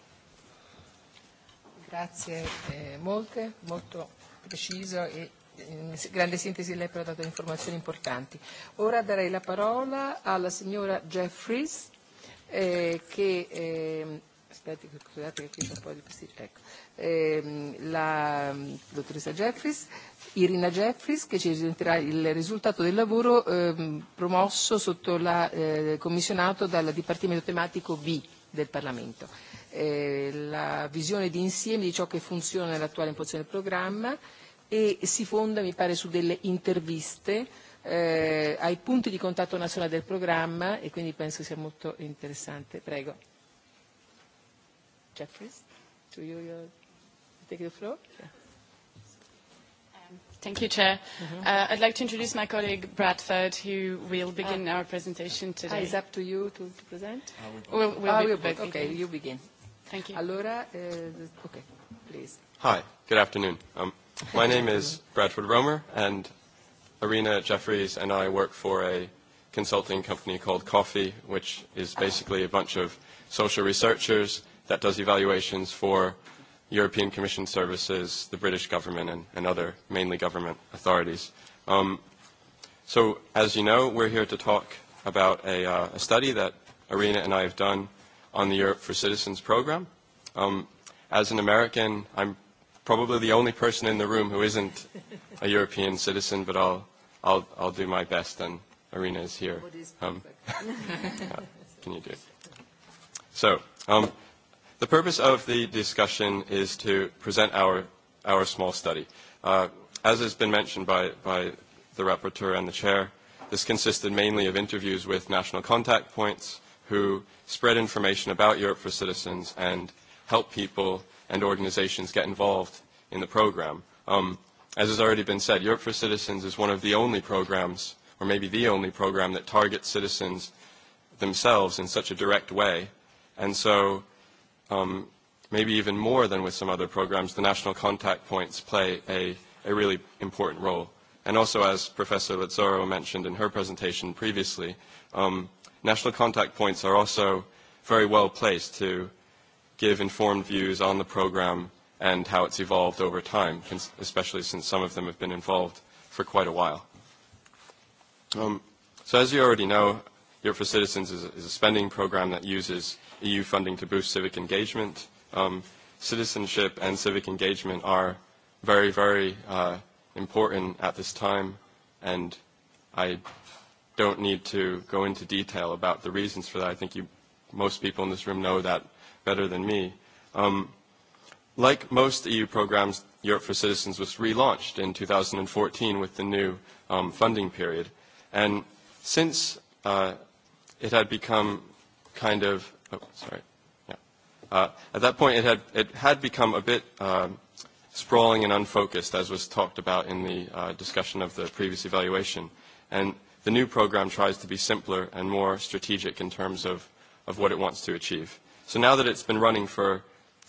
Grazie eh, molte, molto preciso e in grande sintesi lei però ha dato informazioni importanti. Ora darei la parola alla signora Jeffries eh, che eh, aspetti, scusate che qui c'è un po' di ecco, eh, la dottoressa Jeffries, Irina Jeffries che ci presenterà il risultato del lavoro eh, promosso sotto la, eh, commissionato dal Dipartimento tematico B del Parlamento eh, la visione di insieme di ciò che funziona nell'attuale impostazione del programma e si fonda, mi pare, su delle interviste eh, ai punti di contatto nazionale del programma e quindi penso sia molto interessante. Prego. Jeffries, to you, your, take the floor. Yeah. Um, thank you, Chair. Mm-hmm. Uh, I'd like to introduce my colleague Bradford, who will begin ah. our presentation ah, today. Ah, it's up to you to, to present? Ah, we'll, we'll, we'll, ah, we'll both. Okay, begin. you begin. Thank you. Allora, uh, okay, please. Hi, good afternoon. Um, my name is Bradford Romer, and Arena Jeffries and I work for a consulting company called Coffee, which is basically a bunch of social researchers that does evaluations for European Commission services, the British government, and, and other mainly government authorities. Um, so, as you know, we're here to talk about a, uh, a study that Arena and I have done on the Europe for Citizens program. Um, as an American, I'm probably the only person in the room who isn't a European citizen, but I'll, I'll, I'll do my best, and Arena is here. Um, [laughs] can you do it? So, um, the purpose of the discussion is to present our, our small study. Uh, as has been mentioned by, by the rapporteur and the chair, this consisted mainly of interviews with national contact points, who spread information about Europe for Citizens and help people and organizations get involved in the program. Um, as has already been said, Europe for Citizens is one of the only programs, or maybe the only program, that targets citizens themselves in such a direct way. And so um, maybe even more than with some other programs, the national contact points play a, a really important role. And also, as Professor Lazzaro mentioned in her presentation previously, um, National contact points are also very well placed to give informed views on the program and how it's evolved over time, especially since some of them have been involved for quite a while. Um, so as you already know, Europe for Citizens is a, is a spending program that uses EU funding to boost civic engagement. Um, citizenship and civic engagement are very, very uh, important at this time, and I don't need to go into detail about the reasons for that. I think you, most people in this room know that better than me. Um, like most EU programs, Europe for Citizens was relaunched in 2014 with the new um, funding period. And since uh, it had become kind of, oh, sorry, yeah. Uh, at that point, it had, it had become a bit um, sprawling and unfocused, as was talked about in the uh, discussion of the previous evaluation. And the new program tries to be simpler and more strategic in terms of, of what it wants to achieve. So now that it's been running for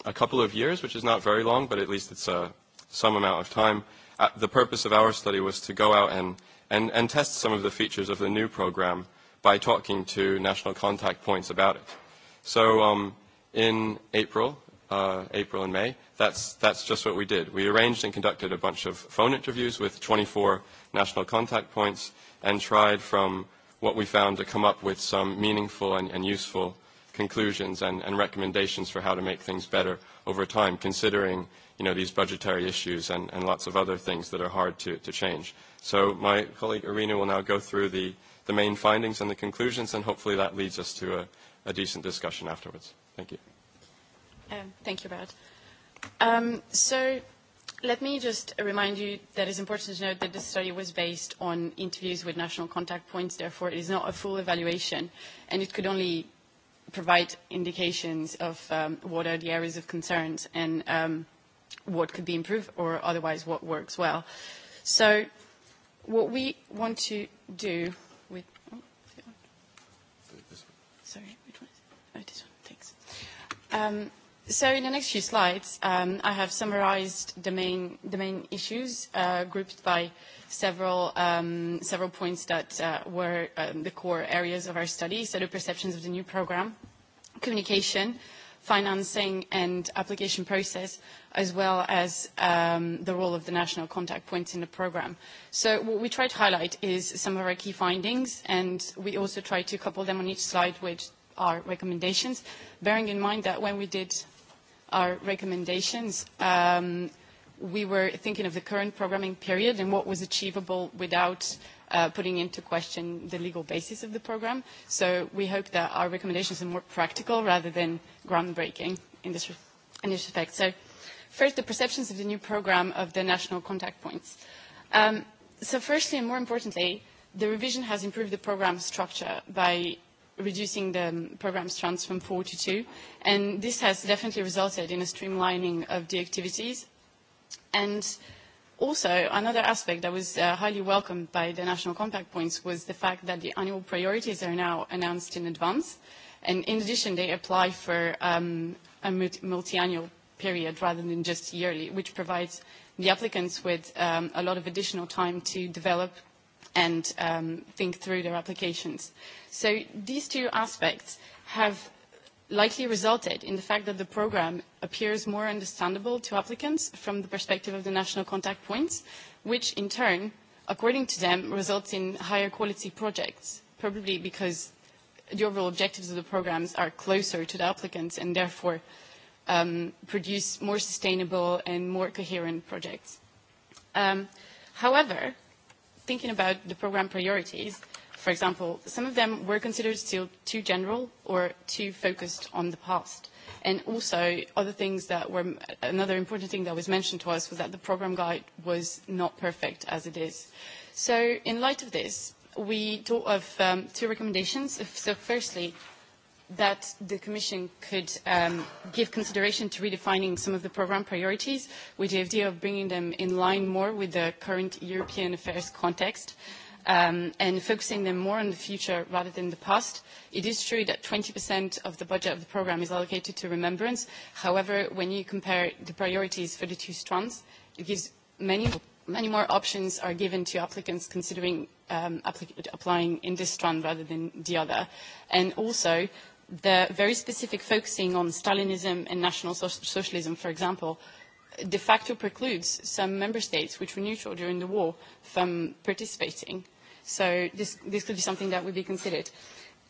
a couple of years, which is not very long, but at least it's a, uh, some amount of time, uh, the purpose of our study was to go out and, and, and test some of the features of the new program by talking to national contact points about it. So um, in April, uh, April and May, that's, that's just what we did. We arranged and conducted a bunch of phone interviews with 24 national contact points, and tried from what we found to come up with some meaningful and, and useful conclusions and, and recommendations for how to make things better over time, considering you know, these budgetary issues and, and lots of other things that are hard to, to change. So my colleague Irina will now go through the, the main findings and the conclusions, and hopefully that leads us to a, a decent discussion afterwards. Thank you. Um, thank you, Brad. Um, so let me just remind you that it's important to note that this study was based on interviews with national contact points, therefore it is not a full evaluation, and it could only provide indications of um, what are the areas of concerns and um, what could be improved or otherwise what works well. So what we want to do with... Oh, sorry, which one is it? Oh, this one, thanks. Um, So in the next few slides, um, I have summarized the main, the main issues uh, grouped by several, um, several points that uh, were um, the core areas of our study, so the perceptions of the new program, communication, financing and application process, as well as um, the role of the national contact points in the program. So what we try to highlight is some of our key findings, and we also try to couple them on each slide with our recommendations, bearing in mind that when we did our recommendations. Um, we were thinking of the current programming period and what was achievable without uh, putting into question the legal basis of the program. So we hope that our recommendations are more practical rather than groundbreaking in this, re in this respect. So first, the perceptions of the new program of the national contact points. Um, so firstly and more importantly, the revision has improved the program structure by reducing the program strands from four to two. And this has definitely resulted in a streamlining of the activities. And also, another aspect that was uh, highly welcomed by the national contact points was the fact that the annual priorities are now announced in advance. And in addition, they apply for um, a multi-annual period rather than just yearly, which provides the applicants with um, a lot of additional time to develop and um, think through their applications. So these two aspects have likely resulted in the fact that the program appears more understandable to applicants from the perspective of the national contact points, which in turn, according to them, results in higher quality projects, probably because the overall objectives of the programs are closer to the applicants and therefore um, produce more sustainable and more coherent projects. Um, however, thinking about the program priorities, for example, some of them were considered still too general or too focused on the past. And also, other things that were another important thing that was mentioned to us was that the program guide was not perfect as it is. So, in light of this, we thought of um, two recommendations. So, firstly, that the Commission could um, give consideration to redefining some of the program priorities with the idea of bringing them in line more with the current European affairs context um, and focusing them more on the future rather than the past. It is true that 20% of the budget of the program is allocated to remembrance. However, when you compare the priorities for the two strands, it gives many, many more options are given to applicants considering um, applic applying in this strand rather than the other. And also, the very specific focusing on Stalinism and National so- Socialism, for example, de facto precludes some member states which were neutral during the war from participating. So this, this could be something that would be considered.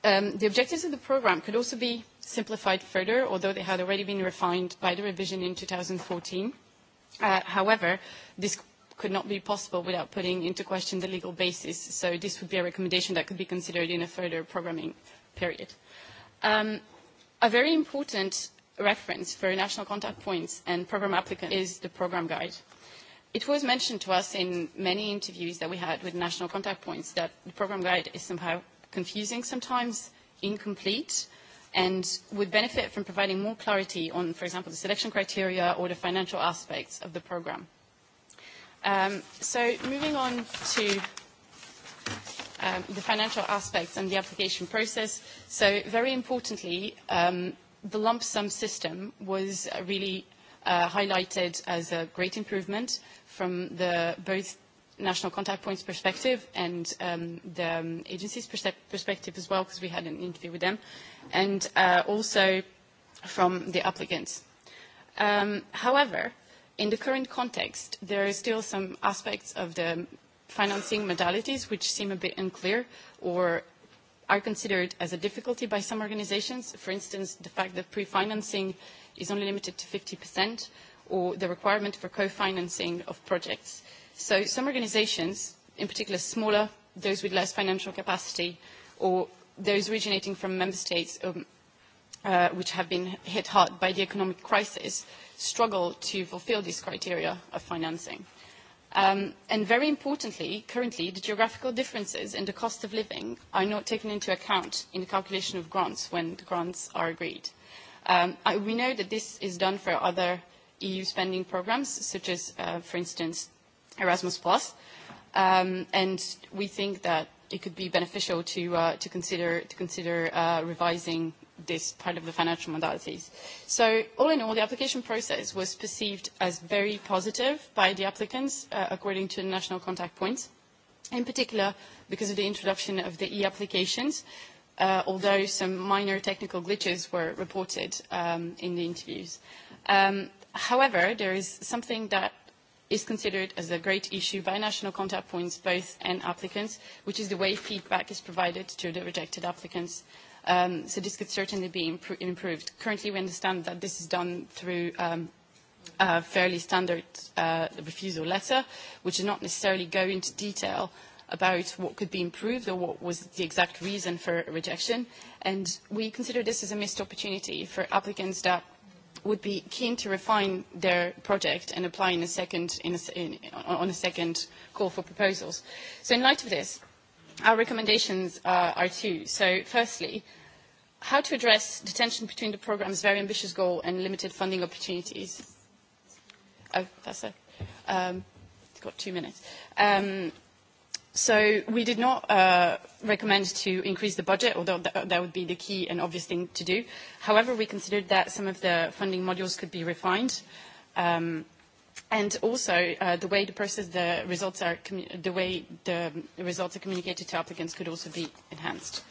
Um, the objectives of the program could also be simplified further, although they had already been refined by the revision in 2014. Uh, however, this could not be possible without putting into question the legal basis, so this would be a recommendation that could be considered in a further programming period. Uh, Um, a very important reference for national contact points and program applicants is the program guide. It was mentioned to us in many interviews that we had with national contact points that the program guide is somehow confusing sometimes, incomplete, and would benefit from providing more clarity on, for example, the selection criteria or the financial aspects of the program. Um, so moving on to um, the financial aspects and the application process. So very importantly, um, the lump sum system was really uh, highlighted as a great improvement from the both national contact points perspective and um, the um, agency's perspective as well, because we had an interview with them, and uh, also from the applicants. Um, however, in the current context, there are still some aspects of the financing modalities, which seem a bit unclear or are considered as a difficulty by some organizations. For instance, the fact that pre-financing is only limited to 50% or the requirement for co-financing of projects. So some organizations, in particular smaller, those with less financial capacity, or those originating from member states um, uh, which have been hit hard by the economic crisis, struggle to fulfill these criteria of financing. Um, and very importantly, currently, the geographical differences in the cost of living are not taken into account in the calculation of grants when the grants are agreed. Um, I, we know that this is done for other EU spending programs, such as, uh, for instance, Erasmus+. Um, and we think that it could be beneficial to, uh, to consider, to consider uh, revising this part of the financial modalities. So all in all, the application process was perceived as very positive by the applicants, uh, according to the national contact points, in particular because of the introduction of the e-applications, uh, although some minor technical glitches were reported um, in the interviews. Um, however, there is something that is considered as a great issue by national contact points, both and applicants, which is the way feedback is provided to the rejected applicants. Um, so this could certainly be impro improved. Currently, we understand that this is done through um, a fairly standard uh, refusal letter, which does not necessarily go into detail about what could be improved or what was the exact reason for rejection. And we consider this as a missed opportunity for applicants that would be keen to refine their project and apply in a second, in a, in, on a second call for proposals. So in light of this, Our recommendations uh, are two. So firstly, how to address the tension between the programme's very ambitious goal and limited funding opportunities. Oh, that's it. Um, got two minutes. Um, so we did not uh, recommend to increase the budget, although th- that would be the key and obvious thing to do. However, we considered that some of the funding modules could be refined. Um, and also uh, the way the process, the results are, commu- the way the results are communicated to applicants could also be enhanced.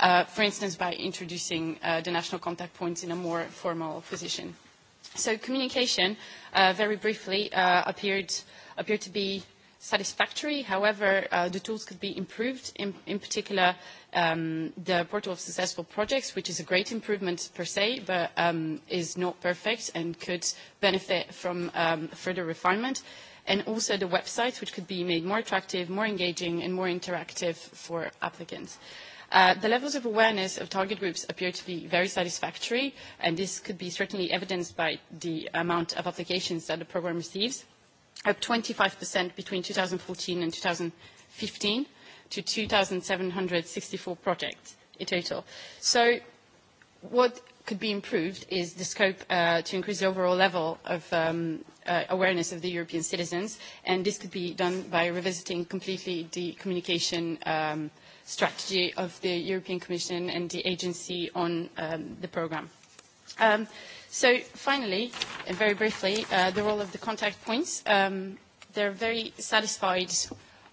Uh, for instance, by introducing uh, the national contact points in a more formal position. So communication, uh, very briefly, uh, appeared, appeared to be satisfactory. However, uh, the tools could be improved, in, in particular um, the Portal of Successful Projects, which is a great improvement per se, but um, is not perfect and could benefit from um, further refinement. And also the website, which could be made more attractive, more engaging, and more interactive for applicants. Uh, the levels of awareness of target groups appear to be very satisfactory, and this could be certainly evidenced by the amount of applications that the program receives up 25% between 2014 and 2015 to 2,764 projects in total. So what could be improved is the scope uh, to increase the overall level of um, uh, awareness of the European citizens, and this could be done by revisiting completely the communication um, strategy of the European Commission and the agency on um, the programme. Um, So finally, and very briefly, uh, the role of the contact points. Um, they're very satisfied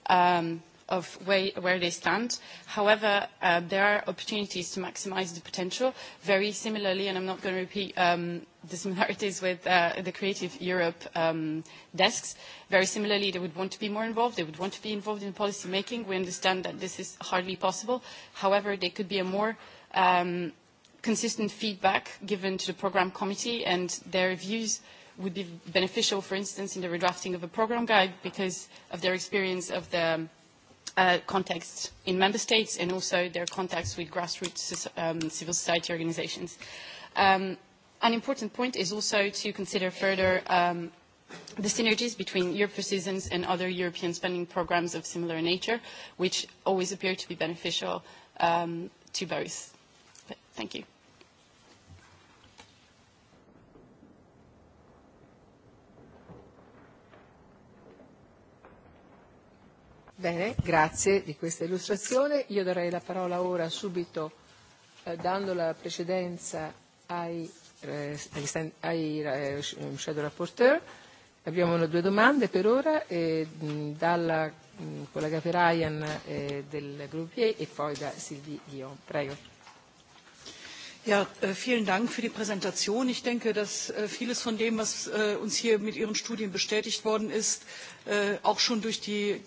um, of way, where they stand. However, uh, there are opportunities to maximize the potential. Very similarly, and I'm not going to repeat um, the [laughs] similarities with uh, the Creative Europe um, desks, very similarly, they would want to be more involved. They would want to be involved in policy making. We understand that this is hardly possible. However, they could be a more um, – consistent feedback given to the program committee and their views would be beneficial, for instance, in the redrafting of a program guide because of their experience of the um, uh, context in member states and also their contacts with grassroots um, civil society organizations. Um, an important point is also to consider further um, the synergies between Europe for Citizens and other European spending programs of similar nature, which always appear to be beneficial um, to both Thank you. Bene, grazie di questa illustrazione. Io darei la parola ora subito eh, dando la precedenza ai, eh, agli, ai eh, shadow rapporteur. Abbiamo due domande per ora, eh, dalla mh, collega Ferayan eh, del gruppo e poi da Sylvie Guillaume. Prego. Ja, äh, vielen Dank für die Präsentation. Ich denke, dass äh, vieles von dem, was äh, uns hier mit Ihren Studien bestätigt worden ist, auch schon durch die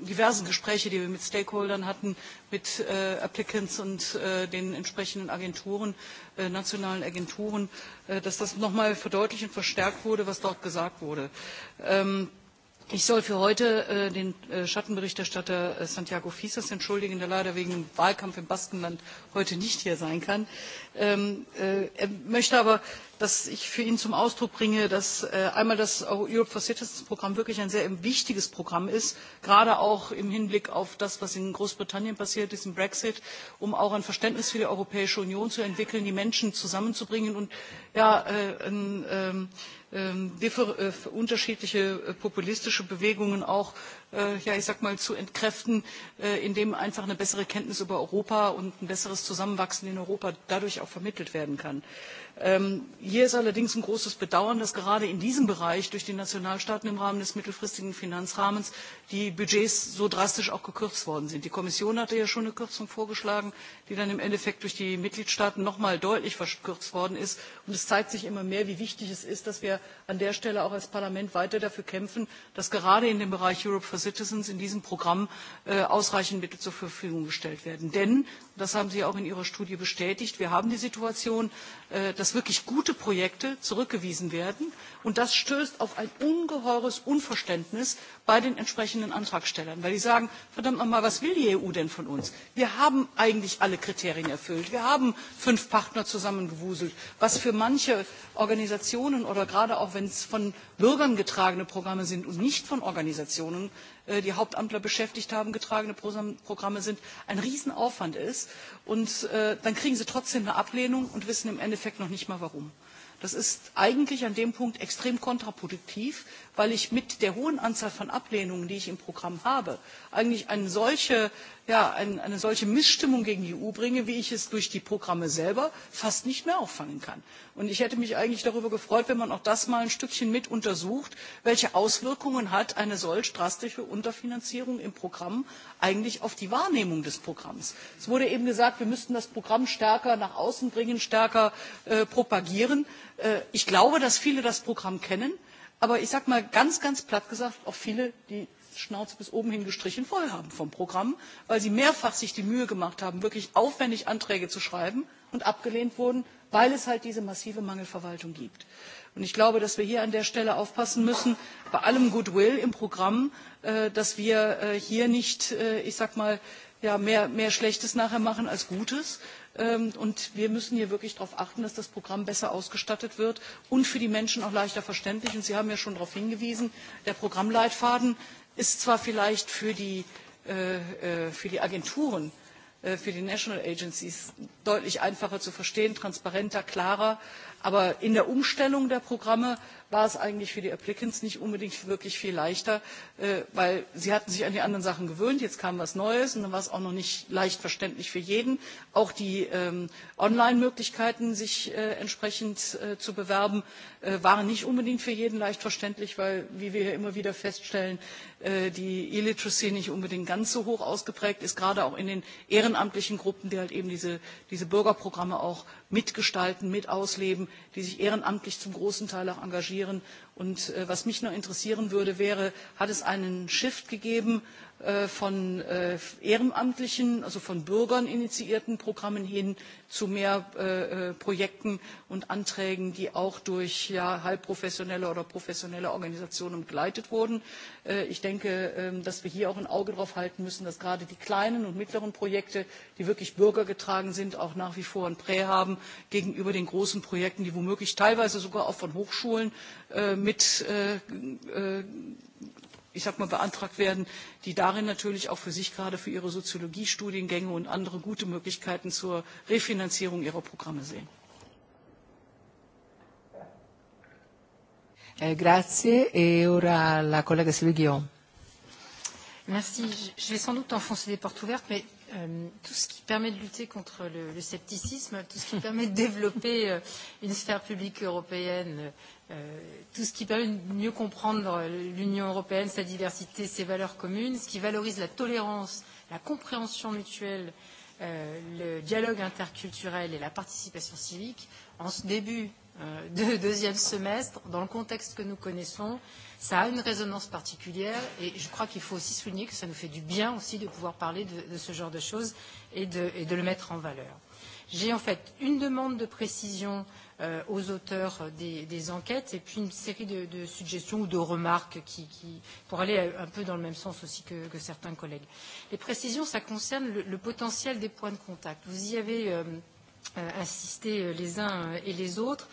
diversen Gespräche, die wir mit Stakeholdern hatten, mit Applicants und den entsprechenden Agenturen, nationalen Agenturen, dass das nochmal verdeutlicht und verstärkt wurde, was dort gesagt wurde. Ähm, Ich soll für heute äh, den äh, Schattenberichterstatter äh, Santiago Fisas entschuldigen, der leider wegen Wahlkampf im Baskenland heute nicht hier sein kann. Ähm, äh, er möchte aber, dass ich für ihn zum Ausdruck bringe, dass äh, einmal das Europe for Citizens Programm wirklich ein sehr wichtiges Programm ist, gerade auch im Hinblick auf das, was in Großbritannien passiert ist, im Brexit, um auch ein Verständnis für die Europäische Union zu entwickeln, die Menschen zusammenzubringen und ja, äh, äh, Ähm, äh, unterschiedliche äh, populistische Bewegungen auch, äh, ja, ich sag mal, zu entkräften, indem einfach eine bessere Kenntnis über Europa und ein besseres Zusammenwachsen in Europa dadurch auch vermittelt werden kann. Ähm, hier ist allerdings ein großes bedauern dass gerade in diesem bereich durch die nationalstaaten im rahmen des mittelfristigen finanzrahmens die budgets so drastisch auch gekürzt worden sind. die kommission hatte ja schon eine kürzung vorgeschlagen die dann im endeffekt durch die mitgliedstaaten noch mal deutlich verkürzt worden ist. und es zeigt sich immer mehr wie wichtig es ist dass wir an der stelle auch als parlament weiter dafür kämpfen dass gerade in dem bereich europe for citizens in diesem programm äh, ausreichend mittel zur verfügung gestellt werden. denn das haben Sie auch in Ihrer Studie bestätigt. Wir haben die Situation, äh, dass wirklich gute Projekte zurückgewiesen werden. Und das stößt auf ein ungeheures Unverständnis bei den entsprechenden Antragstellern, weil die sagen, verdammt nochmal, was will die EU denn von uns? Wir haben eigentlich alle Kriterien erfüllt. Wir haben fünf Partner zusammengewuselt. Was für manche Organisationen oder gerade auch wenn es von Bürgern getragene Programme sind und nicht von Organisationen, Äh, die Hauptamtler beschäftigt haben, getragene Programme sind, ein Riesenaufwand ist. Und äh, dann kriegen sie trotzdem eine Ablehnung und wissen im Endeffekt noch nicht mal warum. Das ist eigentlich an dem Punkt extrem kontraproduktiv, weil ich mit der hohen Anzahl von Ablehnungen, die ich im Programm habe, eigentlich eine solche, ja, eine, eine solche Missstimmung gegen die EU bringe, wie ich es durch die Programme selber fast nicht mehr auffangen kann. Und ich hätte mich eigentlich darüber gefreut, wenn man auch das mal ein Stückchen mit untersucht, welche Auswirkungen hat eine solch drastische Unterfinanzierung im Programm eigentlich auf die Wahrnehmung des Programms. Es wurde eben gesagt, wir müssten das Programm stärker nach außen bringen, stärker äh, propagieren. Äh, ich glaube, dass viele das Programm kennen aber ich sage mal ganz ganz platt gesagt auch viele die Schnauze bis oben hin gestrichen voll haben vom Programm, weil sie mehrfach sich die Mühe gemacht haben, wirklich aufwendig Anträge zu schreiben und abgelehnt wurden, weil es halt diese massive Mangelverwaltung gibt. Und ich glaube, dass wir hier an der Stelle aufpassen müssen, bei allem Goodwill im Programm, äh, dass wir äh, hier nicht, äh, ich sag mal, ja, mehr, mehr Schlechtes nachher machen als Gutes, Ähm, und wir müssen hier wirklich darauf achten, dass das Programm besser ausgestattet wird und für die Menschen auch leichter verständlich. Und Sie haben ja schon darauf hingewiesen, der Programmleitfaden ist zwar vielleicht für die, äh, äh, für die Agenturen, äh, für die National Agencies deutlich einfacher zu verstehen, transparenter, klarer, aber in der Umstellung der Programme war es eigentlich für die applicants nicht unbedingt wirklich viel leichter äh, weil sie hatten sich an die anderen sachen gewöhnt jetzt kam was neues und dann war es auch noch nicht leicht verständlich für jeden auch die ähm, online möglichkeiten sich äh, entsprechend äh, zu bewerben waren nicht unbedingt für jeden leicht verständlich weil wie wir ja immer wieder feststellen die e literacy nicht unbedingt ganz so hoch ausgeprägt ist gerade auch in den ehrenamtlichen gruppen die halt eben diese, diese bürgerprogramme auch mitgestalten mit ausleben die sich ehrenamtlich zum großen teil auch engagieren reagieren Und äh, was mich noch interessieren würde, wäre, hat es einen Shift gegeben äh, von äh, ehrenamtlichen, also von Bürgern initiierten Programmen hin zu mehr äh, äh Projekten und Anträgen, die auch durch ja, halbprofessionelle oder professionelle Organisationen begleitet wurden. Äh, ich denke, äh, dass wir hier auch ein Auge drauf halten müssen, dass gerade die kleinen und mittleren Projekte, die wirklich bürgergetragen sind, auch nach wie vor ein Prä haben gegenüber den großen Projekten, die womöglich teilweise sogar auch von Hochschulen äh, mit äh, äh, ich sag mal, beantragt werden, die darin natürlich auch für sich gerade für ihre Soziologiestudiengänge und andere gute Möglichkeiten zur Refinanzierung ihrer Programme sehen. Eh, grazie e ora la collega Sylvie Guillaume. Merci. Je vais sans doute enfoncer des portes ouvertes, mais euh, tout ce qui permet de lutter contre le, le scepticisme, tout ce qui permet de développer euh, une sphère publique européenne, euh, tout ce qui permet de mieux comprendre l'Union européenne, sa diversité, ses valeurs communes, ce qui valorise la tolérance, la compréhension mutuelle, euh, le dialogue interculturel et la participation civique. En ce début Euh, de deuxième semestre, dans le contexte que nous connaissons, ça a une résonance particulière et je crois qu'il faut aussi souligner que ça nous fait du bien aussi de pouvoir parler de, de ce genre de choses et de, et de le mettre en valeur. J'ai en fait une demande de précision euh, aux auteurs des, des enquêtes et puis une série de, de suggestions ou de remarques qui, qui, pour aller un peu dans le même sens aussi que, que certains collègues. Les précisions, ça concerne le, le potentiel des points de contact. Vous y avez euh, Euh, insister euh, les uns euh, et les autres.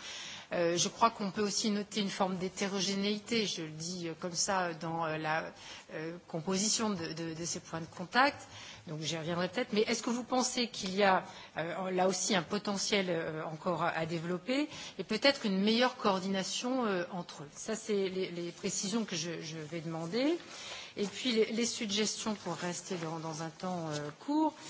Je crois qu'on peut aussi noter une forme d'hétérogénéité, je le dis comme ça, dans la composition de, de, de ces points de contact. Donc j'y reviendrai peut-être. Mais est-ce que vous pensez qu'il y a euh, là aussi un potentiel euh, encore à, à développer et peut-être une meilleure coordination euh, entre eux Ça, c'est les, les précisions que je, je vais demander. Et puis les, les suggestions pour rester dans, dans un temps euh, court. Euh,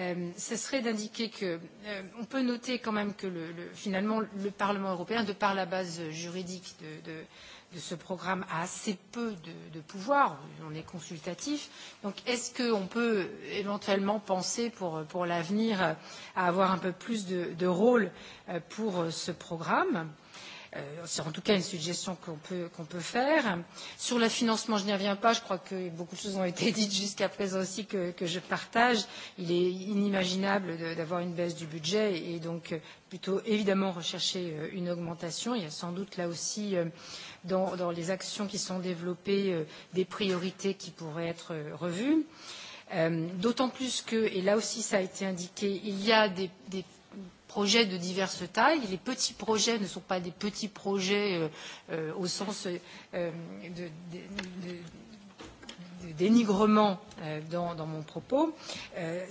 Euh, ce serait d'indiquer que euh, on peut noter quand même que le, le, finalement le Parlement européen, de par la base juridique de, de, de ce programme, a assez peu de, de pouvoir. On est consultatif. Donc, est-ce qu'on peut éventuellement penser pour, pour l'avenir à avoir un peu plus de, de rôle euh, pour euh, ce programme Euh, c'est en tout cas une suggestion qu'on peut, qu'on peut faire. Sur le financement, je n'y reviens pas. Je crois que beaucoup de choses ont été [laughs] dites jusqu'à présent aussi que, que je partage. Il est inimaginable d'avoir une baisse du budget et donc euh, plutôt évidemment rechercher euh, une augmentation. Il y a sans doute là aussi euh, dans, dans les actions qui sont développées des priorités qui pourraient être revues. Euh, D'autant plus que, et là aussi ça a été indiqué, il y a des, des projets de diverses tailles. Les petits projets ne sont pas des petits projets euh, euh, au sens euh, de, de, de, de dénigrement euh, dans, dans mon propos. Euh,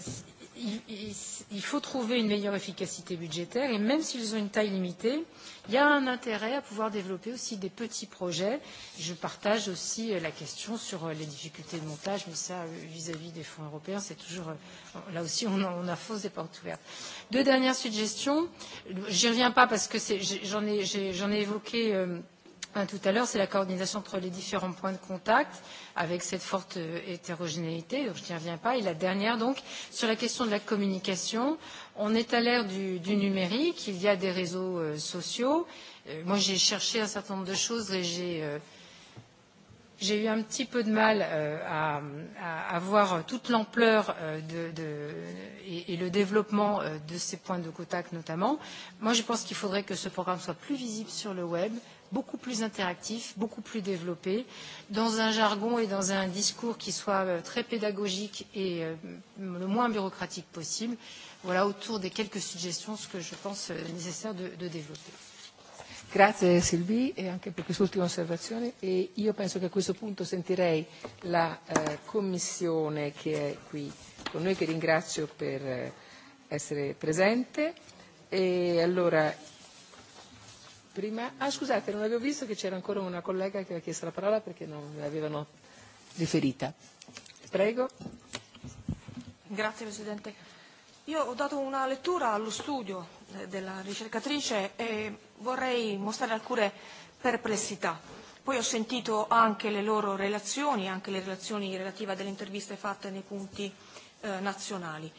il, il, il faut trouver une meilleure efficacité budgétaire et même s'ils ont une taille limitée, il y a un intérêt à pouvoir développer aussi des petits projets. Je partage aussi euh, la question sur euh, les difficultés de montage, mais ça, euh, vis-à-vis -vis des fonds européens, c'est toujours là aussi on a, on a fausse des portes ouvertes. Deux dernières suggestions. J'y reviens pas parce que j'en ai, ai, ai évoqué. Euh, hein, euh, tout à l'heure, c'est la coordination entre les différents points de contact avec cette forte euh, hétérogénéité, donc je n'y reviens pas. Et la dernière, donc, sur la question de la communication, on est à l'ère du, du numérique, il y a des réseaux euh, sociaux. Euh, moi, j'ai cherché un certain nombre de choses et j'ai. Euh, j'ai eu un petit peu de mal euh, à, à, à voir toute l'ampleur euh, de, de, et, et le développement euh, de ces points de contact notamment. Moi, je pense qu'il faudrait que ce programme soit plus visible sur le web, beaucoup plus interactif, beaucoup plus développé, dans un jargon et dans un discours qui soit euh, très pédagogique et euh, le moins bureaucratique possible. Voilà autour des quelques suggestions ce que je pense euh, nécessaire de, de développer. Grazie Sylvie e anche per quest'ultima osservazione e io penso che a questo punto sentirei la eh, Commissione che è qui con noi che ringrazio per eh, essere presente e allora prima. Ah, scusate, non avevo visto che c'era ancora una collega che aveva chiesto la parola perché non me l'avevano riferita. Prego. Grazie Presidente. Io ho dato una lettura allo studio eh, della ricercatrice e vorrei mostrare alcune perplessità. Poi ho sentito anche le loro relazioni, anche le relazioni relative a delle interviste fatte nei punti eh, nazionali.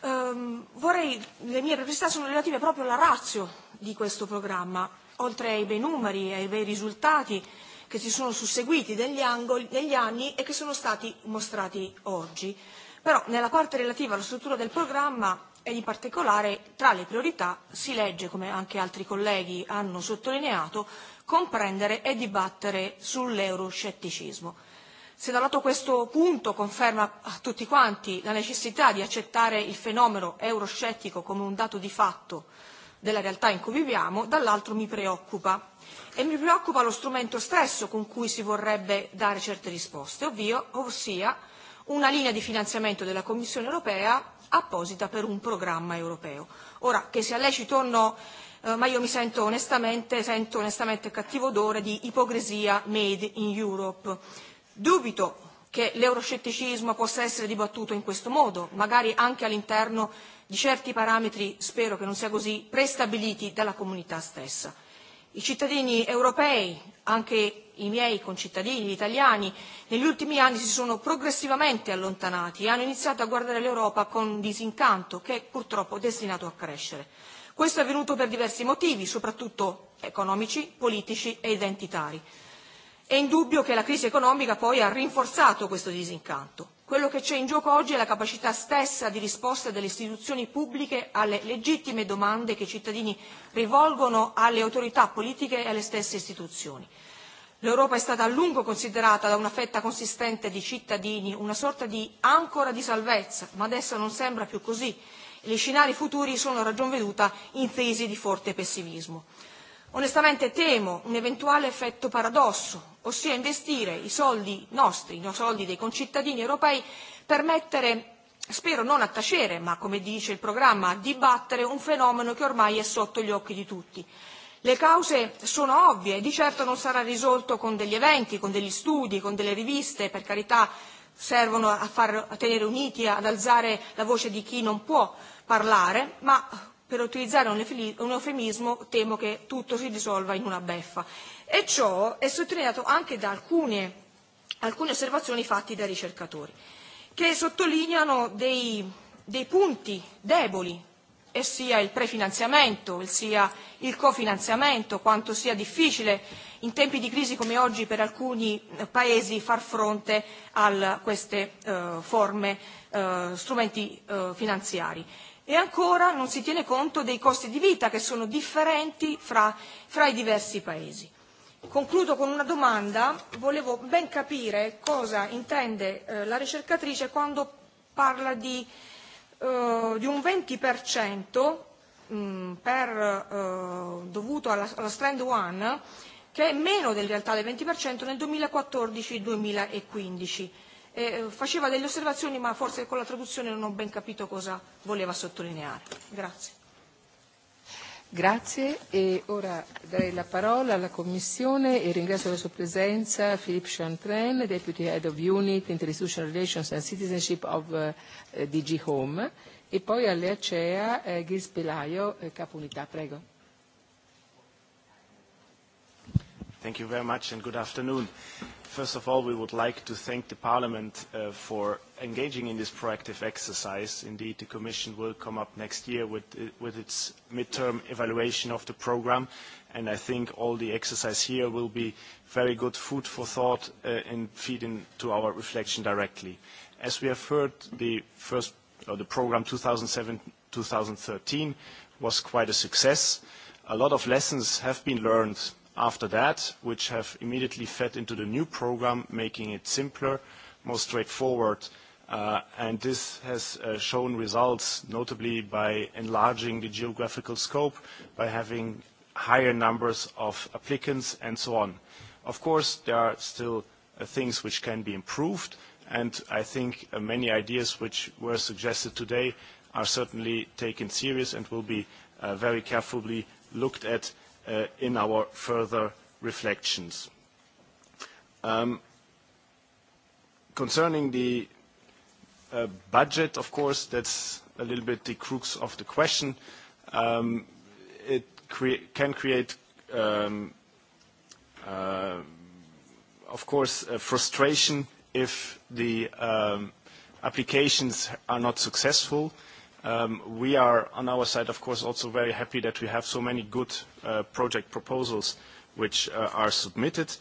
Um, vorrei, le mie perplessità sono relative proprio alla razio di questo programma, oltre ai bei numeri e ai bei risultati che si sono susseguiti negli, angoli, negli anni e che sono stati mostrati oggi. Però nella parte relativa alla struttura del programma ed in particolare tra le priorità si legge, come anche altri colleghi hanno sottolineato, comprendere e dibattere sull'euroscetticismo. Se da lato questo punto conferma a tutti quanti la necessità di accettare il fenomeno euroscettico come un dato di fatto della realtà in cui viviamo, dall'altro mi preoccupa. E mi preoccupa lo strumento stesso con cui si vorrebbe dare certe risposte, ovvio, ossia una linea di finanziamento della Commissione europea apposita per un programma europeo. Ora, che sia lecito o no, eh, ma io mi sento onestamente, sento onestamente cattivo odore di ipocrisia made in Europe. Dubito che l'euroscetticismo possa essere dibattuto in questo modo, magari anche all'interno di certi parametri, spero che non sia così, prestabiliti dalla comunità stessa. I cittadini europei, anche i miei concittadini, gli italiani, negli ultimi anni si sono progressivamente allontanati e hanno iniziato a guardare l'Europa con disincanto, che è purtroppo destinato a crescere. Questo è avvenuto per diversi motivi, soprattutto economici, politici e identitari. È indubbio che la crisi economica poi ha rinforzato questo disincanto. Quello che c'è in gioco oggi è la capacità stessa di risposta delle istituzioni pubbliche alle legittime domande che i cittadini rivolgono alle autorità politiche e alle stesse istituzioni. L'Europa è stata a lungo considerata da una fetta consistente di cittadini una sorta di ancora di salvezza, ma adesso non sembra più così. Gli scenari futuri sono a ragion veduta in tesi di forte pessimismo. Onestamente temo un eventuale effetto paradosso, ossia investire i soldi nostri, i soldi dei concittadini europei, per mettere, spero non a tacere, ma come dice il programma, a dibattere un fenomeno che ormai è sotto gli occhi di tutti. Le cause sono ovvie, e di certo non sarà risolto con degli eventi, con degli studi, con delle riviste, per carità servono a, far, a tenere uniti, ad alzare la voce di chi non può parlare, ma per utilizzare un eufemismo temo che tutto si risolva in una beffa. E ciò è sottolineato anche da alcune, alcune osservazioni fatte dai ricercatori, che sottolineano dei, dei punti deboli e sia il prefinanziamento, e sia il cofinanziamento, quanto sia difficile in tempi di crisi come oggi per alcuni eh, paesi far fronte a queste eh, forme, eh, strumenti eh, finanziari. E ancora non si tiene conto dei costi di vita che sono differenti fra, fra i diversi paesi. Concludo con una domanda, volevo ben capire cosa intende eh, la ricercatrice quando parla di, eh, di un 20% mh, per, eh, dovuto alla, alla Strand 1 che è meno del realtà del 20% nel 2014-2015 eh, faceva delle osservazioni ma forse con la traduzione non ho ben capito cosa voleva sottolineare. Grazie. Grazie e ora darei la parola alla Commissione e ringrazio la sua presenza Philippe Chantren, Deputy Head of Unit Interinstitutional Relations and Citizenship of uh, uh, eh, DG Home e poi all'EACEA eh, Gils Pelaio, eh, capo unità. Prego. Thank you very much and good afternoon. First of all, we would like to thank the Parliament uh, for engaging in this proactive exercise. Indeed, the Commission will come up next year with, uh, with its midterm evaluation of the programme, and I think all the exercise here will be very good food for thought uh, and feed into our reflection directly. As we have heard, the first or the programme 2007-2013 was quite a success. A lot of lessons have been learned after that, which have immediately fed into the new program, making it simpler, more straightforward, uh, and this has uh, shown results, notably by enlarging the geographical scope, by having higher numbers of applicants, and so on. Of course, there are still uh, things which can be improved, and I think uh, many ideas which were suggested today are certainly taken serious and will be uh, very carefully looked at uh, in our further reflections. Um, concerning the uh, budget, of course, that's a little bit the crux of the question. Um, it cre can create, um, uh, of course, uh, frustration if the um, applications are not successful. Um, we are, on our side, of course, also very happy that we have so many good uh, project proposals which uh, are submitted.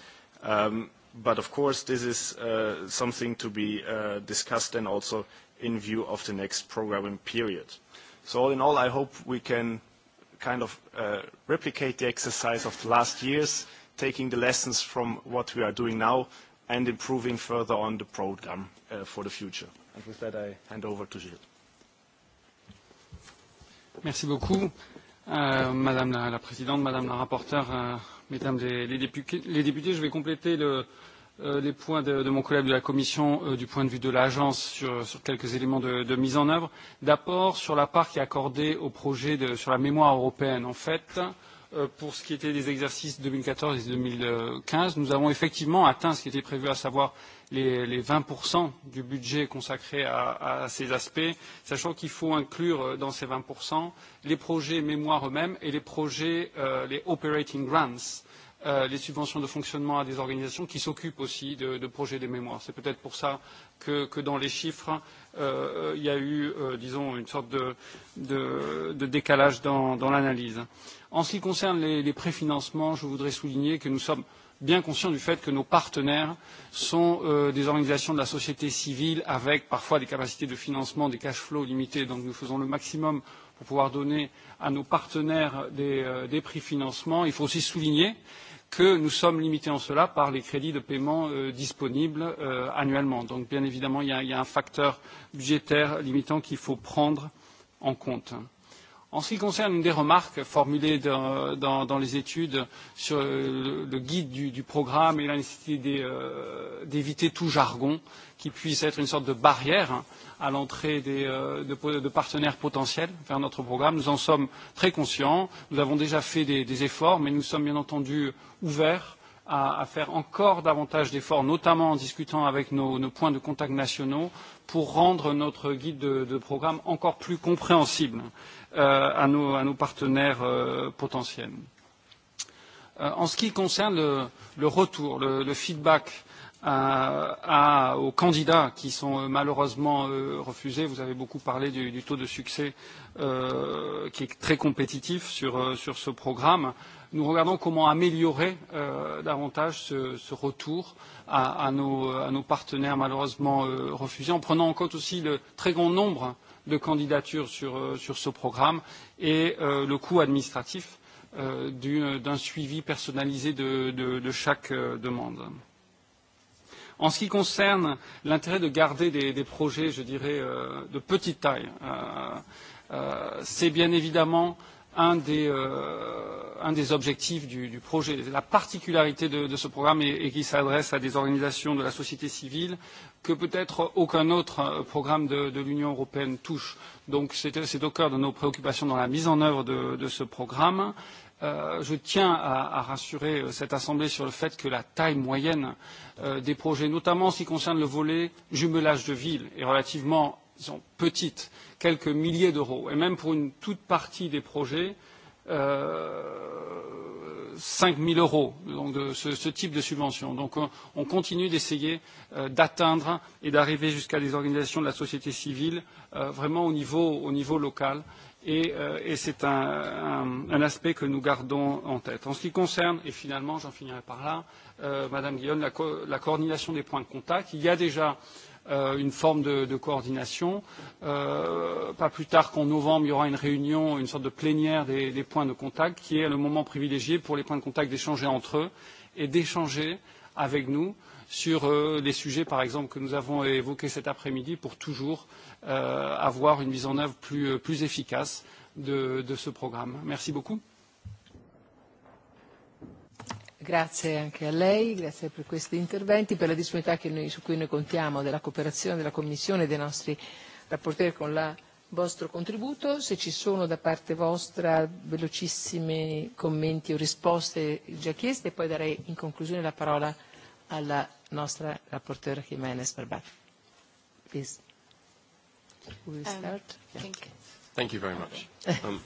Um, but of course, this is uh, something to be uh, discussed and also in view of the next programming period. So all in all, I hope we can kind of uh, replicate the exercise of the last years, taking the lessons from what we are doing now and improving further on the program uh, for the future. And with that, I hand over to Gilles. Merci beaucoup, euh, Madame la, la Présidente, Madame la rapporteure, euh, Mesdames les, les, députés, les députés. Je vais compléter le, euh, les points de, de mon collègue de la Commission euh, du point de vue de l'Agence sur, sur quelques éléments de, de mise en œuvre. D'abord, sur la part qui est accordée au projet de, sur la mémoire européenne. En fait, euh, Euh, pour ce qui était des exercices 2014 et 2015, nous avons effectivement atteint ce qui était prévu, à savoir les, les 20% du budget consacré à, à ces aspects, sachant qu'il faut inclure euh, dans ces 20% les projets mémoire eux-mêmes et les projets, euh, les operating grants, euh, les subventions de fonctionnement à des organisations qui s'occupent aussi de, de projets de mémoire. C'est peut-être pour ça que, que dans les chiffres, euh, euh, il y a eu, euh, disons, une sorte de, de, de décalage dans, dans l'analyse. En ce qui concerne les, les préfinancements, je voudrais souligner que nous sommes bien conscients du fait que nos partenaires sont euh, des organisations de la société civile avec parfois des capacités de financement, des cash flows limités. Donc nous faisons le maximum pour pouvoir donner à nos partenaires des, euh, des prix financement. Il faut aussi souligner euh, que nous sommes limités en cela par les crédits de paiement euh, disponibles euh, annuellement. Donc, bien évidemment, il y, a, il y a un facteur budgétaire limitant qu'il faut prendre en compte. En ce qui concerne une des remarques formulées dans, dans, dans les études sur le, le guide du, du programme et la nécessité euh, d'éviter euh, tout jargon, qui puisse être une sorte de barrière à l'entrée des, euh, de, de partenaires potentiels vers notre programme. Nous en sommes très conscients. Nous avons déjà fait des, des efforts, mais nous sommes bien entendu ouverts à, à faire encore davantage d'efforts, notamment en discutant avec nos, nos points de contact nationaux, pour rendre notre guide de, de programme encore plus compréhensible euh, à, nos, à nos partenaires euh, potentiels. Euh, en ce qui concerne le, le retour, le, le feedback à, à, aux candidats qui sont euh, malheureusement euh, refusés. Vous avez beaucoup parlé du, du taux de succès euh, qui est très compétitif sur, euh, sur ce programme. Nous regardons comment améliorer euh, davantage ce, ce retour à, à, nos, à nos partenaires malheureusement euh, refusés, en prenant en compte aussi le très grand nombre de candidatures sur, euh, sur ce programme et euh, le coût administratif euh, d'un suivi personnalisé de, de, de chaque euh, demande. Euh, En ce qui concerne l'intérêt de garder des, des projets, je dirais, euh, de petite taille, euh, euh, c'est bien évidemment un des, euh, un des objectifs du, du projet. La particularité de, de ce programme est, est qu'il s'adresse à des organisations de la société civile que peut-être aucun autre euh, programme de, de l'Union européenne touche. Donc c'est au cœur de nos préoccupations dans la mise en œuvre de, de ce programme. Euh, Euh, je tiens à, à rassurer euh, cette Assemblée sur le fait que la taille moyenne euh, des projets, notamment en ce qui concerne le volet jumelage de villes, est relativement disons, petite, quelques milliers d'euros. Et même pour une toute partie des projets, euh, 5 000 euros, donc de ce, ce type de subvention. Donc on, euh, on continue d'essayer euh, d'atteindre et d'arriver jusqu'à des organisations de la société civile euh, vraiment au niveau, au niveau local et, euh, et c'est un, un, un aspect que nous gardons en tête. En ce qui concerne, et finalement j'en finirai par là, euh, Madame Guillaume, la, co la coordination des points de contact, il y a déjà euh, une forme de, de coordination. Euh, pas plus tard qu'en novembre, il y aura une réunion, une sorte de plénière des, des points de contact, qui est le moment privilégié pour les points de contact d'échanger entre eux et d'échanger avec nous euh, sur euh, les sujets, par exemple, que nous avons évoqués cet après-midi pour toujours euh, avoir une mise en œuvre plus, euh, plus efficace de, de ce programme. Merci beaucoup. Grazie anche a lei, grazie per questi interventi, per la disponibilità che noi, su cui noi contiamo della cooperazione della Commissione e dei nostri rapporteri con la vostro contributo. Se ci sono da parte vostra velocissimi commenti o risposte già chieste, poi darei in conclusione la parola a alla nostra rapporteur Jiménez Barbat. Please. Who will um, start? Yeah. Thank, you. thank you very much. [laughs] um,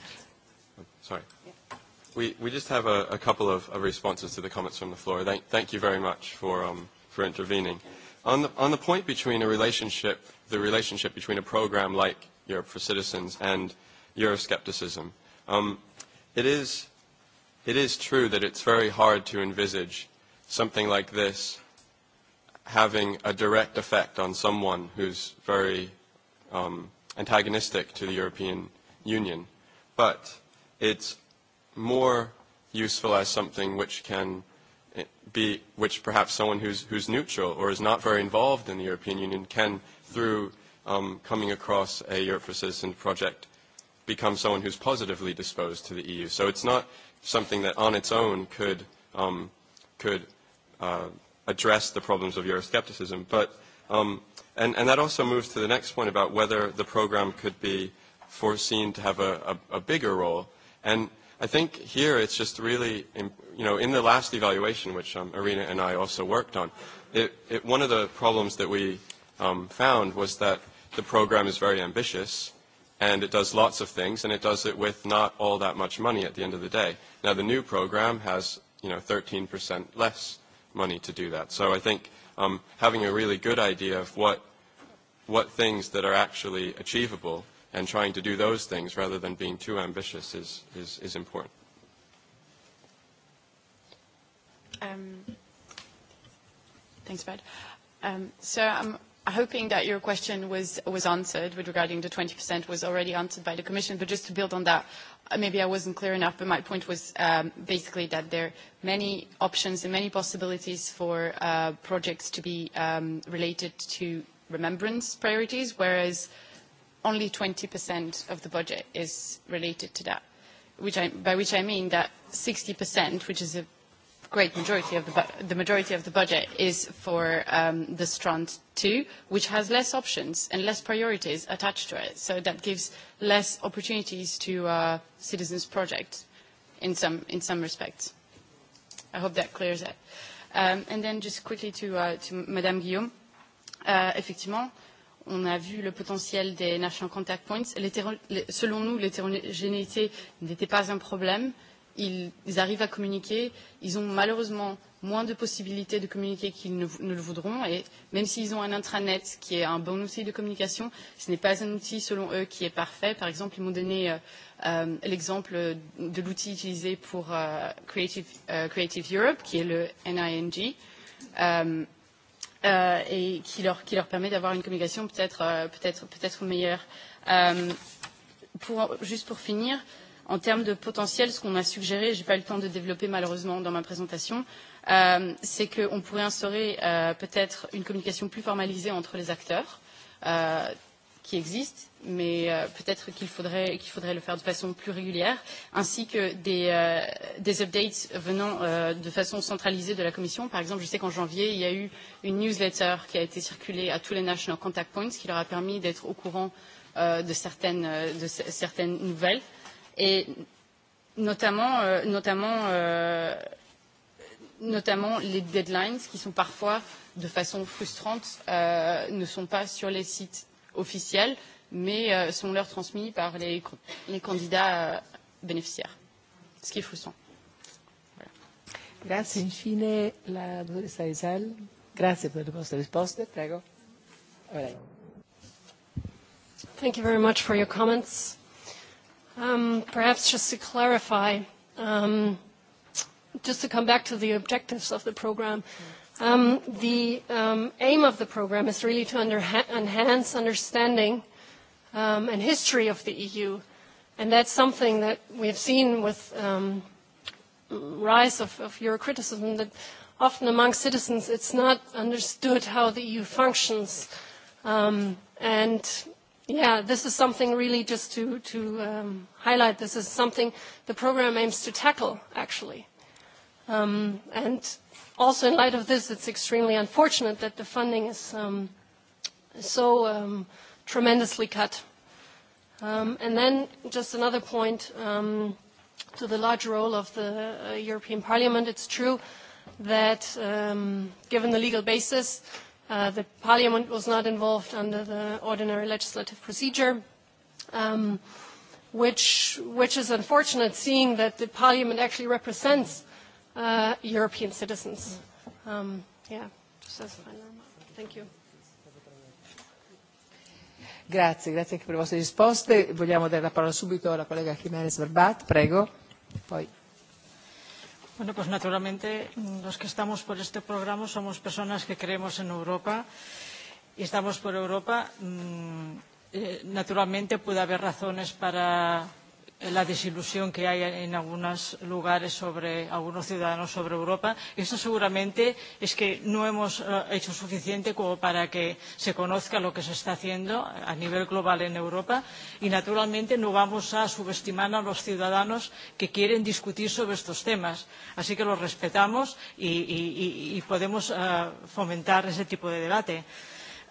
sorry. Yeah. We, we just have a, a couple of, of responses to the comments from the floor. Thank, thank you very much for, um, for intervening. On the, on the point between a relationship, the relationship between a program like Europe for Citizens and Euroscepticism, um, it, is, it is true that it's very hard to envisage something like this having a direct effect on someone who's very um, antagonistic to the European Union, but it's more useful as something which can eh, be, which perhaps someone who's, who's neutral or is not very involved in the European Union can, through um, coming across a Europe for Citizens project, become someone who's positively disposed to the EU. So it's not something that on its own could, um, could uh, address the problems of Euroscepticism. But, um, and, and that also moves to the next point about whether the program could be foreseen to have a, a, a bigger role. And I think here it's just really, you know, in the last evaluation, which um, Irina and I also worked on, it, it, one of the problems that we um, found was that the program is very ambitious and it does lots of things and it does it with not all that much money at the end of the day. Now the new program has, you know, 13% less money to do that. So I think um, having a really good idea of what, what things that are actually achievable and trying to do those things rather than being too ambitious is, is, is important. Um, thanks, Brad. Um, so I'm hoping that your question was, was answered with regarding the 20% was already answered by the Commission, but just to build on that, maybe I wasn't clear enough, but my point was um, basically that there are many options and many possibilities for uh, projects to be um, related to remembrance priorities, whereas only 20% of the budget is related to that, which I, by which I mean that 60%, which is a great majority of the, bu- the majority of the budget is for um, the strand two, which has less options and less priorities attached to it. So that gives less opportunities to uh, citizens' projects in some, in some respects. I hope that clears it. Um, and then just quickly to, uh, to Madame Guillaume. Euh, effectivement, on a vu le potentiel des National Contact Points. Selon nous, l'hétérogénéité n'était pas un problème. Euh, ils, ils arrivent à communiquer. Ils ont malheureusement moins de possibilités de communiquer qu'ils ne, ne le voudront. Et même s'ils ont un intranet qui est un bon outil de communication, ce n'est pas un outil, selon eux, qui est parfait. Par exemple, ils m'ont donné euh, euh, l'exemple de l'outil utilisé pour euh, Creative, euh, Creative Europe, qui est le NING. Euh, euh, et qui leur, qui leur permet d'avoir une communication peut-être euh, peut -être, peut, -être, peut -être meilleure. Euh, pour, juste pour finir, euh, En termes de potentiel, ce qu'on a suggéré, je n'ai pas eu le temps de développer malheureusement dans ma présentation, euh, c'est qu'on pourrait instaurer euh, peut-être une communication plus formalisée entre les acteurs euh, qui existent, mais euh, peut-être qu'il faudrait, qu'il faudrait le faire de façon plus régulière, ainsi que des, euh, des updates venant euh, de façon centralisée de la Commission. Par exemple, je sais qu'en janvier, il y a eu une newsletter qui a été circulée à tous les National Contact Points, qui leur a permis d'être au courant euh, de, certaines, euh, de certaines nouvelles. Euh, et notamment, euh, notamment, euh, notamment les deadlines qui sont parfois, de façon frustrante, euh, ne sont pas sur les sites officiels, mais euh, sont leur transmis par les, les candidats euh, bénéficiaires, ce qui est frustrant. Voilà. Grazie. Infine la dottoressa Isal. Grazie per le vostre risposte. Prego. Right. Thank you very much for your comments. Um, perhaps just to clarify, um, just to come back to the objectives of the program. Um, the um, aim of the program is really to under enhance understanding um, and history of the EU. And that's something that we have seen with um, rise of, of Eurocriticism, that often among citizens it's not understood how the EU functions. Um, and Yeah, this is something really just to, to um, highlight. This is something the program aims to tackle, actually. Um, and also in light of this, it's extremely unfortunate that the funding is um, so um, tremendously cut. Um, and then just another point um, to the large role of the uh, European Parliament. It's true that um, given the legal basis, uh, Uh, the Parliament was not involved under the ordinary legislative procedure, um, which, which is unfortunate seeing that the Parliament actually represents uh, European citizens. Um, yeah, just as a final remark. Thank you. Grazie, grazie anche per le vostre risposte. Vogliamo dare la parola subito alla collega Jiménez Verbat, prego. Poi. Bueno, pues naturalmente mm, los que estamos por este programa somos personas que creemos en Europa y estamos por Europa. Mmm, eh, naturalmente puede haber razones para la desilusión que hay en algunos lugares sobre algunos ciudadanos sobre Europa. Esto seguramente es que no hemos eh, hecho suficiente como para que se conozca lo que se está haciendo a nivel global en Europa y naturalmente no vamos a subestimar a los ciudadanos que quieren discutir sobre estos temas. Así que los respetamos y, y, y podemos uh, fomentar ese tipo de debate.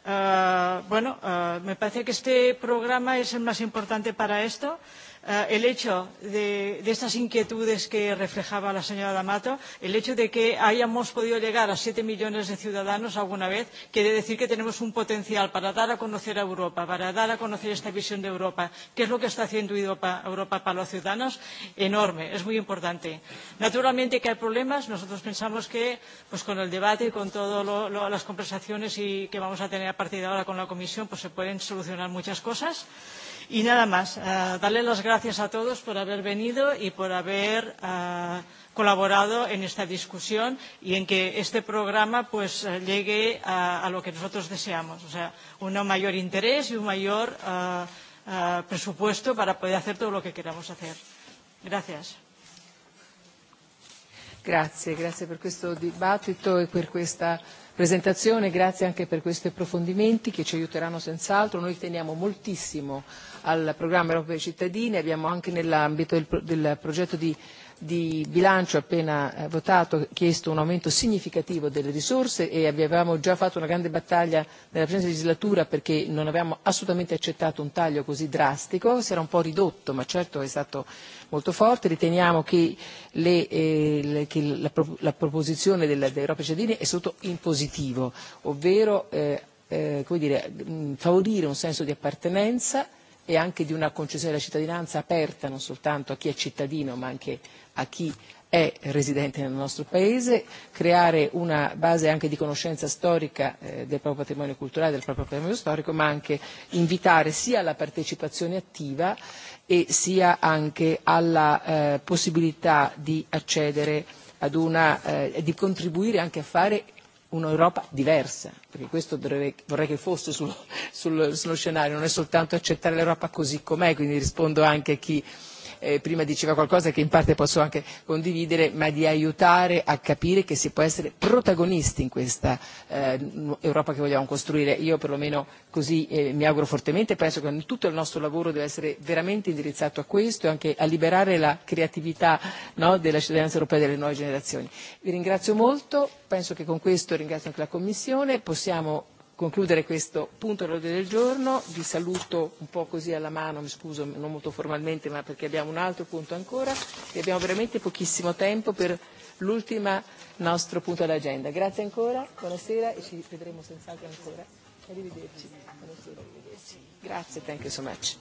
Uh, bueno, uh, me parece que este programa es el más importante para esto. Uh, Eh, el hecho de, de estas inquietudes que reflejaba la señora D'Amato, el hecho de que hayamos podido llegar a siete millones de ciudadanos alguna vez, quiere decir que tenemos un potencial para dar a conocer a Europa, para dar a conocer esta visión de Europa, que es lo que está haciendo Europa, Europa para los ciudadanos, enorme, es muy importante. Naturalmente que hay problemas, nosotros pensamos que pues con el debate y con todas las conversaciones y que vamos a tener a partir de ahora con la Comisión, pues se pueden solucionar muchas cosas. Gracias Y nada más, uh, darle las gracias a todos por haber venido y por haber uh, colaborado en esta discusión y en que este programa pues, eh, llegue a, a lo que nosotros deseamos, o sea, un mayor interés y un mayor uh, uh, presupuesto para poder hacer todo lo que queramos hacer. Gracias. Grazie, grazie per questo dibattito e per questa presentazione, grazie anche per questi approfondimenti che ci aiuteranno senz'altro. Noi teniamo moltissimo al programma Europeo dei cittadini, abbiamo anche nell'ambito del, del progetto di di bilancio appena eh, votato chiesto un aumento significativo delle risorse e avevamo già fatto una grande battaglia nella precedente legislatura perché non avevamo assolutamente accettato un taglio così drastico, si era un po' ridotto ma certo è stato molto forte. Riteniamo che, le, eh, le, che la, la proposizione dell'Europa dei cittadini è sotto in positivo, ovvero eh, eh, come dire, favorire un senso di appartenenza e anche di una concessione della cittadinanza aperta non soltanto a chi è cittadino ma anche a chi è residente nel nostro paese, creare una base anche di conoscenza storica eh, del proprio patrimonio culturale, del proprio patrimonio storico, ma anche invitare sia alla partecipazione attiva e sia anche alla eh, possibilità di accedere ad una, eh, di contribuire anche a fare un'Europa diversa, perché questo dovrei, vorrei che fosse sul, sul, sullo scenario, non è soltanto accettare l'Europa così com'è, quindi rispondo anche a chi eh, prima diceva qualcosa che in parte posso anche condividere, ma di aiutare a capire che si può essere protagonisti in questa eh, Europa che vogliamo costruire. Io perlomeno così eh, mi auguro fortemente, penso che tutto il nostro lavoro deve essere veramente indirizzato a questo e anche a liberare la creatività no, della cittadinanza europea e delle nuove generazioni. Vi ringrazio molto, penso che con questo ringrazio anche la Commissione, possiamo concludere questo punto all'ordine del giorno. Vi saluto un po' così alla mano, mi scuso non molto formalmente, ma perché abbiamo un altro punto ancora e abbiamo veramente pochissimo tempo per l'ultimo nostro punto all'agenda. Grazie ancora, buonasera e ci vedremo senz'altro ancora. Arrivederci. Buonasera. Grazie, thank you so much.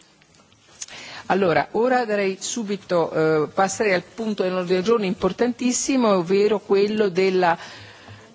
Allora, ora darei subito, eh, passerei al punto dell'ordine del giorno importantissimo, ovvero quello della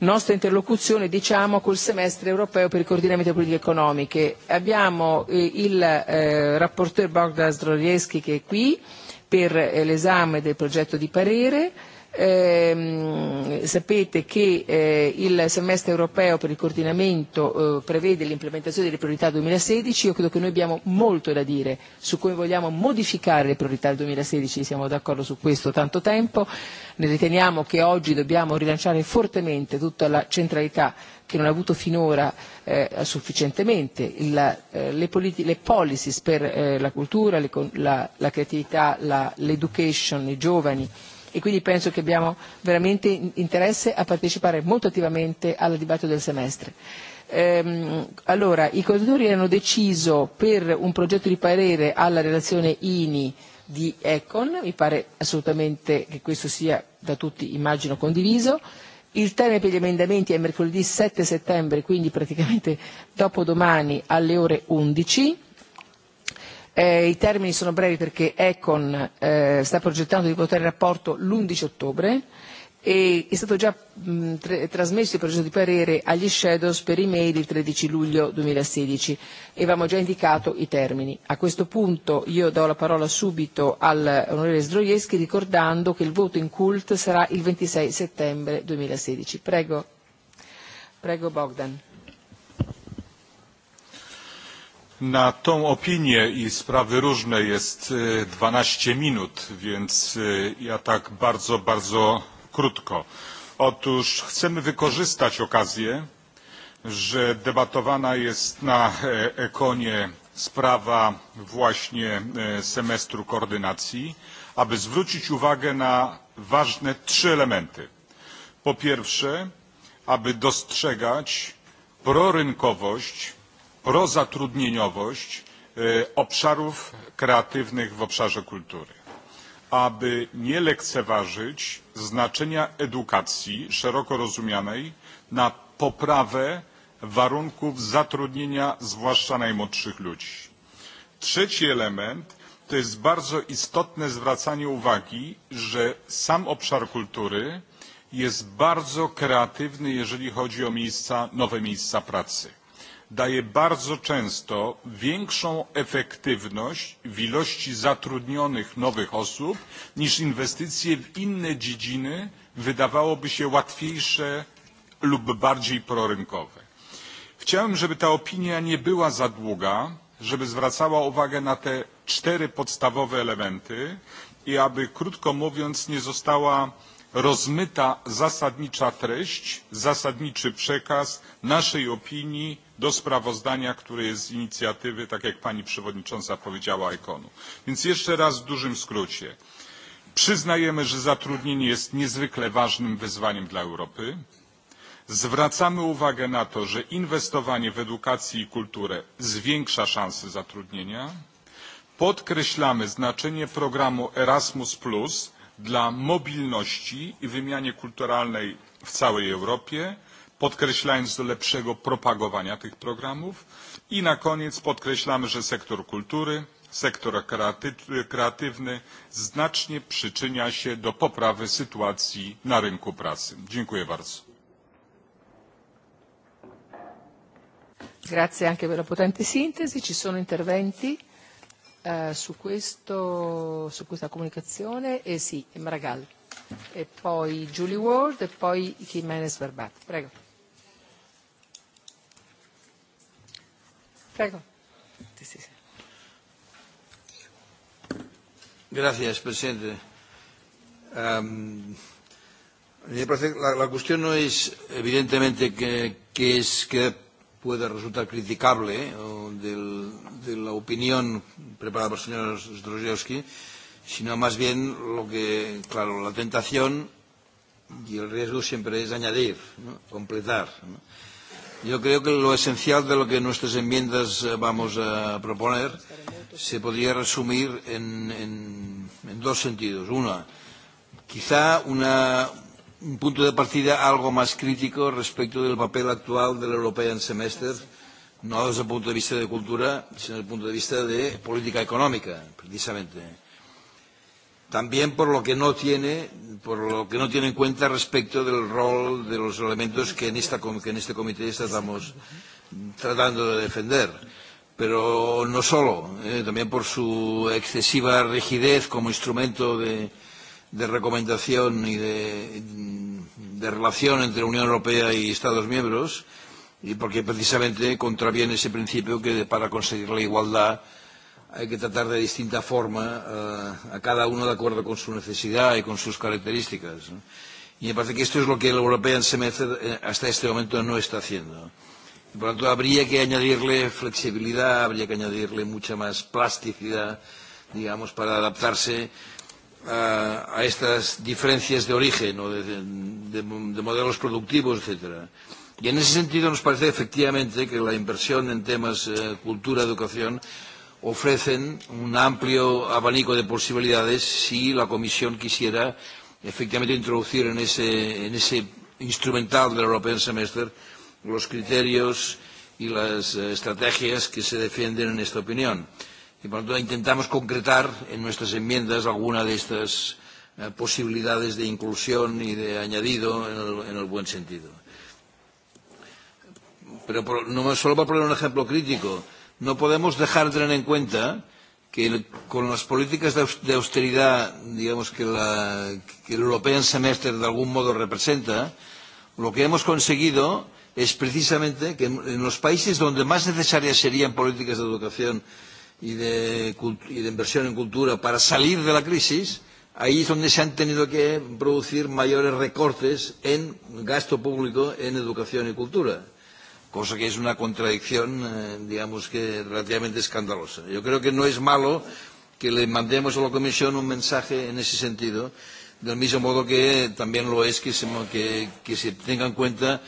nostra interlocuzione diciamo col semestre europeo per il coordinamento delle politiche economiche. Abbiamo eh, il eh, rapporteur Bogdan Zdrojewski che è qui per eh, l'esame del progetto di parere Eh, sapete che eh, il semestre europeo per il coordinamento eh, prevede l'implementazione delle priorità 2016, io credo che noi abbiamo molto da dire su come vogliamo modificare le priorità del 2016, siamo d'accordo su questo tanto tempo, ne riteniamo che oggi dobbiamo rilanciare fortemente tutta la centralità che non ha avuto finora eh, sufficientemente il, eh, le, politi- le policies per eh, la cultura, le, la, la creatività, la, l'education, i giovani, eh, e quindi penso che abbiamo veramente interesse a partecipare molto attivamente al dibattito del semestre. Ehm, allora, i coordinatori hanno deciso per un progetto di parere alla relazione INI di Econ, mi pare assolutamente che questo sia da tutti immagino condiviso. Il termine per gli emendamenti è mercoledì 7 settembre, quindi praticamente dopodomani alle ore 11 Eh, I termini sono brevi perché Econ eh, sta progettando di votare il rapporto l'11 ottobre e è stato già mh, tr- trasmesso il progetto di parere agli shadows per email il 13 luglio 2016 e avevamo già indicato i termini. A questo punto io do la parola subito all'onorevole Zdroieschi ricordando che il voto in cult sarà il 26 settembre 2016. Prego, prego Bogdan. Na tą opinię i sprawy różne jest 12 minut, więc ja tak bardzo, bardzo krótko. Otóż chcemy wykorzystać okazję, że debatowana jest na e, Ekonie sprawa właśnie e, semestru koordynacji, aby zwrócić uwagę na ważne trzy elementy. Po pierwsze, aby dostrzegać prorynkowość prozatrudnieniowość e, obszarów kreatywnych w obszarze kultury aby nie lekceważyć znaczenia edukacji szeroko rozumianej na poprawę warunków zatrudnienia zwłaszcza najmłodszych ludzi. trzeci element to jest bardzo istotne zwracanie uwagi że sam obszar kultury jest bardzo kreatywny jeżeli chodzi o miejsca nowe miejsca pracy daje bardzo często większą efektywność w ilości zatrudnionych nowych osób niż inwestycje w inne dziedziny wydawałoby się łatwiejsze lub bardziej prorynkowe. Chciałem, żeby ta opinia nie była za długa, żeby zwracała uwagę na te cztery podstawowe elementy i aby, krótko mówiąc, nie została rozmyta zasadnicza treść, zasadniczy przekaz naszej opinii do sprawozdania, które jest z inicjatywy, tak jak pani przewodnicząca powiedziała, ekonu. Więc jeszcze raz w dużym skrócie. Przyznajemy, że zatrudnienie jest niezwykle ważnym wyzwaniem dla Europy. Zwracamy uwagę na to, że inwestowanie w edukację i kulturę zwiększa szanse zatrudnienia. Podkreślamy znaczenie programu Erasmus dla mobilności i wymianie kulturalnej w całej Europie podkreślając do lepszego propagowania tych programów i na koniec podkreślamy że sektor kultury sektor kreaty kreatywny znacznie przyczynia się do poprawy sytuacji na rynku pracy. dziękuję bardzo. grazie anche per la potente sintesi ci sono interventi eh, su, questo, su questa comunicazione e eh, sì Maragall e poi Julie Ward e poi Jiménez Verbat prego Prego. Gracias, presidente. Um, la, la cuestión no es, evidentemente, que, que es que puede resultar criticable eh, o del, de la opinión preparada por el señor Zdrojewski, sino más bien lo que, claro, la tentación y el riesgo siempre es añadir, ¿no? completar. ¿no? Yo creo que lo esencial de lo que nuestras enmiendas eh, vamos a proponer se podría resumir en, en, en dos sentidos. Una, quizá una, un punto de partida algo más crítico respecto del papel actual del European Semester, no desde el punto de vista de cultura, sino desde el punto de vista de política económica, precisamente También por lo que no tiene por lo que no tiene en cuenta respecto del rol de los elementos que en, esta, que en este comité estamos tratando de defender. Pero no solo, eh, también por su excesiva rigidez como instrumento de, de recomendación y de, de relación entre Unión Europea y Estados miembros, y porque precisamente contraviene ese principio que para conseguir la igualdad eh, hay que tratar de distinta forma uh, a cada uno de acuerdo con su necesidad y con sus características. ¿no? Y me parece que esto es lo que el European Semester eh, hasta este momento no está haciendo. Y por lo tanto, habría que añadirle flexibilidad, habría que añadirle mucha más plasticidad, digamos, para adaptarse a, a estas diferencias de origen o de, de, de, de modelos productivos, etcétera. Y en ese sentido nos parece efectivamente que la inversión en temas eh, cultura, educación, eh, ofrecen un amplio abanico de posibilidades si la Comisión quisiera efectivamente introducir en ese, en ese instrumental del European Semester los criterios y las eh, estrategias que se defienden en esta opinión. Y por lo tanto intentamos concretar en nuestras enmiendas alguna de estas eh, posibilidades de inclusión y de añadido en el, en el buen sentido. Pero por, no solo para poner un ejemplo crítico, eh, no podemos dejar de tener en cuenta que el, con las políticas de austeridad, digamos, que, la, que el European Semester de algún modo representa, lo que hemos conseguido es precisamente que en, en los países donde más necesarias serían políticas de educación y de, y de inversión en cultura para salir de la crisis, ahí es donde se han tenido que producir mayores recortes en gasto público en educación y cultura. Eh, cosa que es una contradicción, eh, digamos que relativamente escandalosa. Yo creo que no es malo que le mandemos a la Comisión un mensaje en ese sentido, del mismo modo que también lo es que se, que, que se tenga en cuenta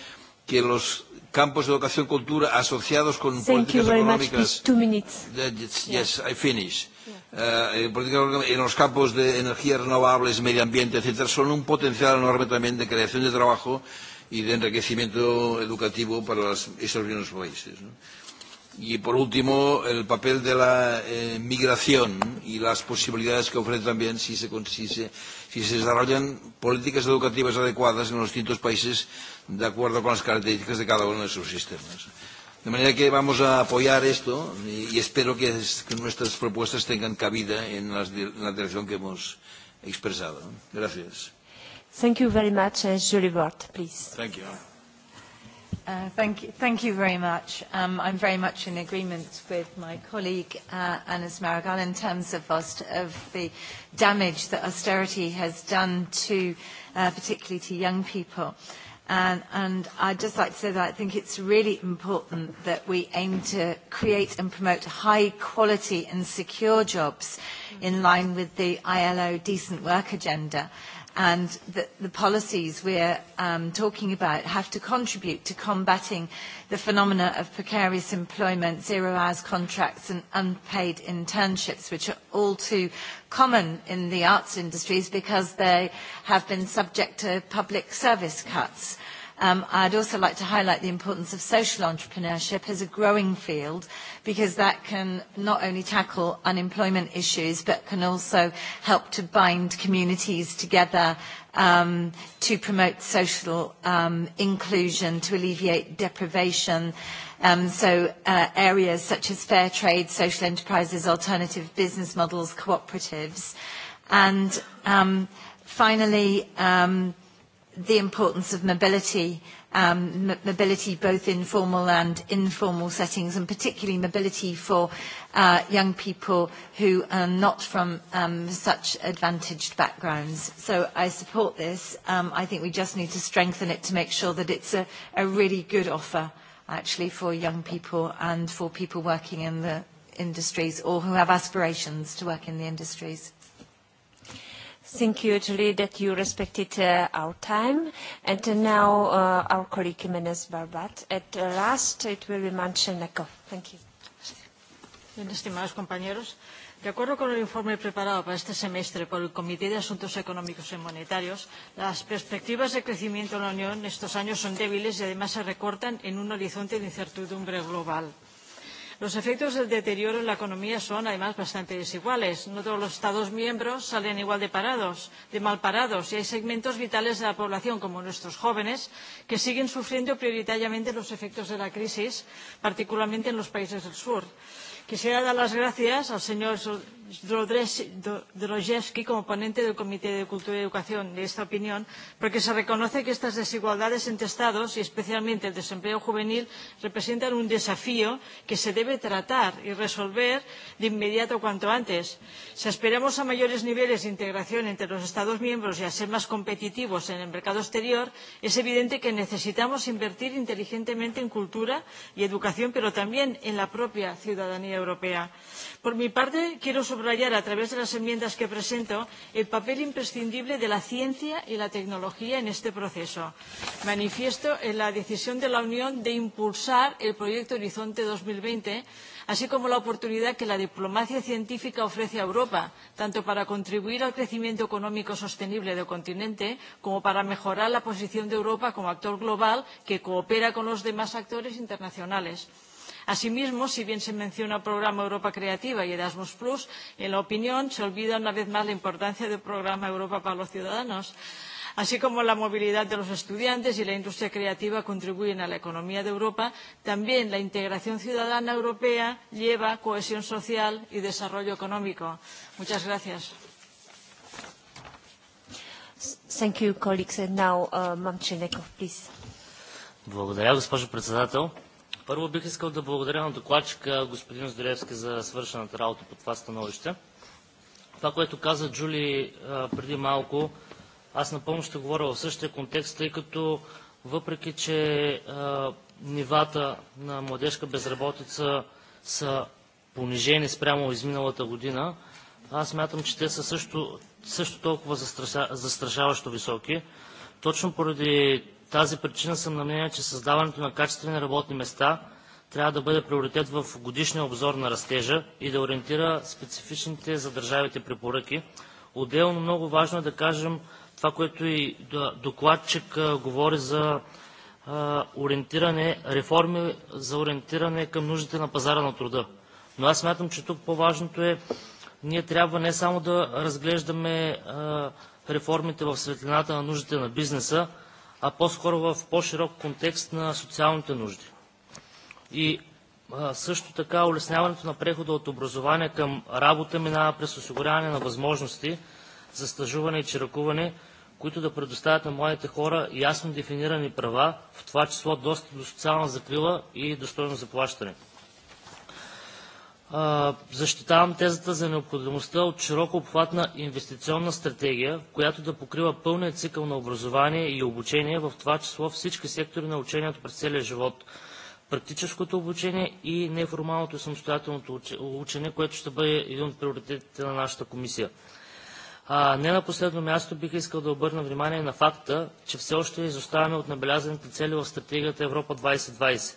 que los campos de educación cultura asociados con Thank políticas económicas. Much, yes, yeah. yes, I finish. Yeah. Uh, eh, en, eh, en los campos de energías renovables, medio ambiente, etcétera, son un potencial enorme también de creación de trabajo y de enriquecimiento educativo para las, esos mismos países. ¿no? Y por último, el papel de la eh, migración y las posibilidades que ofrece también si se, si, se, si se desarrollan políticas educativas adecuadas en los distintos países de acuerdo con las características de cada uno de sus sistemas. De manera que vamos a apoyar esto y, y espero que, es, que nuestras propuestas tengan cabida en, las, en la dirección que hemos expresado. Gracias. Thank you very much, and Julie Ward, please. Thank you. Uh, thank you. Thank you very much. Um, I'm very much in agreement with my colleague, uh, Anas Marigal, in terms of, of the damage that austerity has done to, uh, particularly to young people. And, and I'd just like to say that I think it's really important that we aim to create and promote high quality and secure jobs in line with the ILO decent work agenda. Uh, and the, the policies we're um, talking about have to contribute to combating the phenomena of precarious employment, zero-hours contracts and unpaid internships, which are all too common in the arts industries because they have been subject to public service cuts. Uh, Um, I'd also like to highlight the importance of social entrepreneurship as a growing field because that can not only tackle unemployment issues but can also help to bind communities together um, to promote social um, inclusion, to alleviate deprivation. Um, so uh, areas such as fair trade, social enterprises, alternative business models, cooperatives. And um, finally, um, the importance of mobility, um, m- mobility both in formal and informal settings, and particularly mobility for uh, young people who are not from um, such advantaged backgrounds. So I support this. Um, I think we just need to strengthen it to make sure that it's a, a really good offer, actually, for young people and for people working in the industries or who have aspirations to work in the industries. Thank you, Julie, that you respected uh, our time. And uh, now uh, our colleague Jimenez Barbat. At uh, last, it will be Manchenekov. Thank you. Bien, estimados compañeros, de acuerdo con el informe preparado para este semestre por el Comité de Asuntos Económicos y Monetarios, las perspectivas de crecimiento en la Unión estos años son débiles y además se recortan en un horizonte de incertidumbre global. Los efectos del deterioro en la economía son, además, bastante desiguales. No todos los Estados miembros salen igual de parados, de mal parados, y hay segmentos vitales de la población, como nuestros jóvenes, que siguen sufriendo prioritariamente los efectos de la crisis, particularmente en los países del sur. Quisiera dar las gracias al señor Drojewski como ponente del Comité de Cultura y Educación de esta opinión, porque se reconoce que estas desigualdades entre Estados y especialmente el desempleo juvenil representan un desafío que se debe tratar y resolver de inmediato cuanto antes. Si aspiramos a mayores niveles de integración entre los Estados miembros y a ser más competitivos en el mercado exterior, es evidente que necesitamos invertir inteligentemente en cultura y educación, pero también en la propia ciudadanía europea. Por mi parte, quiero subrayar a través de las enmiendas que presento el papel imprescindible de la ciencia y la tecnología en este proceso. Manifiesto en la decisión de la Unión de impulsar el proyecto Horizonte 2020, así como la oportunidad que la diplomacia científica ofrece a Europa, tanto para contribuir al crecimiento económico sostenible del continente como para mejorar la posición de Europa como actor global que coopera con los demás actores internacionales. Asimismo, si bien se menciona el programa Europa Creativa y Erasmus Plus, en la opinión se olvida una vez más la importancia del programa Europa para los ciudadanos así como la movilidad de los estudiantes y la industria creativa contribuyen a la economía de Europa, también la integración ciudadana europea lleva cohesión social y desarrollo económico. Muchas gracias. Thank you, colleagues. And now, uh, Mamchenekov, please. Благодаря, госпожо председател. Първо бих искал да благодаря на докладчика господин Здоревски за свършената работа по това становище. Това, което каза Джули а, преди малко, аз напълно ще говоря в същия контекст, тъй като въпреки, че а, нивата на младежка безработица са понижени спрямо изминалата година, аз смятам, че те са също, също толкова застрашаващо високи. Точно поради тази причина съм на мнение, че създаването на качествени работни места трябва да бъде приоритет в годишния обзор на растежа и да ориентира специфичните за държавите препоръки. Отделно много важно е да кажем това, което и докладчик говори за ориентиране, реформи за ориентиране към нуждите на пазара на труда. Но аз смятам, че тук по-важното е ние трябва не само да разглеждаме реформите в светлината на нуждите на бизнеса, а по-скоро в по-широк контекст на социалните нужди. И също така улесняването на прехода от образование към работа минава през осигуряване на възможности за стажуване и чиракуване, които да предоставят на младите хора ясно дефинирани права, в това число достъп до социална закрила и достойно заплащане защитавам тезата за необходимостта от широко обхватна инвестиционна стратегия, която да покрива пълния цикъл на образование и обучение, в това число всички сектори на учението през целия живот, практическото обучение и неформалното и самостоятелното учене, което ще бъде един от приоритетите на нашата комисия. А, не на последно място бих искал да обърна внимание на факта, че все още изоставаме от набелязаните цели в стратегията Европа 2020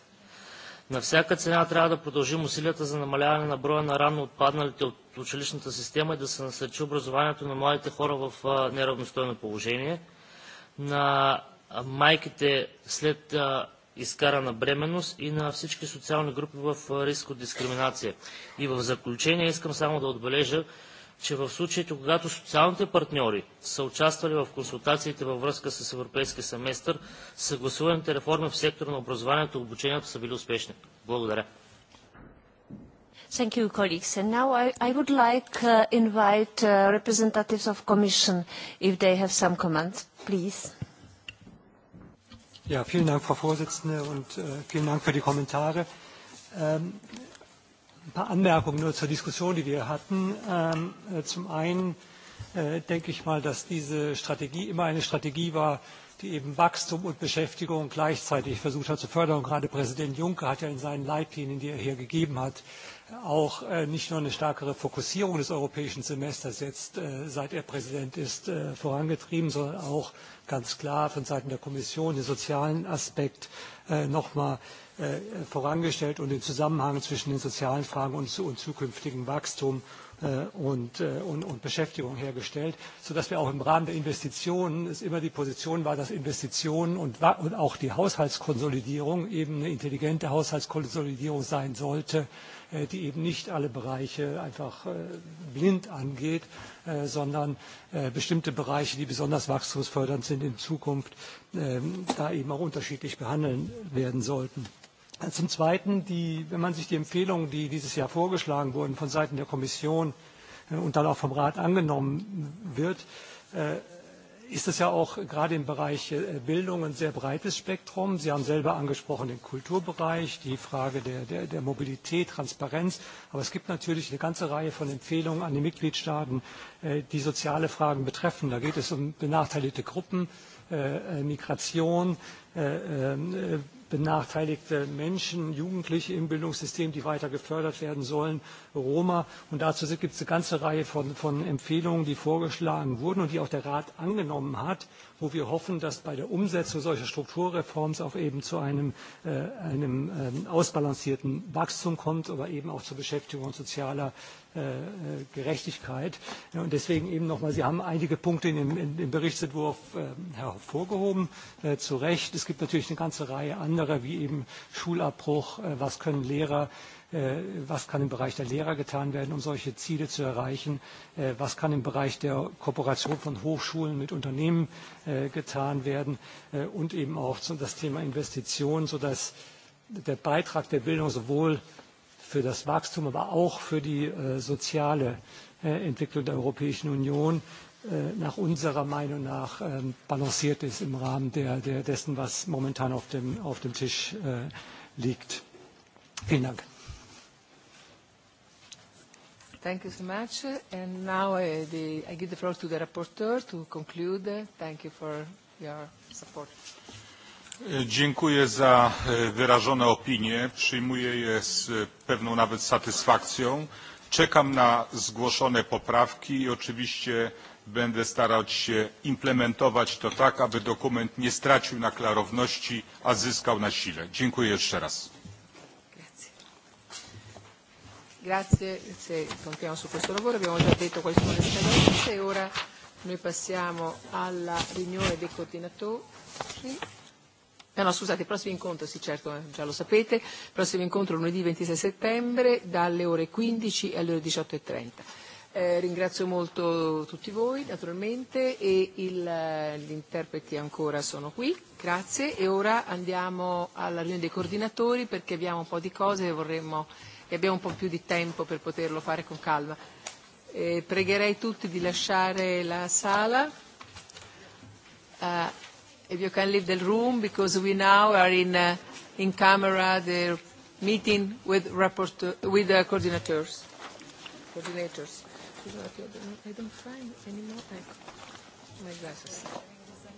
На всяка цена трябва да продължим усилията за намаляване на броя на рано отпадналите от училищната система и да се насърчи образованието на младите хора в неравностойно положение, на майките след изкарана бременност и на всички социални групи в риск от дискриминация. И в заключение искам само да отбележа, че в случаите, когато социалните партньори са участвали в консултациите във връзка с Европейския семестър, съгласуваните реформи в сектора на образованието и обучението са били успешни. Благодаря. Thank you, colleagues. And now I, I would like to uh, invite uh, representatives of Commission if they have some comments, please. Ja, vielen Dank, Frau Vorsitzende, und äh, vielen Dank für die Kommentare. Ähm, ein paar Anmerkungen nur zur Diskussion, die wir hatten. Ähm, äh, zum einen äh, denke ich mal, dass diese Strategie immer eine Strategie war, die eben Wachstum und Beschäftigung gleichzeitig versucht hat zu fördern. Und gerade Präsident Juncker hat ja in seinen Leitlinien, die er hier gegeben hat, auch äh, nicht nur eine stärkere Fokussierung des europäischen Semesters jetzt, äh, seit er Präsident ist, äh, vorangetrieben, sondern auch ganz klar von Seiten der Kommission den sozialen Aspekt äh, nochmal mal Äh, vorangestellt und den Zusammenhang zwischen den sozialen Fragen und, und zukünftigem Wachstum äh, und, äh, und, und Beschäftigung hergestellt, sodass wir auch im Rahmen der Investitionen es immer die Position war, dass Investitionen und, und auch die Haushaltskonsolidierung eben eine intelligente Haushaltskonsolidierung sein sollte, die eben nicht alle Bereiche einfach blind angeht, sondern bestimmte Bereiche, die besonders wachstumsfördernd sind in Zukunft, ähm, da eben auch unterschiedlich behandeln werden sollten. Zum Zweiten, die, wenn man sich die Empfehlungen, die dieses Jahr vorgeschlagen wurden von Seiten der Kommission äh, und dann auch vom Rat angenommen wird, äh, ist es ja auch gerade im Bereich äh, Bildung ein sehr breites Spektrum. Sie haben selber angesprochen den Kulturbereich, die Frage der, der, der Mobilität, Transparenz. Aber es gibt natürlich eine ganze Reihe von Empfehlungen an die Mitgliedstaaten, die soziale Fragen betreffen. Da geht es um benachteiligte Gruppen, Migration, benachteiligte Menschen, Jugendliche im Bildungssystem, die weiter gefördert werden sollen, Roma. Und dazu gibt es eine ganze Reihe von, von Empfehlungen, die vorgeschlagen wurden und die auch der Rat angenommen hat wo wir hoffen, dass bei der Umsetzung solcher Strukturreforms auch eben zu einem, äh, einem ähm, ausbalancierten Wachstum kommt, aber eben auch zur Beschäftigung und sozialer äh, äh, Gerechtigkeit. Ja, und deswegen eben nochmal, Sie haben einige Punkte in dem, in dem Berichtsentwurf äh, hervorgehoben, äh, zu Recht. Es gibt natürlich eine ganze Reihe anderer, wie eben Schulabbruch, äh, was können Lehrer, Äh, was kann im Bereich der Lehrer getan werden, um solche Ziele zu erreichen, äh, was kann im Bereich der Kooperation von Hochschulen mit Unternehmen äh, getan werden und eben auch das Thema Investitionen, sodass der Beitrag der Bildung sowohl für das Wachstum, aber auch für die soziale Entwicklung der Europäischen Union nach unserer Meinung nach ähm, balanciert ist im Rahmen der, der dessen, was momentan auf dem, auf dem Tisch äh, liegt. Vielen Dank. Thank you so much. And now I, uh, the, I give the floor to the rapporteur to conclude. Thank you for your support. E, dziękuję za e, wyrażone opinie. Przyjmuję je z e, pewną nawet satysfakcją. Czekam na zgłoszone poprawki i oczywiście będę starać się implementować to tak, aby dokument nie stracił na klarowności, a zyskał na sile. Dziękuję jeszcze raz. Grazie, se continuiamo su questo lavoro abbiamo già detto quali sono le scadenze e ora noi passiamo alla riunione dei coordinatori. No, no, scusate, il prossimo incontro, sì certo, già lo sapete, il prossimo incontro lunedì 26 settembre dalle ore 15 alle ore 18.30. E eh, ringrazio molto tutti voi naturalmente e il, gli interpreti ancora sono qui, grazie e ora andiamo alla riunione dei coordinatori perché abbiamo un po' di cose e vorremmo e abbiamo un po' più di tempo per poterlo fare con calma. Eh, pregherei tutti di lasciare la sala. Uh, if you can leave the room because we now are in, uh, in camera the meeting with, rapporteur, with the coordinators. coordinators. I don't find any more my glasses.